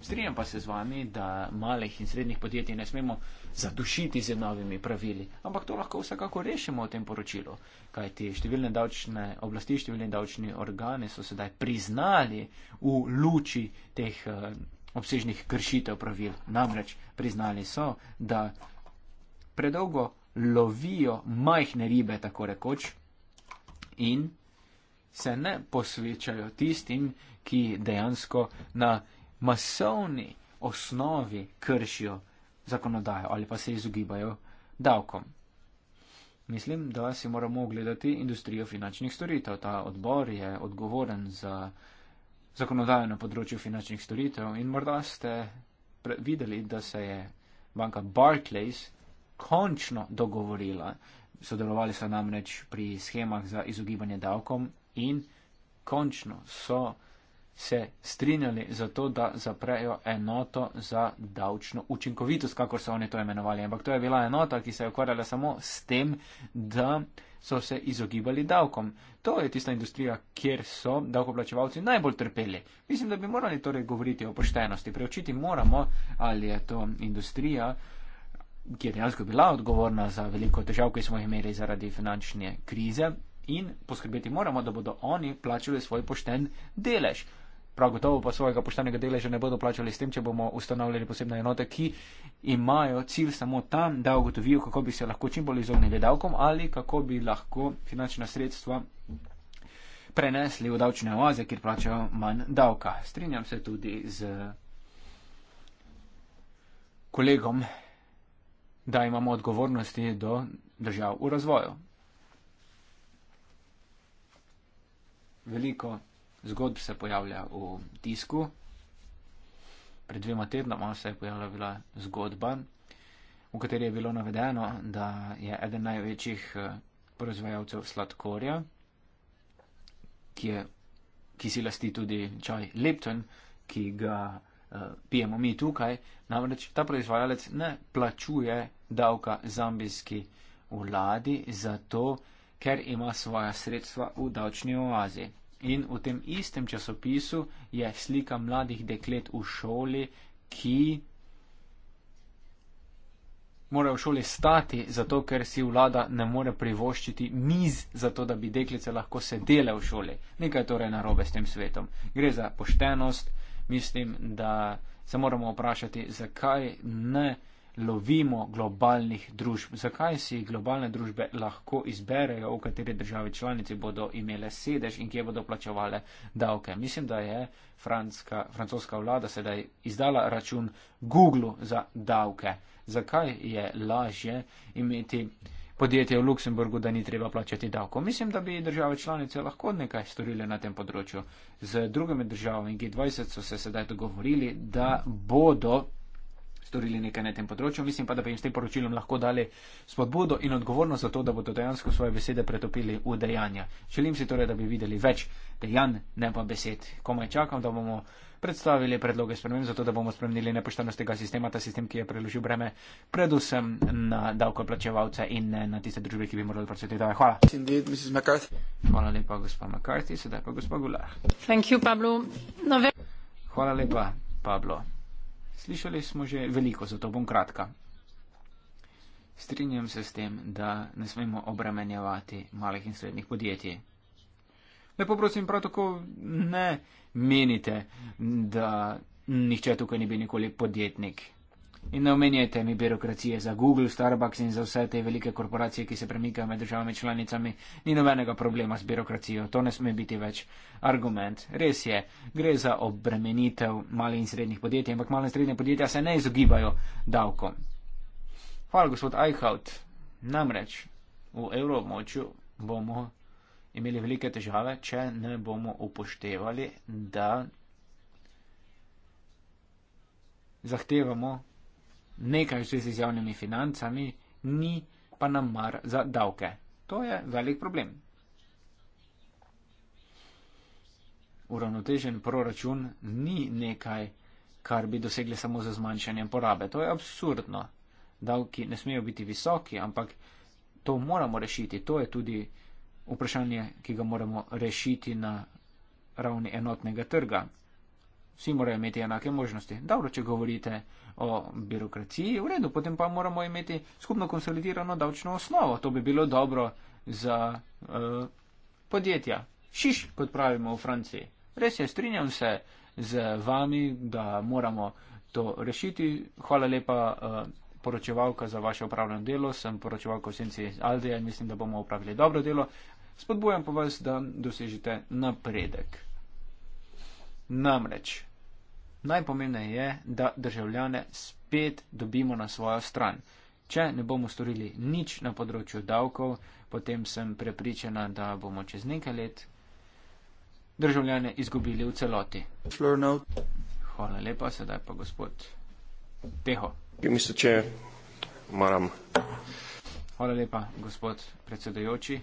Strinjam pa se z vami, da malih in srednjih podjetij ne smemo zadušiti z novimi pravili, ampak to lahko vsekako rešimo v tem poročilu, kajti številne davčne oblasti, številne davčni organe so sedaj priznali v luči teh eh, obsežnih kršitev pravil. Namreč priznali so, da predolgo lovijo majhne ribe, tako rekoč, in se ne posvečajo tistim, ki dejansko na masovni osnovi kršijo zakonodajo ali pa se izogibajo davkom. Mislim, da si moramo ogledati industrijo finančnih storitev. Ta odbor je odgovoren za zakonodajo na področju finančnih storitev in morda ste videli, da se je banka Barclays končno dogovorila. Sodelovali so namreč pri schemah za izogibanje davkom in končno so se strinjali za to, da zaprejo enoto za davčno učinkovitost, kako so oni to imenovali. Ampak to je bila enota, ki se je ukvarjala samo s tem, da so se izogibali davkom. To je tista industrija, kjer so davkoplačevalci najbolj trpeli. Mislim, da bi morali torej govoriti o poštenosti. Preučiti moramo, ali je to industrija, ki je dejansko bila odgovorna za veliko težav, ki smo jih imeli zaradi finančne krize. In poskrbeti moramo, da bodo oni plačali svoj pošten delež prav gotovo pa svojega poštenega deleža ne bodo plačali s tem, če bomo ustanovljali posebne enote, ki imajo cilj samo tam, da ugotovijo, kako bi se lahko čim bolj izognili davkom ali kako bi lahko finančna sredstva prenesli v davčne oaze, kjer plačajo manj davka. Strinjam se tudi z kolegom, da imamo odgovornosti do držav v razvoju. Veliko zgodb se pojavlja v tisku. Pred dvema tednoma se je pojavila zgodba, v kateri je bilo navedeno, da je eden največjih eh, proizvajalcev sladkorja, ki, je, ki si lasti tudi čaj Lipton, ki ga uh, pijemo mi tukaj, namreč ta proizvajalec ne plačuje davka zambijski vladi, zato ker ima svoja sredstva v davčni oazi. In v tem istem časopisu je slika mladih deklet v šoli, ki morajo v šoli stati, zato ker si vlada ne more privoščiti miz, zato da bi deklice lahko sedele v šoli. Nekaj je torej narobe s tem svetom. Gre za poštenost, mislim, da se moramo vprašati, zakaj ne lovimo globalnih družb. Zakaj si globalne družbe lahko izberejo, v kateri državi članici bodo imele sedež in kje bodo plačevale davke? Mislim, da je franska, francoska vlada sedaj izdala račun Google za davke. Zakaj je lažje imeti podjetje v Luksemburgu, da ni treba plačati davko? Mislim, da bi države članice lahko nekaj storile na tem področju. Z drugimi državami G20 so se sedaj dogovorili, da bodo storili nekaj na tem področju. Mislim pa, da bi jim s tem poročilom lahko dali spodbudo in odgovornost za to, da bodo dejansko svoje besede pretopili v dejanja. Želim si torej, da bi videli več dejanj, ne pa besed. Komaj čakam, da bomo predstavili predloge sprememb, zato da bomo spremenili nepoštenostega sistema, ta sistem, ki je preložil breme predvsem na davkoplačevalce in na tiste družbe, ki bi morali pracovati. Hvala. Hvala lepa, gospod McCarthy, sedaj pa gospod Gular. No, Hvala lepa, Pablo. Slišali smo že veliko, zato bom kratka. Strinjam se s tem, da ne smemo obremenjevati malih in srednjih podjetij. Lepo prosim, prav tako ne menite, da nihče tukaj ne bi nikoli podjetnik. In ne omenjajte mi birokracije za Google, Starbucks in za vse te velike korporacije, ki se premikajo med državami članicami. Ni nobenega problema s birokracijo, to ne sme biti več argument. Res je, gre za obremenitev malih in srednjih podjetij, ampak malih in srednjih podjetja se ne izogibajo davkom. Hvala, gospod Eichhout. Namreč v evroobmočju bomo imeli velike težave, če ne bomo upoštevali, da zahtevamo nekaj v zvezi z javnimi financami, ni pa nam mar za davke. To je velik problem. Uravnotežen proračun ni nekaj, kar bi dosegli samo z zmanjšanjem porabe. To je absurdno. Davki ne smejo biti visoki, ampak to moramo rešiti. To je tudi vprašanje, ki ga moramo rešiti na ravni enotnega trga vsi morajo imeti enake možnosti. Dobro, če govorite o birokraciji, v redu, potem pa moramo imeti skupno konsolidirano davčno osnovo. To bi bilo dobro za uh, podjetja. Šiš, kot pravimo v Franciji. Res je, strinjam se z vami, da moramo to rešiti. Hvala lepa. Uh, poročevalka za vaše upravljeno delo, sem poročevalka v senci Aldeja in mislim, da bomo upravili dobro delo. Spodbujam pa vas, da dosežite napredek. Namreč najpomembneje je, da državljane spet dobimo na svojo stran. Če ne bomo storili nič na področju davkov, potem sem prepričana, da bomo čez nekaj let državljane izgubili v celoti. Hvala lepa, sedaj pa gospod Teho. Hvala lepa, gospod predsedajoči,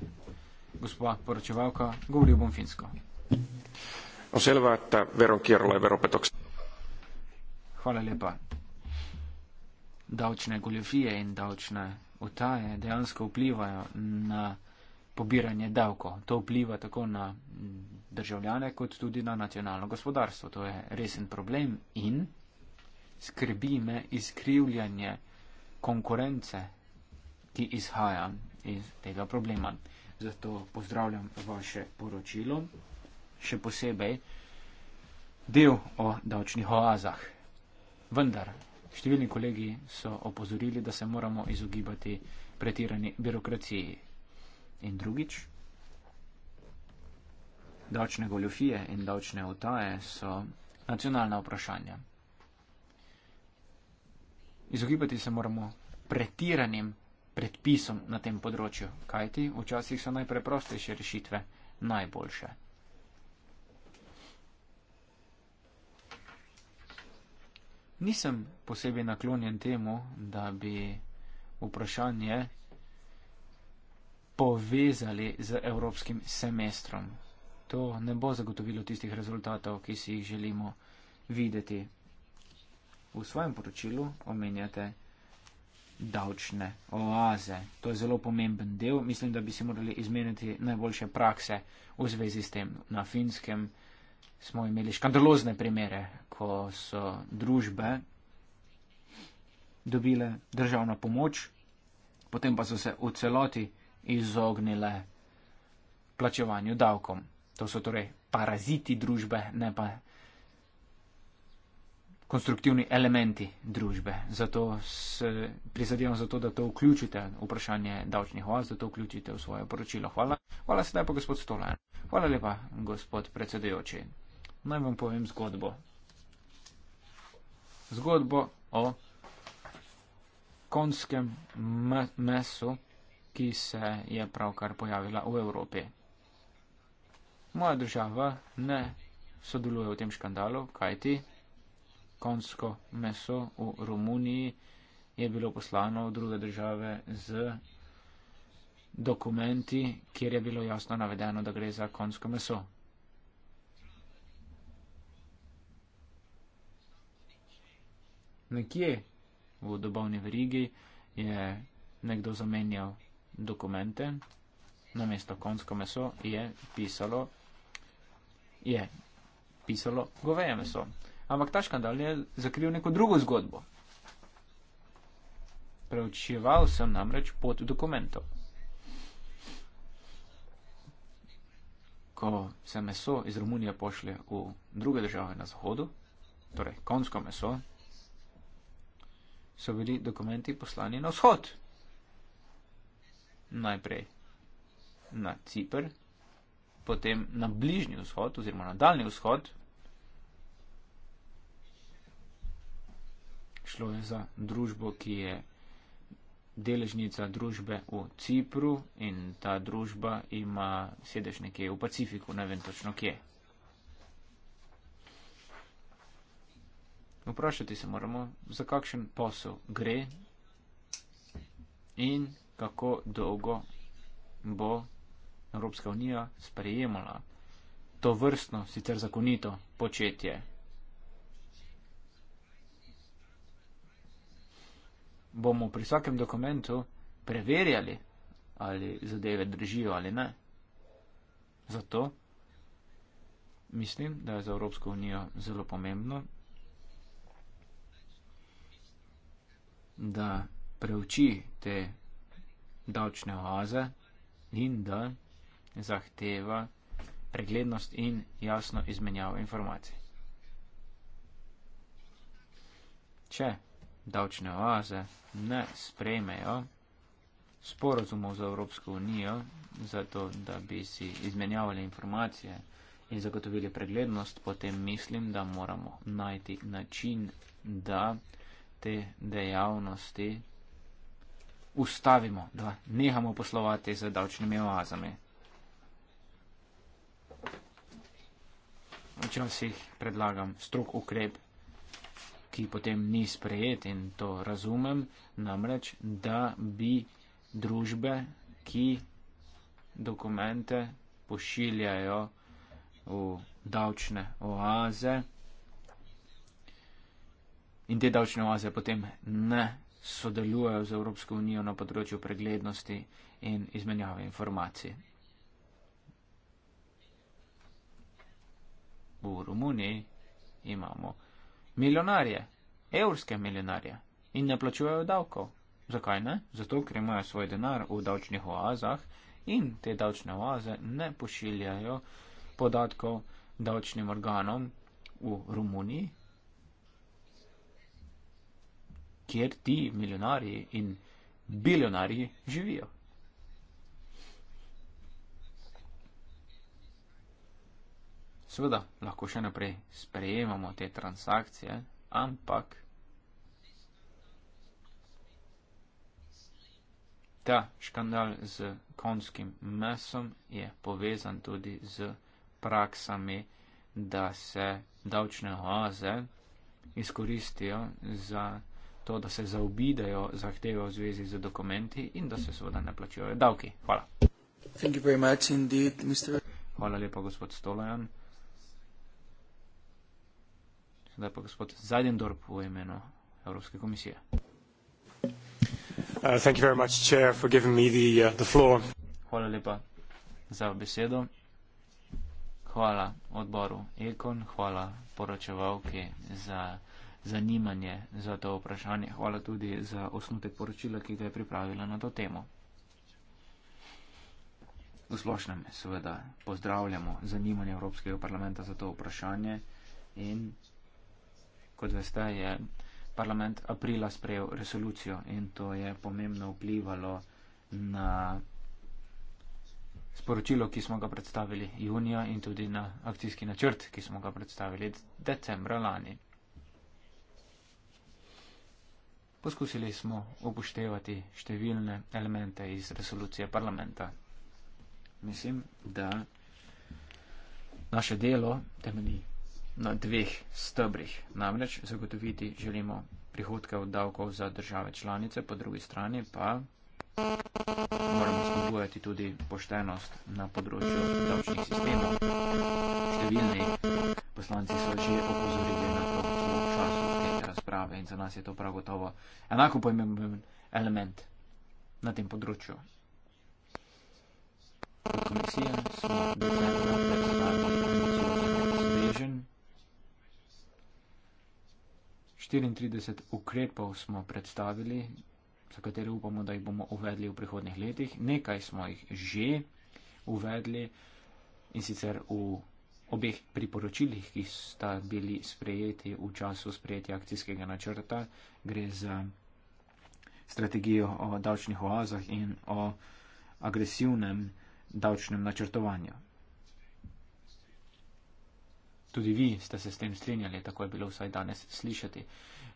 gospod poročevalka, govoril bom finsko on selvää, että veronkierrolla ja veropetoksella... Hvala lepa. Davčne goljofije in davčne utaje dejansko vplivajo na pobiranje davkov. To vpliva tako na državljane, kot tudi na nacionalno gospodarstvo. To je resen problem in skrbi me izkrivljanje konkurence, ki izhaja iz tega problema. Zato pozdravljam vaše poročilo še posebej del o davčnih oazah. Vendar številni kolegi so opozorili, da se moramo izogibati pretirani birokraciji. In drugič, davčne goljofije in davčne utaje so nacionalna vprašanja. Izogibati se moramo pretiranim predpisom na tem področju, kajti včasih so najpreprostejše rešitve najboljše. nisem posebej naklonjen temu, da bi vprašanje povezali z evropskim semestrom. To ne bo zagotovilo tistih rezultatov, ki si jih želimo videti. V svojem poročilu omenjate davčne oaze. To je zelo pomemben del. Mislim, da bi si morali izmeniti najboljše prakse v zvezi s tem na finskem smo imeli škandalozne primere, ko so družbe dobile državno pomoč, potem pa so se v celoti izognile plačevanju davkom. To so torej paraziti družbe, ne pa konstruktivni elementi družbe. Zato se prizadevam za to, da to vključite v vprašanje davčnih oaz, da to vključite v svoje poročilo. Hvala. Hvala sedaj pa gospod Stolan. Hvala lepa, gospod predsedujoči. Naj vam povem zgodbo. Zgodbo o konskem mesu, ki se je pravkar pojavila v Evropi. Moja država ne sodeluje v tem škandalu, kajti konsko meso v Romuniji je bilo poslano v druge države z dokumenti, kjer je bilo jasno navedeno, da gre za konsko meso. nekje v dobavni verigi je nekdo zamenjal dokumente, na mesto konjsko meso je pisalo, je pisalo goveje meso. Ampak ta škandal je zakril neko drugo zgodbo. Preučeval sem namreč pot dokumentov. Ko se meso iz Romunije pošlje v druge države na zahodu, torej konjsko meso, so bili dokumenti poslani na vzhod. Najprej na Cipr, potem na bližnji vzhod oziroma na daljni vzhod. Šlo je za družbo, ki je deležnica družbe v Cipru in ta družba ima sedež nekje v Pacifiku, ne vem točno kje. Vprašati se moramo, za kakšen posel gre in kako dolgo bo Evropska unija sprejemala to vrstno, sicer zakonito početje. Bomo pri vsakem dokumentu preverjali, ali zadeve držijo ali ne. Zato mislim, da je za Evropsko unijo zelo pomembno, da preuči te davčne oaze in da zahteva preglednost in jasno izmenjavo informacij. Če davčne oaze ne sprejmejo sporozumov za Evropsko unijo, zato da bi si izmenjavali informacije in zagotovili preglednost, potem mislim, da moramo najti način, da te dejavnosti ustavimo, da nehamo poslovati z davčnimi oazami. Včasih predlagam strok ukrep, ki potem ni sprejet in to razumem, namreč, da bi družbe, ki dokumente pošiljajo v davčne oaze, in te davčne oaze potem ne sodelujejo z Evropsko unijo na področju preglednosti in izmenjave informacij. V Romuniji imamo milijonarje, evrske milijonarje in ne plačujejo davkov. Zakaj ne? Zato, ker imajo svoj denar v davčnih oazah in te davčne oaze ne pošiljajo podatkov davčnim organom v Romuniji kjer ti milijonari in bilijonari živijo. Seveda lahko še naprej sprejemamo te transakcije, ampak ta škandal z konskim mesom je povezan tudi z praksami, da se davčne oaze izkoristijo za to, da se zaobidejo zahteve v zvezi z dokumenti in da se seveda ne plačujejo davki. Hvala. Indeed, Hvala lepa, gospod Stolajan. Sedaj pa gospod Zajdendorp v imenu Evropske komisije. Uh, much, Chair, me the, uh, the floor. Hvala lepa za besedo. Hvala odboru Ekon, hvala poročevalki za zanimanje za to vprašanje. Hvala tudi za osnutek poročila, ki ga je pripravila na to temo. V splošnem seveda pozdravljamo zanimanje Evropskega parlamenta za to vprašanje in kot veste je parlament aprila sprejel resolucijo in to je pomembno vplivalo na sporočilo, ki smo ga predstavili junija in tudi na akcijski načrt, ki smo ga predstavili decembra lani. Poskusili smo upoštevati številne elemente iz resolucije parlamenta. Mislim, da naše delo temelji na dveh stebrih. Namreč zagotoviti želimo prihodke od davkov za države članice, po drugi strani pa moramo spodbujati tudi poštenost na področju davčnih sistemov. Številni poslanci so že opozorili na to razprave in za nas je to prav gotovo enako pomemben element na tem področju. Komisija smo decembra predstavili svežen. 34 ukrepov smo predstavili, za katere upamo, da jih bomo uvedli v prihodnih letih. Nekaj smo jih že uvedli in sicer v obeh priporočilih, ki sta bili sprejeti v času sprejetja akcijskega načrta, gre za strategijo o davčnih oazah in o agresivnem davčnem načrtovanju. Tudi vi ste se s tem strinjali, tako je bilo vsaj danes slišati.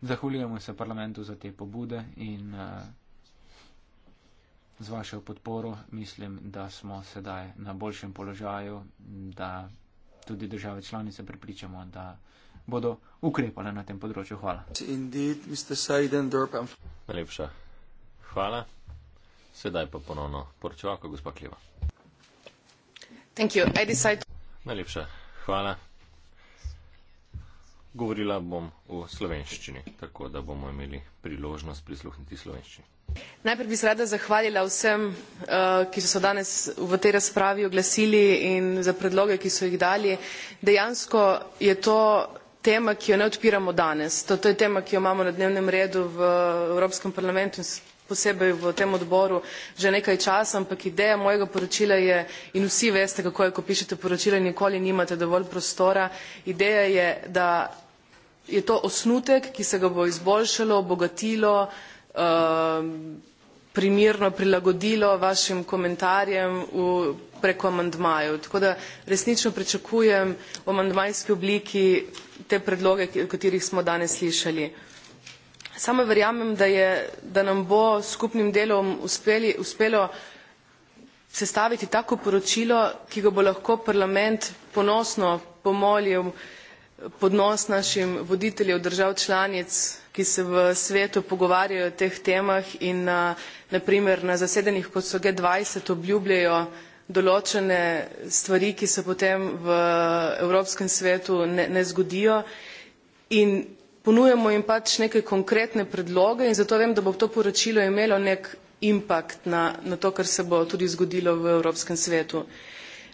Zahvaljujemo se parlamentu za te pobude in uh, z vašo podporo mislim, da smo sedaj na boljšem položaju, da tudi države članice pripričamo, da bodo ukrepale na tem področju. Hvala. Indeed, Najlepša. Hvala. Sedaj pa ponovno poročevalko, gospa Kleva. Najlepša. Hvala govorila bom v slovenščini, tako da bomo imeli priložnost prisluhniti slovenščini. Najprej bi se rada zahvalila vsem, eh, ki so se danes v tej razpravi oglasili in za predloge, ki so jih dali. Dejansko je to tema, ki jo ne odpiramo danes. To, to je tema, ki jo imamo na dnevnem redu v Evropskem parlamentu in posebej v tem odboru že nekaj časa, ampak ideja mojega poročila je, in vsi veste, kako je, ko pišete poročila, nikoli nimate dovolj prostora, ideja je, da je to osnutek, ki se ga bo izboljšalo, obogatilo, ehm, primirno prilagodilo vašim komentarjem v, preko amandmajev. Tako da resnično pričakujem v amandmajski obliki te predloge, o katerih smo danes slišali. Samo verjamem, da, je, da nam bo skupnim delom uspeli, uspelo sestaviti tako poročilo, ki ga bo lahko parlament ponosno pomolil podnos našim voditeljev držav članic, ki se v svetu pogovarjajo o teh temah in na, naprimer na zasedanjih, kot so G20, obljubljajo določene stvari, ki se potem v Evropskem svetu ne, ne zgodijo. In ponujamo jim pač neke konkretne predloge in zato vem, da bo to poročilo imelo nek impakt na, na to, kar se bo tudi zgodilo v Evropskem svetu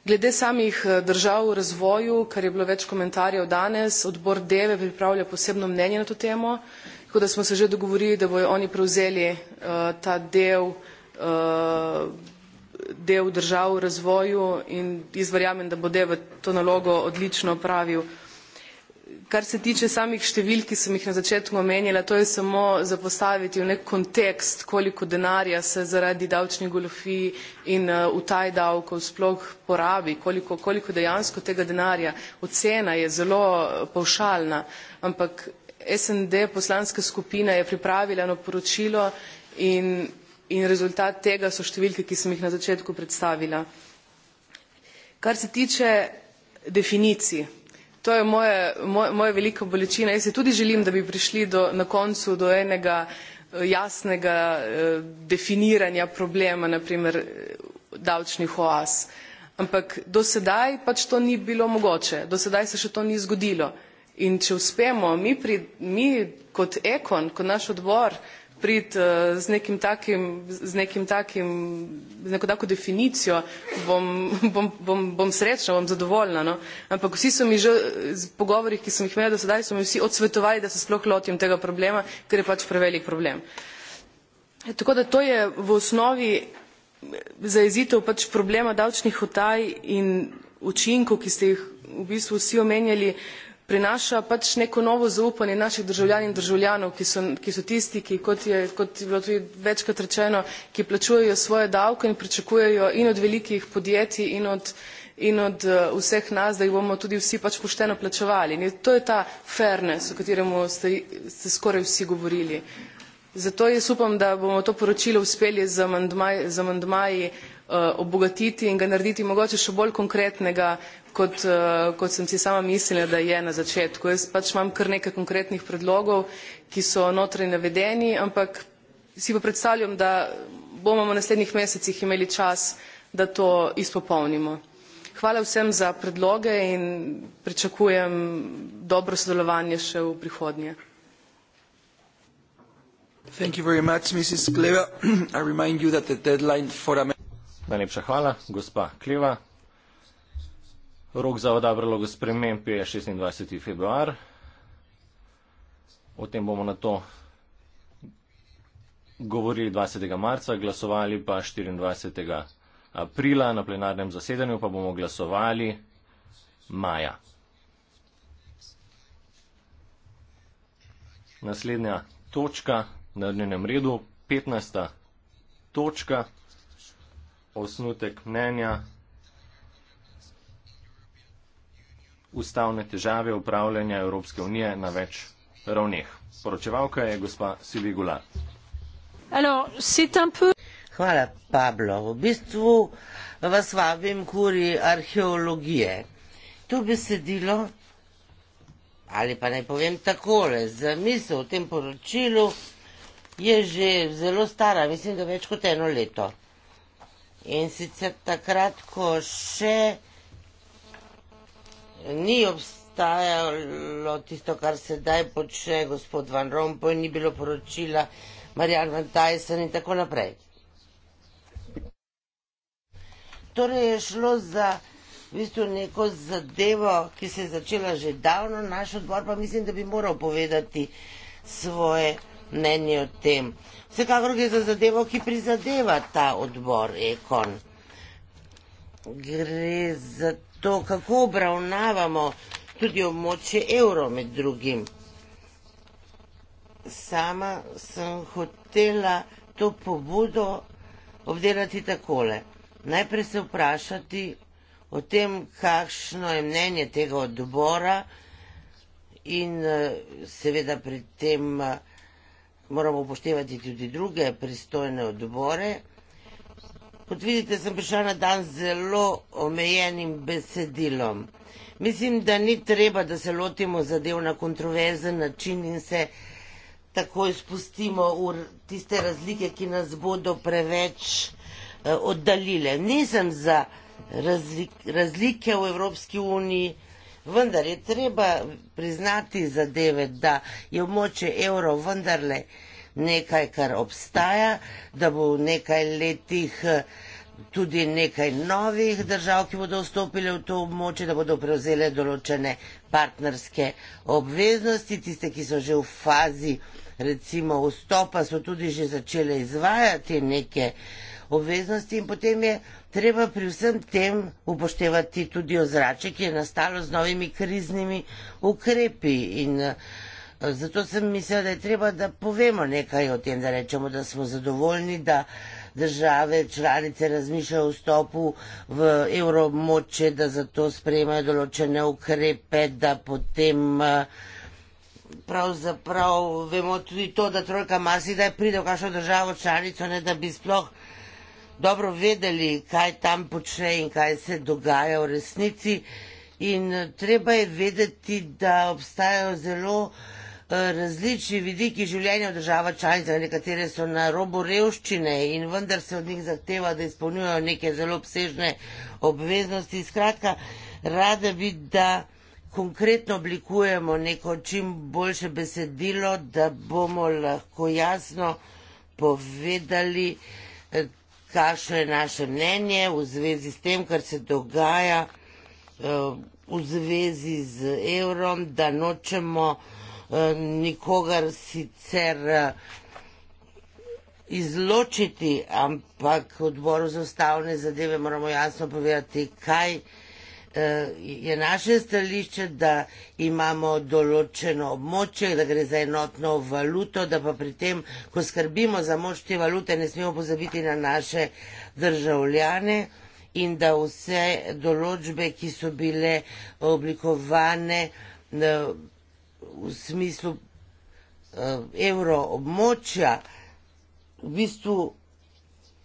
glede samih eh, držav v razvoju kar je bilo več komentarjev danes odbor deve pripravlja posebno mnenje na to temo tako da smo se že dogovorili da bojo oni prevzeli eh, ta del eh, del držav v razvoju in jaz verjamem da bo deve to nalogo odlično opravil Kar se tiče samih števil, ki sem jih na začetku omenjala, to je samo zapostaviti v nek kontekst, koliko denarja se zaradi davčnih golofij in eh, utaj davkov sploh porabi, koliko, koliko dejansko tega denarja. Ocena je zelo eh, povšalna, ampak SND poslanska skupina je pripravila eno poročilo in, in rezultat tega so številke, ki sem jih na začetku predstavila. Kar se tiče definicij, To je moje, moje, moje velika bolečina. Jaz se tudi želim, da bi prišli do, na koncu do enega eh, jasnega eh, definiranja problema, naprimer eh, davčnih oas. Ampak do sedaj pač to ni bilo mogoče, do sedaj se še to ni zgodilo. In če uspemo mi, pri, mi kot ekon, kot naš odbor, eh, priti uh, z nekim takim, z nekim takim, z neko tako definicijo, bom, bom, bom, bom srečna, bom zadovoljna. No? Ampak vsi so mi že, z pogovorih, ki sem jih imela do sedaj, so mi vsi odsvetovali, da se sploh lotim tega problema, ker je pač prevelik problem. E, tako da to je v osnovi zaezitev pač problema davčnih otaj in učinkov, ki ste jih v bistvu vsi omenjali, uh, prinaša pač neko novo zaupanje naših državljan in državljanov, ki so, ki so tisti, ki, kot je, kot je bilo tudi večkrat rečeno, ki plačujejo svoje davke in pričakujejo in od velikih podjetij in od, in od uh, vseh nas, da jih bomo tudi vsi pač pošteno plačevali. In to je ta fairness, o kateremu ste, ste skoraj vsi govorili. Zato jaz upam, da bomo to poročilo uspeli z, amandmaj, z amandmaji uh, obogatiti in ga narediti mogoče še bolj konkretnega, kot, eh, kot sem si sama mislila, da je na začetku. Jaz pač imam kar nekaj konkretnih predlogov, ki so notraj navedeni, ampak si pa predstavljam, da bomo v naslednjih mesecih imeli čas, da to izpopolnimo. Hvala vsem za predloge in pričakujem dobro sodelovanje še v prihodnje. Thank you very much, Mrs. Kleva. I remind you that the deadline for a... Najlepša hvala, gospa Kleva. Rok za voda predlogu sprememb je 26. februar. O tem bomo na to govorili 20. marca, glasovali pa 24. aprila na plenarnem zasedanju, pa bomo glasovali maja. Naslednja točka na dnevnem redu, 15. točka, osnutek mnenja ustavne težave upravljanja Evropske unije na več ravneh. Poročevalka je gospa Silvi Gular. Hvala, Pablo. V bistvu vas vabim kuri arheologije. Tu bi sedilo, ali pa naj povem takole, za misel v tem poročilu je že zelo stara, mislim, da več kot eno leto. In sicer takrat, ko še ni obstajalo tisto, kar sedaj počne gospod Van Rompuy, ni bilo poročila Marjan Van Tyson in tako naprej. Torej je šlo za v bistvu neko zadevo, ki se je začela že davno, naš odbor pa mislim, da bi moral povedati svoje mnenje o tem. Vsekakor gre za zadevo, ki prizadeva ta odbor Ekon. Gre za to, kako obravnavamo tudi območje evro med drugim. Sama sem hotela to pobudo obdelati takole. Najprej se vprašati o tem, kakšno je mnenje tega odbora in eh, seveda pri tem eh, moramo upoštevati tudi druge pristojne odbore. Kot vidite, sem prišla na dan z zelo omejenim besedilom. Mislim, da ni treba, da se lotimo zadev na kontroverzen način in se takoj spustimo v tiste razlike, ki nas bodo preveč eh, oddaljile. Nisem za razlike v Evropski uniji, vendar je treba priznati zadeve, da je območje evro vendarle vsega, nekaj, kar obstaja, da bo v nekaj letih eh, tudi nekaj novih držav, ki bodo vstopile v to območje, da bodo prevzele določene partnerske obveznosti, tiste, ki so že v fazi recimo vstopa, so tudi že začele izvajati neke obveznosti in potem je treba pri vsem tem upoštevati tudi ozrače, ki je nastalo z novimi kriznimi ukrepi in uh, Zato sem mislila, da je treba, da povemo nekaj o tem, da rečemo, da smo zadovoljni, da države članice razmišljajo o vstopu v evromoče, da zato sprejemajo določene ukrepe, da potem eh, pravzaprav vemo tudi to, da trojka masi, da je pride v kakšno državo članico, ne da bi sploh dobro vedeli, kaj tam počne in kaj se dogaja v resnici. In eh, treba je vedeti, da obstajajo zelo različni vidiki življenja v državah članicah, nekatere so na robu revščine in vendar se od njih zahteva, da izpolnjujejo neke zelo obsežne obveznosti. Skratka, rada bi, da konkretno oblikujemo neko čim boljše besedilo, da bomo lahko jasno povedali, kakšno je naše mnenje v zvezi s tem, kar se dogaja eh, v zvezi z evrom, da nočemo Eh, nikogar sicer eh, izločiti, ampak odboru za ustavne zadeve moramo jasno povedati, kaj eh, je naše stališče, da imamo določeno območje, da gre za enotno valuto, da pa pri tem, ko skrbimo za moč te valute, ne smemo pozabiti na naše državljane in da vse določbe, ki so bile oblikovane, v smislu eh, evroobmočja, v bistvu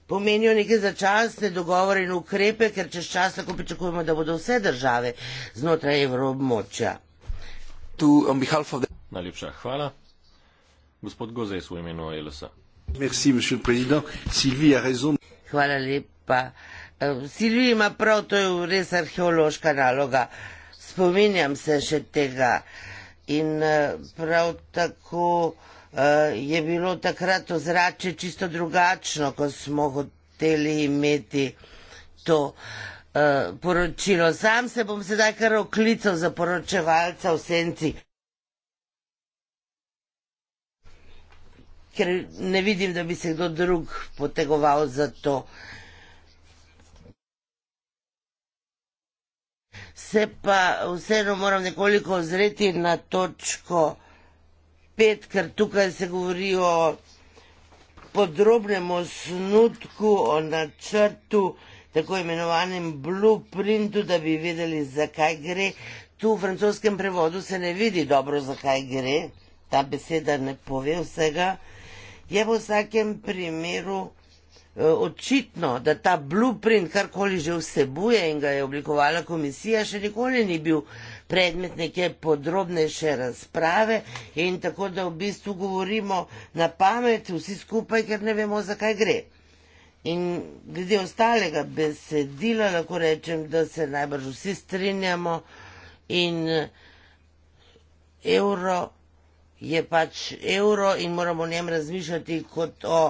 pomenijo neke začasne dogovore in ukrepe, ker čez čas tako pričakujemo, da bodo vse države znotraj evroobmočja. Tu, on behalf of the. Najlepša hvala. Gospod Gozej, svoj imen je Elisa. Merci, monsieur président. Silvi a raison. Hvala lepa. Eh, Silvi ima prav, to je res arheološka naloga. Spominjam se še tega in eh, prav tako eh, je bilo takrat ozračje čisto drugačno, ko smo hoteli imeti to eh, poročilo. Sam se bom sedaj kar oklical za poročevalca v senci. Ker ne vidim, da bi se kdo drug potegoval za to poročevalca. se pa vseeno moram nekoliko ozreti na točko pet, ker tukaj se govori o podrobnem osnutku, o načrtu, tako imenovanem blueprintu, da bi vedeli, zakaj gre. Tu v francoskem prevodu se ne vidi dobro, zakaj gre. Ta beseda ne pove vsega. Je v vsakem primeru Eh, očitno, da ta blueprint, karkoli že vsebuje in ga je oblikovala komisija, še nikoli ni bil predmet neke podrobnejše razprave in tako, da v bistvu govorimo na pamet vsi skupaj, ker ne vemo, zakaj gre. In glede ostalega besedila lahko rečem, da se najbrž vsi strinjamo in eh, evro je pač evro in moramo o njem razmišljati kot o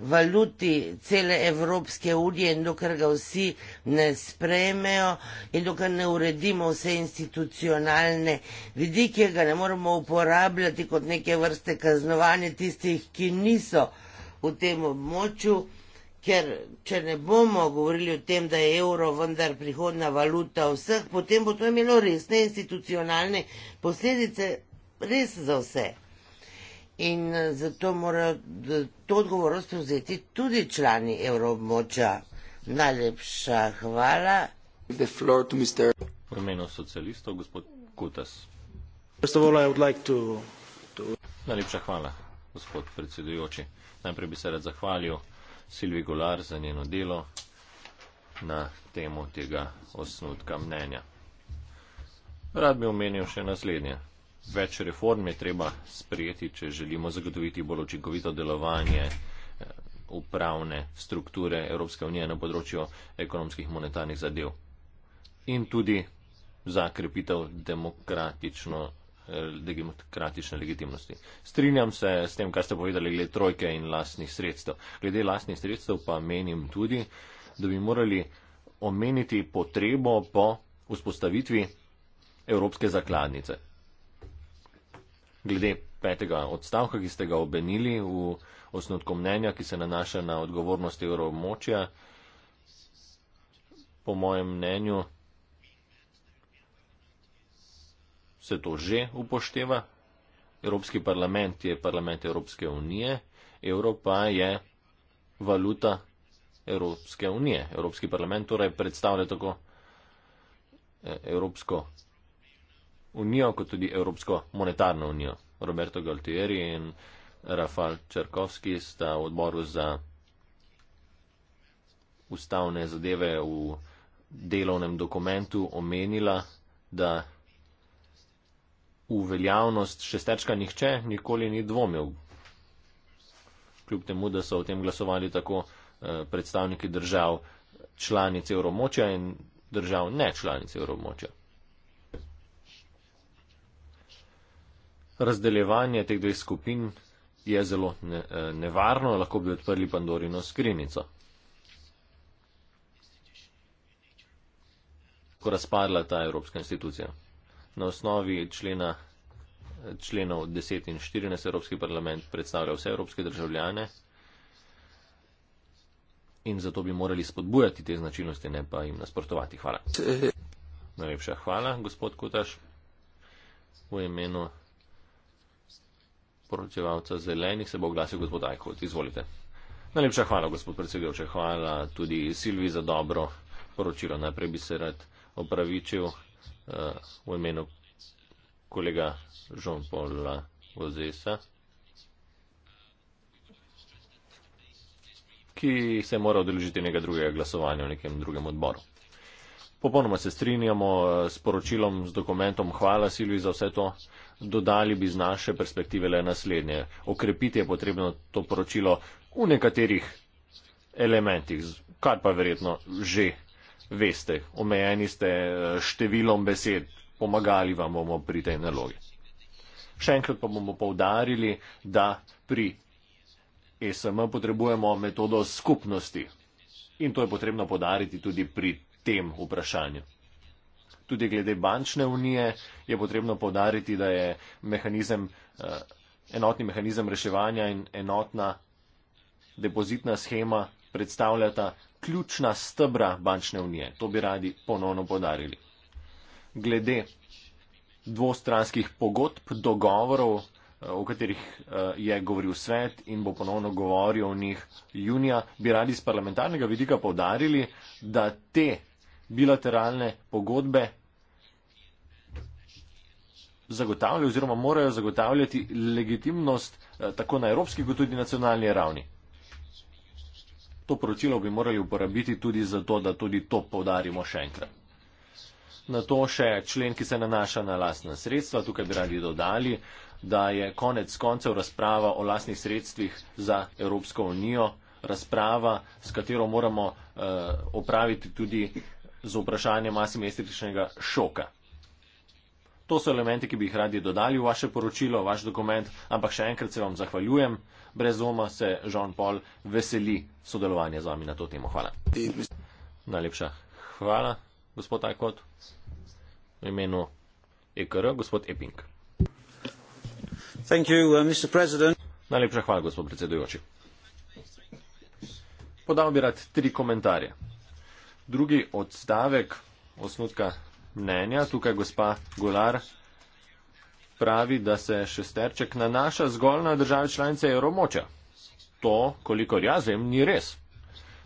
valuti cele Evropske unije in dokler ga vsi ne sprejmejo in dokler ne uredimo vse institucionalne vidike, ga ne moremo uporabljati kot neke vrste kaznovanje tistih, ki niso v tem območju, ker če ne bomo govorili o tem, da je evro vendar prihodna valuta vseh, potem bo to imelo resne institucionalne posledice, res za vse in eh, zato morajo eh, to odgovornost vzeti tudi člani evroobmoča. Najlepša hvala. V imenu socialistov, gospod Kutas. Like to, to... Najlepša hvala, gospod predsedujoči. Najprej bi se rad zahvalil Silvi Golar za njeno delo na temo tega osnutka mnenja. Rad bi omenil še naslednje. Več reform je treba sprejeti, če želimo zagotoviti bolj očinkovito delovanje eh, upravne strukture Evropske unije na področju ekonomskih monetarnih zadev in tudi za krepitev demokratično, eh, demokratične legitimnosti. Strinjam se s tem, kar ste povedali glede trojke in lastnih sredstev. Glede lastnih sredstev pa menim tudi, da bi morali omeniti potrebo po vzpostavitvi Evropske zakladnice glede petega odstavka, ki ste ga obenili v osnotku mnenja, ki se nanaša na odgovornost evroobmočja, po mojem mnenju se to že upošteva. Evropski parlament je parlament Evropske unije, Evropa je valuta Evropske unije. Evropski parlament torej predstavlja tako eh, Evropsko unijo, kot tudi Evropsko monetarno unijo. Roberto Galtieri in Rafal Črkovski sta v odboru za ustavne zadeve v delovnem dokumentu omenila, da v veljavnost šesterčka nihče nikoli ni dvomil. Kljub temu, da so o tem glasovali tako eh, predstavniki držav članic evromočja in držav ne članic evromočja. razdeljevanje teh dveh skupin je zelo ne, eh, nevarno, lahko bi odprli Pandorino skrinico. Ko razpadla ta Evropska institucija. Na osnovi člena, eh, členov 10 in 14 Evropski parlament predstavlja vse evropske državljane in zato bi morali spodbujati te značilnosti, ne pa jim nasprotovati. Hvala. Eh. Najlepša hvala, gospod Kutaš. V imenu poročevalca zelenih se bo oglasil gospod Ajkot. Izvolite. Najlepša hvala, gospod predsedujoče. Hvala tudi Silvi za dobro poročilo. Najprej bi se rad opravičil uh, v imenu kolega Žonpola Ozesa, ki se mora odeležiti nekega drugega glasovanja v nekem drugem odboru. Popolnoma se strinjamo eh, s poročilom, s dokumentom. Hvala Silvi za vse to. Uh, dodali bi z naše perspektive le naslednje. Okrepiti je potrebno to poročilo v nekaterih elementih, kar pa verjetno že veste. Omejeni ste eh, številom besed, pomagali vam bomo pri tej nalogi. Še enkrat pa bomo povdarili, da pri e SM potrebujemo metodo skupnosti. In to je potrebno podariti tudi pri tem vprašanju. Tudi glede bančne unije je potrebno povdariti, da je mehanizem, eh, enotni mehanizem reševanja in enotna depozitna schema predstavljata ključna stebra bančne unije. To bi radi ponovno podarili. Glede dvostranskih pogodb, dogovorov, eh, o katerih eh, je govoril svet in bo ponovno govoril o njih junija, bi radi z parlamentarnega vidika povdarili, da te bilateralne pogodbe zagotavljajo oziroma morajo zagotavljati legitimnost eh, tako na evropski kot tudi nacionalni ravni. To poročilo bi morali uporabiti tudi zato, da tudi to povdarimo še enkrat. Na to še člen, ki se nanaša na lastna sredstva. Tukaj bi radi dodali, da je konec koncev razprava o lastnih sredstvih za Evropsko unijo, razprava, s katero moramo uh, opraviti tudi z vprašanjem asimetričnega šoka. To so elementi, ki bi jih radi dodali v vaše poročilo, v vaš dokument, ampak še enkrat se vam zahvaljujem. Brez doma se Jean-Paul veseli sodelovanja z vami na to temo. Hvala. Najlepša hvala, gospod Ajkot, v imenu EKR, gospod Eping. You, uh, Najlepša hvala, gospod predsedujoči. Podal bi rad tri komentarje drugi odstavek osnutka mnenja. Tukaj gospa Golar pravi, da se šesterček nanaša zgolj na države članice evromoča. To, kolikor jaz vem, ni res.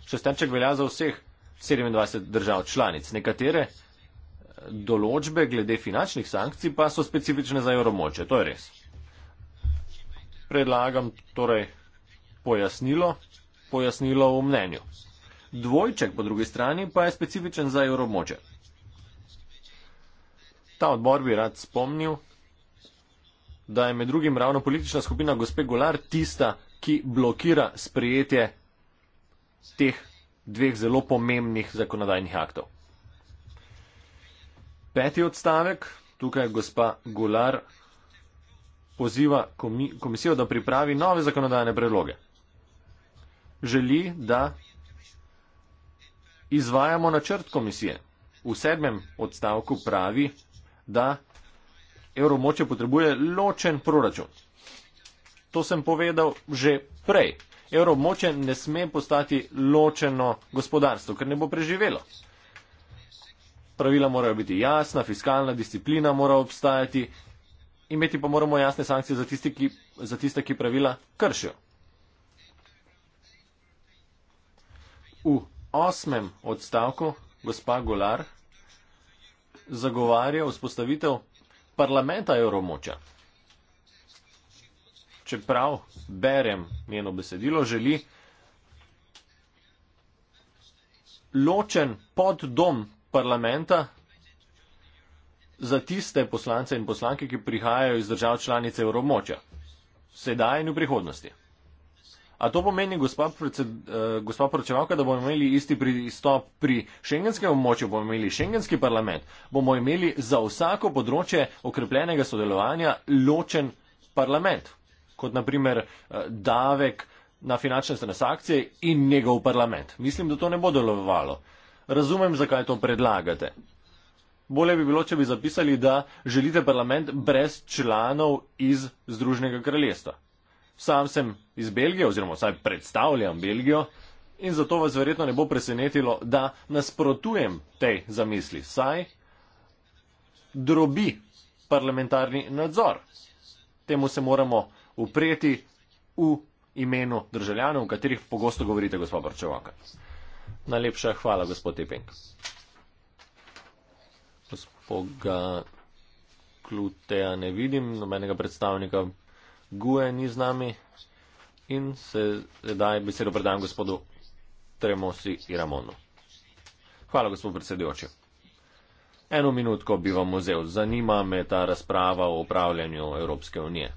Šesterček velja za vseh 27 držav članic. Nekatere določbe glede finančnih sankcij pa so specifične za evromoče. To je res. Predlagam torej pojasnilo, pojasnilo v mnenju dvojček po drugi strani pa je specifičen za evromoče. Ta odbor bi rad spomnil, da je med drugim ravno politična skupina gospe Golar tista, ki blokira sprejetje teh dveh zelo pomembnih zakonodajnih aktov. Peti odstavek, tukaj gospa Golar poziva komisijo, da pripravi nove zakonodajne predloge. Želi, da izvajamo načrt komisije. V sedmem odstavku pravi, da evromoče potrebuje ločen proračun. To sem povedal že prej. Evromoče ne sme postati ločeno gospodarstvo, ker ne bo preživelo. Pravila morajo biti jasna, fiskalna disciplina mora obstajati, imeti pa moramo jasne sankcije za tiste, ki, za tiste, ki pravila kršijo. V osmem odstavku gospa Golar zagovarja vzpostavitev parlamenta evromoča. Čeprav berem njeno besedilo, želi ločen pod dom parlamenta za tiste poslance in poslanke, ki prihajajo iz držav članice evromoča, sedaj in v prihodnosti. A to pomeni, eh, gospa poročevalka, da bomo imeli isti pristop pri šengenskem območju, bomo imeli šengenski parlament, bomo imeli za vsako področje okrepljenega sodelovanja ločen parlament, kot naprimer eh, davek na finančne transakcije in njegov parlament. Mislim, da to ne bo delovalo. Razumem, zakaj to predlagate. Bolje bi bilo, če bi zapisali, da želite parlament brez članov iz Združnega kraljestva. Sam sem iz Belgije, oziroma vsaj predstavljam Belgijo, in zato vas verjetno ne bo presenetilo, da nasprotujem tej zamisli, saj drobi parlamentarni nadzor. Temu se moramo upreti v imenu državljanov, o katerih pogosto govorite, gospod Barčevaka. Najlepša hvala, gospod Tepenk. Gospoga Klutea ne vidim, nobenega predstavnika Gue ni z nami in se daje besedo predan gospodu Tremosi Iramonu. Hvala, gospod predsedujoči. Eno minutko bi vam vzel. Zanima me ta razprava o upravljanju Evropske unije.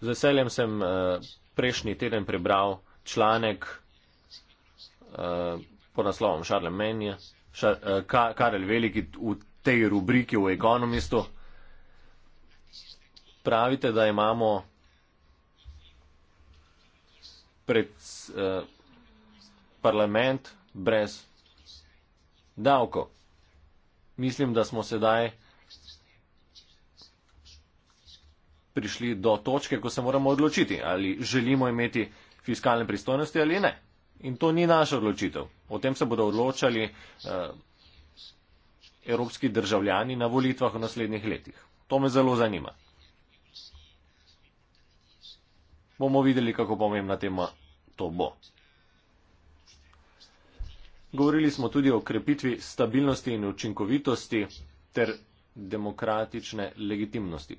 Z veseljem sem eh, prejšnji teden prebral članek eh, pod naslovom Šarlem Menje, eh, Karel Veliki v tej rubriki v Economistu pravite, da imamo pred eh, parlament brez davko. Mislim, da smo sedaj prišli do točke, ko se moramo odločiti, ali želimo imeti fiskalne pristojnosti ali ne. In to ni naša odločitev. O tem se bodo odločali eh, evropski državljani na volitvah v naslednjih letih. To me zelo zanima. bomo videli, kako pomembna tema to bo. Govorili smo tudi o krepitvi stabilnosti in učinkovitosti ter demokratične legitimnosti.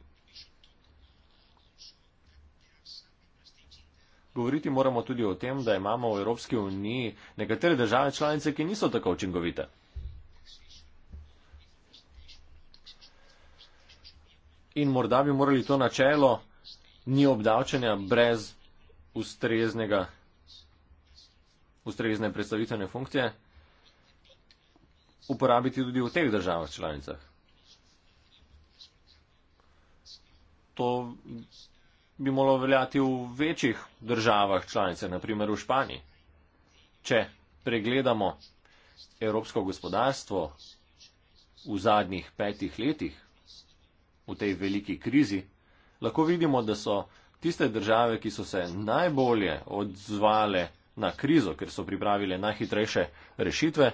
Govoriti moramo tudi o tem, da imamo v Evropski uniji nekatere države članice, ki niso tako učinkovite. In morda bi morali to načelo ni obdavčenja brez ustreznega, ustrezne predstavitvene funkcije uporabiti tudi v teh državah članicah. To bi moralo veljati v večjih državah članicah, naprimer v Španiji. Če pregledamo evropsko gospodarstvo v zadnjih petih letih, v tej veliki krizi, lahko vidimo, da so tiste države, ki so se najbolje odzvale na krizo, ker so pripravile najhitrejše rešitve,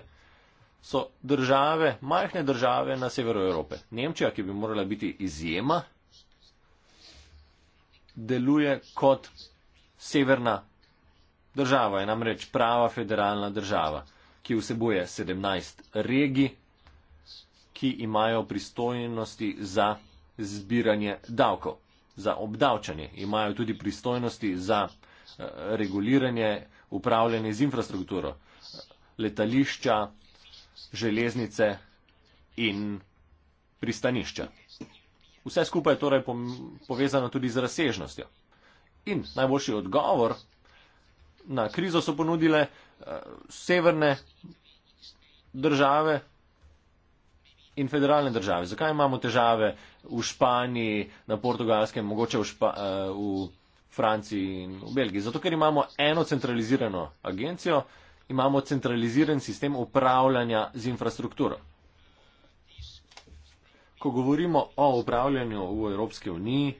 so države, majhne države na severu Evrope. Nemčija, ki bi morala biti izjema, deluje kot severna država, je namreč prava federalna država, ki vsebuje 17 regij, ki imajo pristojnosti za zbiranje davkov za obdavčanje, imajo tudi pristojnosti za eh, reguliranje, upravljanje z infrastrukturo, eh, letališča, železnice in pristanišča. Vse skupaj je torej povezano tudi z razsežnostjo. In najboljši odgovor na krizo so ponudile eh, severne države, in federalne države. Zakaj imamo težave v Španiji, na portugalskem, mogoče v, Špa, eh, v Franciji in v Belgiji? Zato, ker imamo eno centralizirano agencijo, imamo centraliziran sistem upravljanja z infrastrukturo. Ko govorimo o upravljanju v Evropski uniji,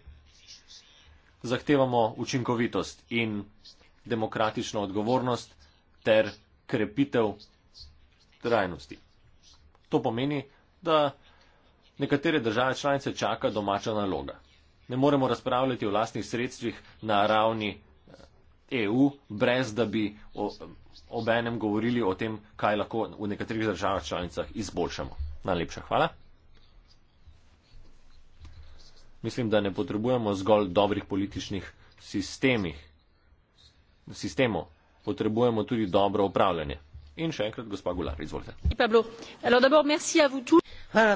zahtevamo učinkovitost in demokratično odgovornost ter krepitev trajnosti. To pomeni, da nekatere države članice čaka domača naloga. Ne moremo razpravljati o vlastnih sredstvih na ravni EU, eh, e brez da bi obenem govorili o tem, kaj lahko v nekaterih državah članicah izboljšamo. Najlepša hvala. Mislim, da ne potrebujemo zgolj dobrih političnih sistemih, sistemov, potrebujemo tudi dobro upravljanje. Hvala,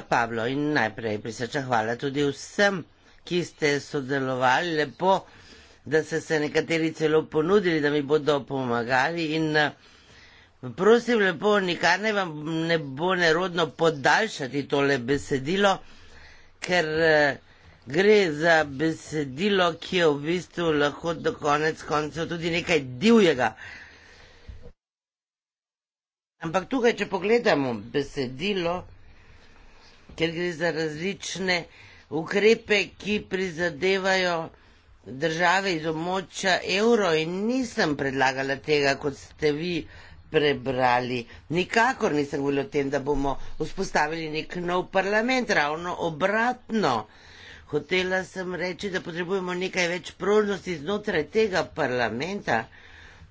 Pablo. In najprej bi se zahvala tudi vsem, ki ste sodelovali. Lepo, da ste se nekateri celo ponudili, da mi bodo pomagali. In eh, prosim, lepo, nikar ne vam ne bo nerodno podaljšati tole besedilo, ker eh, gre za besedilo, ki je v bistvu lahko do konec koncev tudi nekaj divjega. Ampak tukaj, če pogledamo besedilo, ker gre za različne ukrepe, ki prizadevajo države iz območja evro in nisem predlagala tega, kot ste vi prebrali. Nikakor nisem govorila o tem, da bomo vzpostavili nek nov parlament, ravno obratno. Hotela sem reči, da potrebujemo nekaj več prožnosti znotraj tega parlamenta,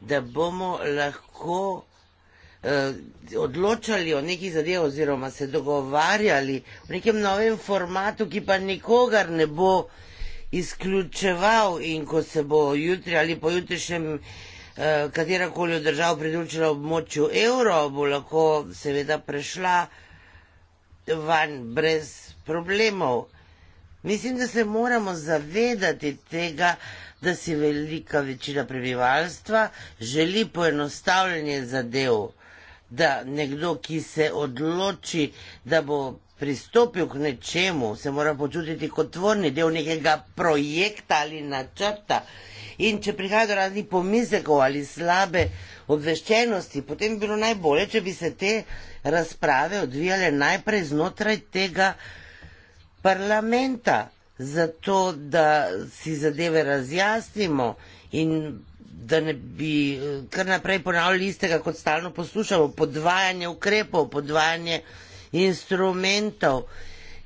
da bomo lahko uh, odločali o nekih zadevah oziroma se dogovarjali v nekem novem formatu, ki pa nikogar ne bo izključeval in ko se bo jutri ali pojutrišnjem uh, katerakoli od držav pridručila območju evro, bo lahko seveda prešla van brez problemov. Mislim, da se moramo zavedati tega, da si velika večina prebivalstva želi poenostavljanje zadev da nekdo, ki se odloči, da bo pristopil k nečemu, se mora počutiti kot tvorni del nekega projekta ali načrta. In če prihaja do raznih pomizekov ali slabe obveščenosti, potem bi bilo najbolje, če bi se te razprave odvijale najprej znotraj tega parlamenta, zato da si zadeve razjasnimo in da ne bi eh, kar naprej ponavljali istega, kot stalno poslušamo, podvajanje ukrepov, podvajanje instrumentov.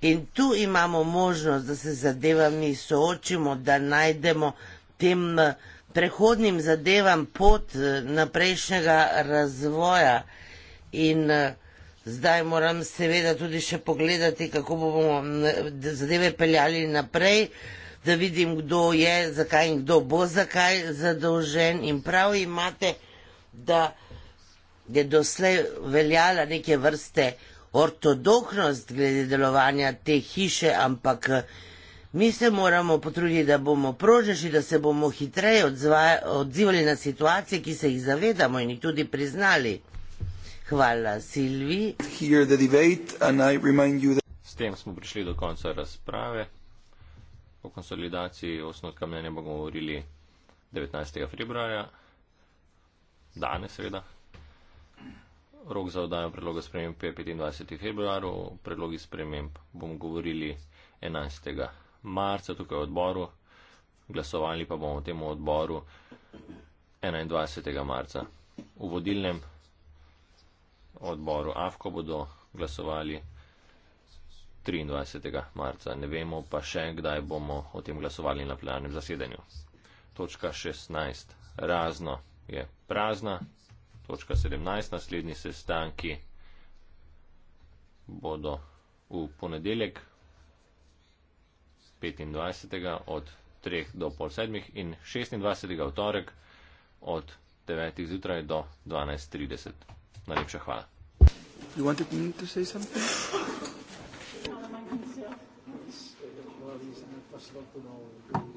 In tu imamo možnost, da se zadevami soočimo, da najdemo tem eh, prehodnim zadevam pot eh, naprejšnjega razvoja. In zdaj moram seveda tudi še pogledati, kako bomo zadeve peljali naprej da vidim, kdo je, zakaj in kdo bo zakaj zadolžen. In prav imate, da je doslej veljala neke vrste ortodoknost glede delovanja te hiše, ampak eh, mi se moramo potruditi, da bomo prožeši, da se bomo hitreje odzivali na situacije, ki se jih zavedamo in jih tudi priznali. Hvala, Silvi. S tem smo prišli do konca razprave o konsolidaciji osnotka mnenja bomo govorili 19. februarja, danes seveda. Rok za oddajo predloga sprememb je 25. februar, o predlogi sprememb bomo govorili 11. marca tukaj v odboru, glasovali pa bomo o tem odboru 21. marca. V vodilnem odboru AFKO bodo glasovali 23. marca. Ne vemo pa še, kdaj bomo o tem glasovali na plenarnem zasedanju. Točka 16. Razno je prazna. Točka 17. Naslednji sestanki bodo v ponedeljek 25. od 3. do pol 7. in 26. v torek od 9. zjutraj do 12.30. Najlepša hvala. You want to say something? se lahko malo.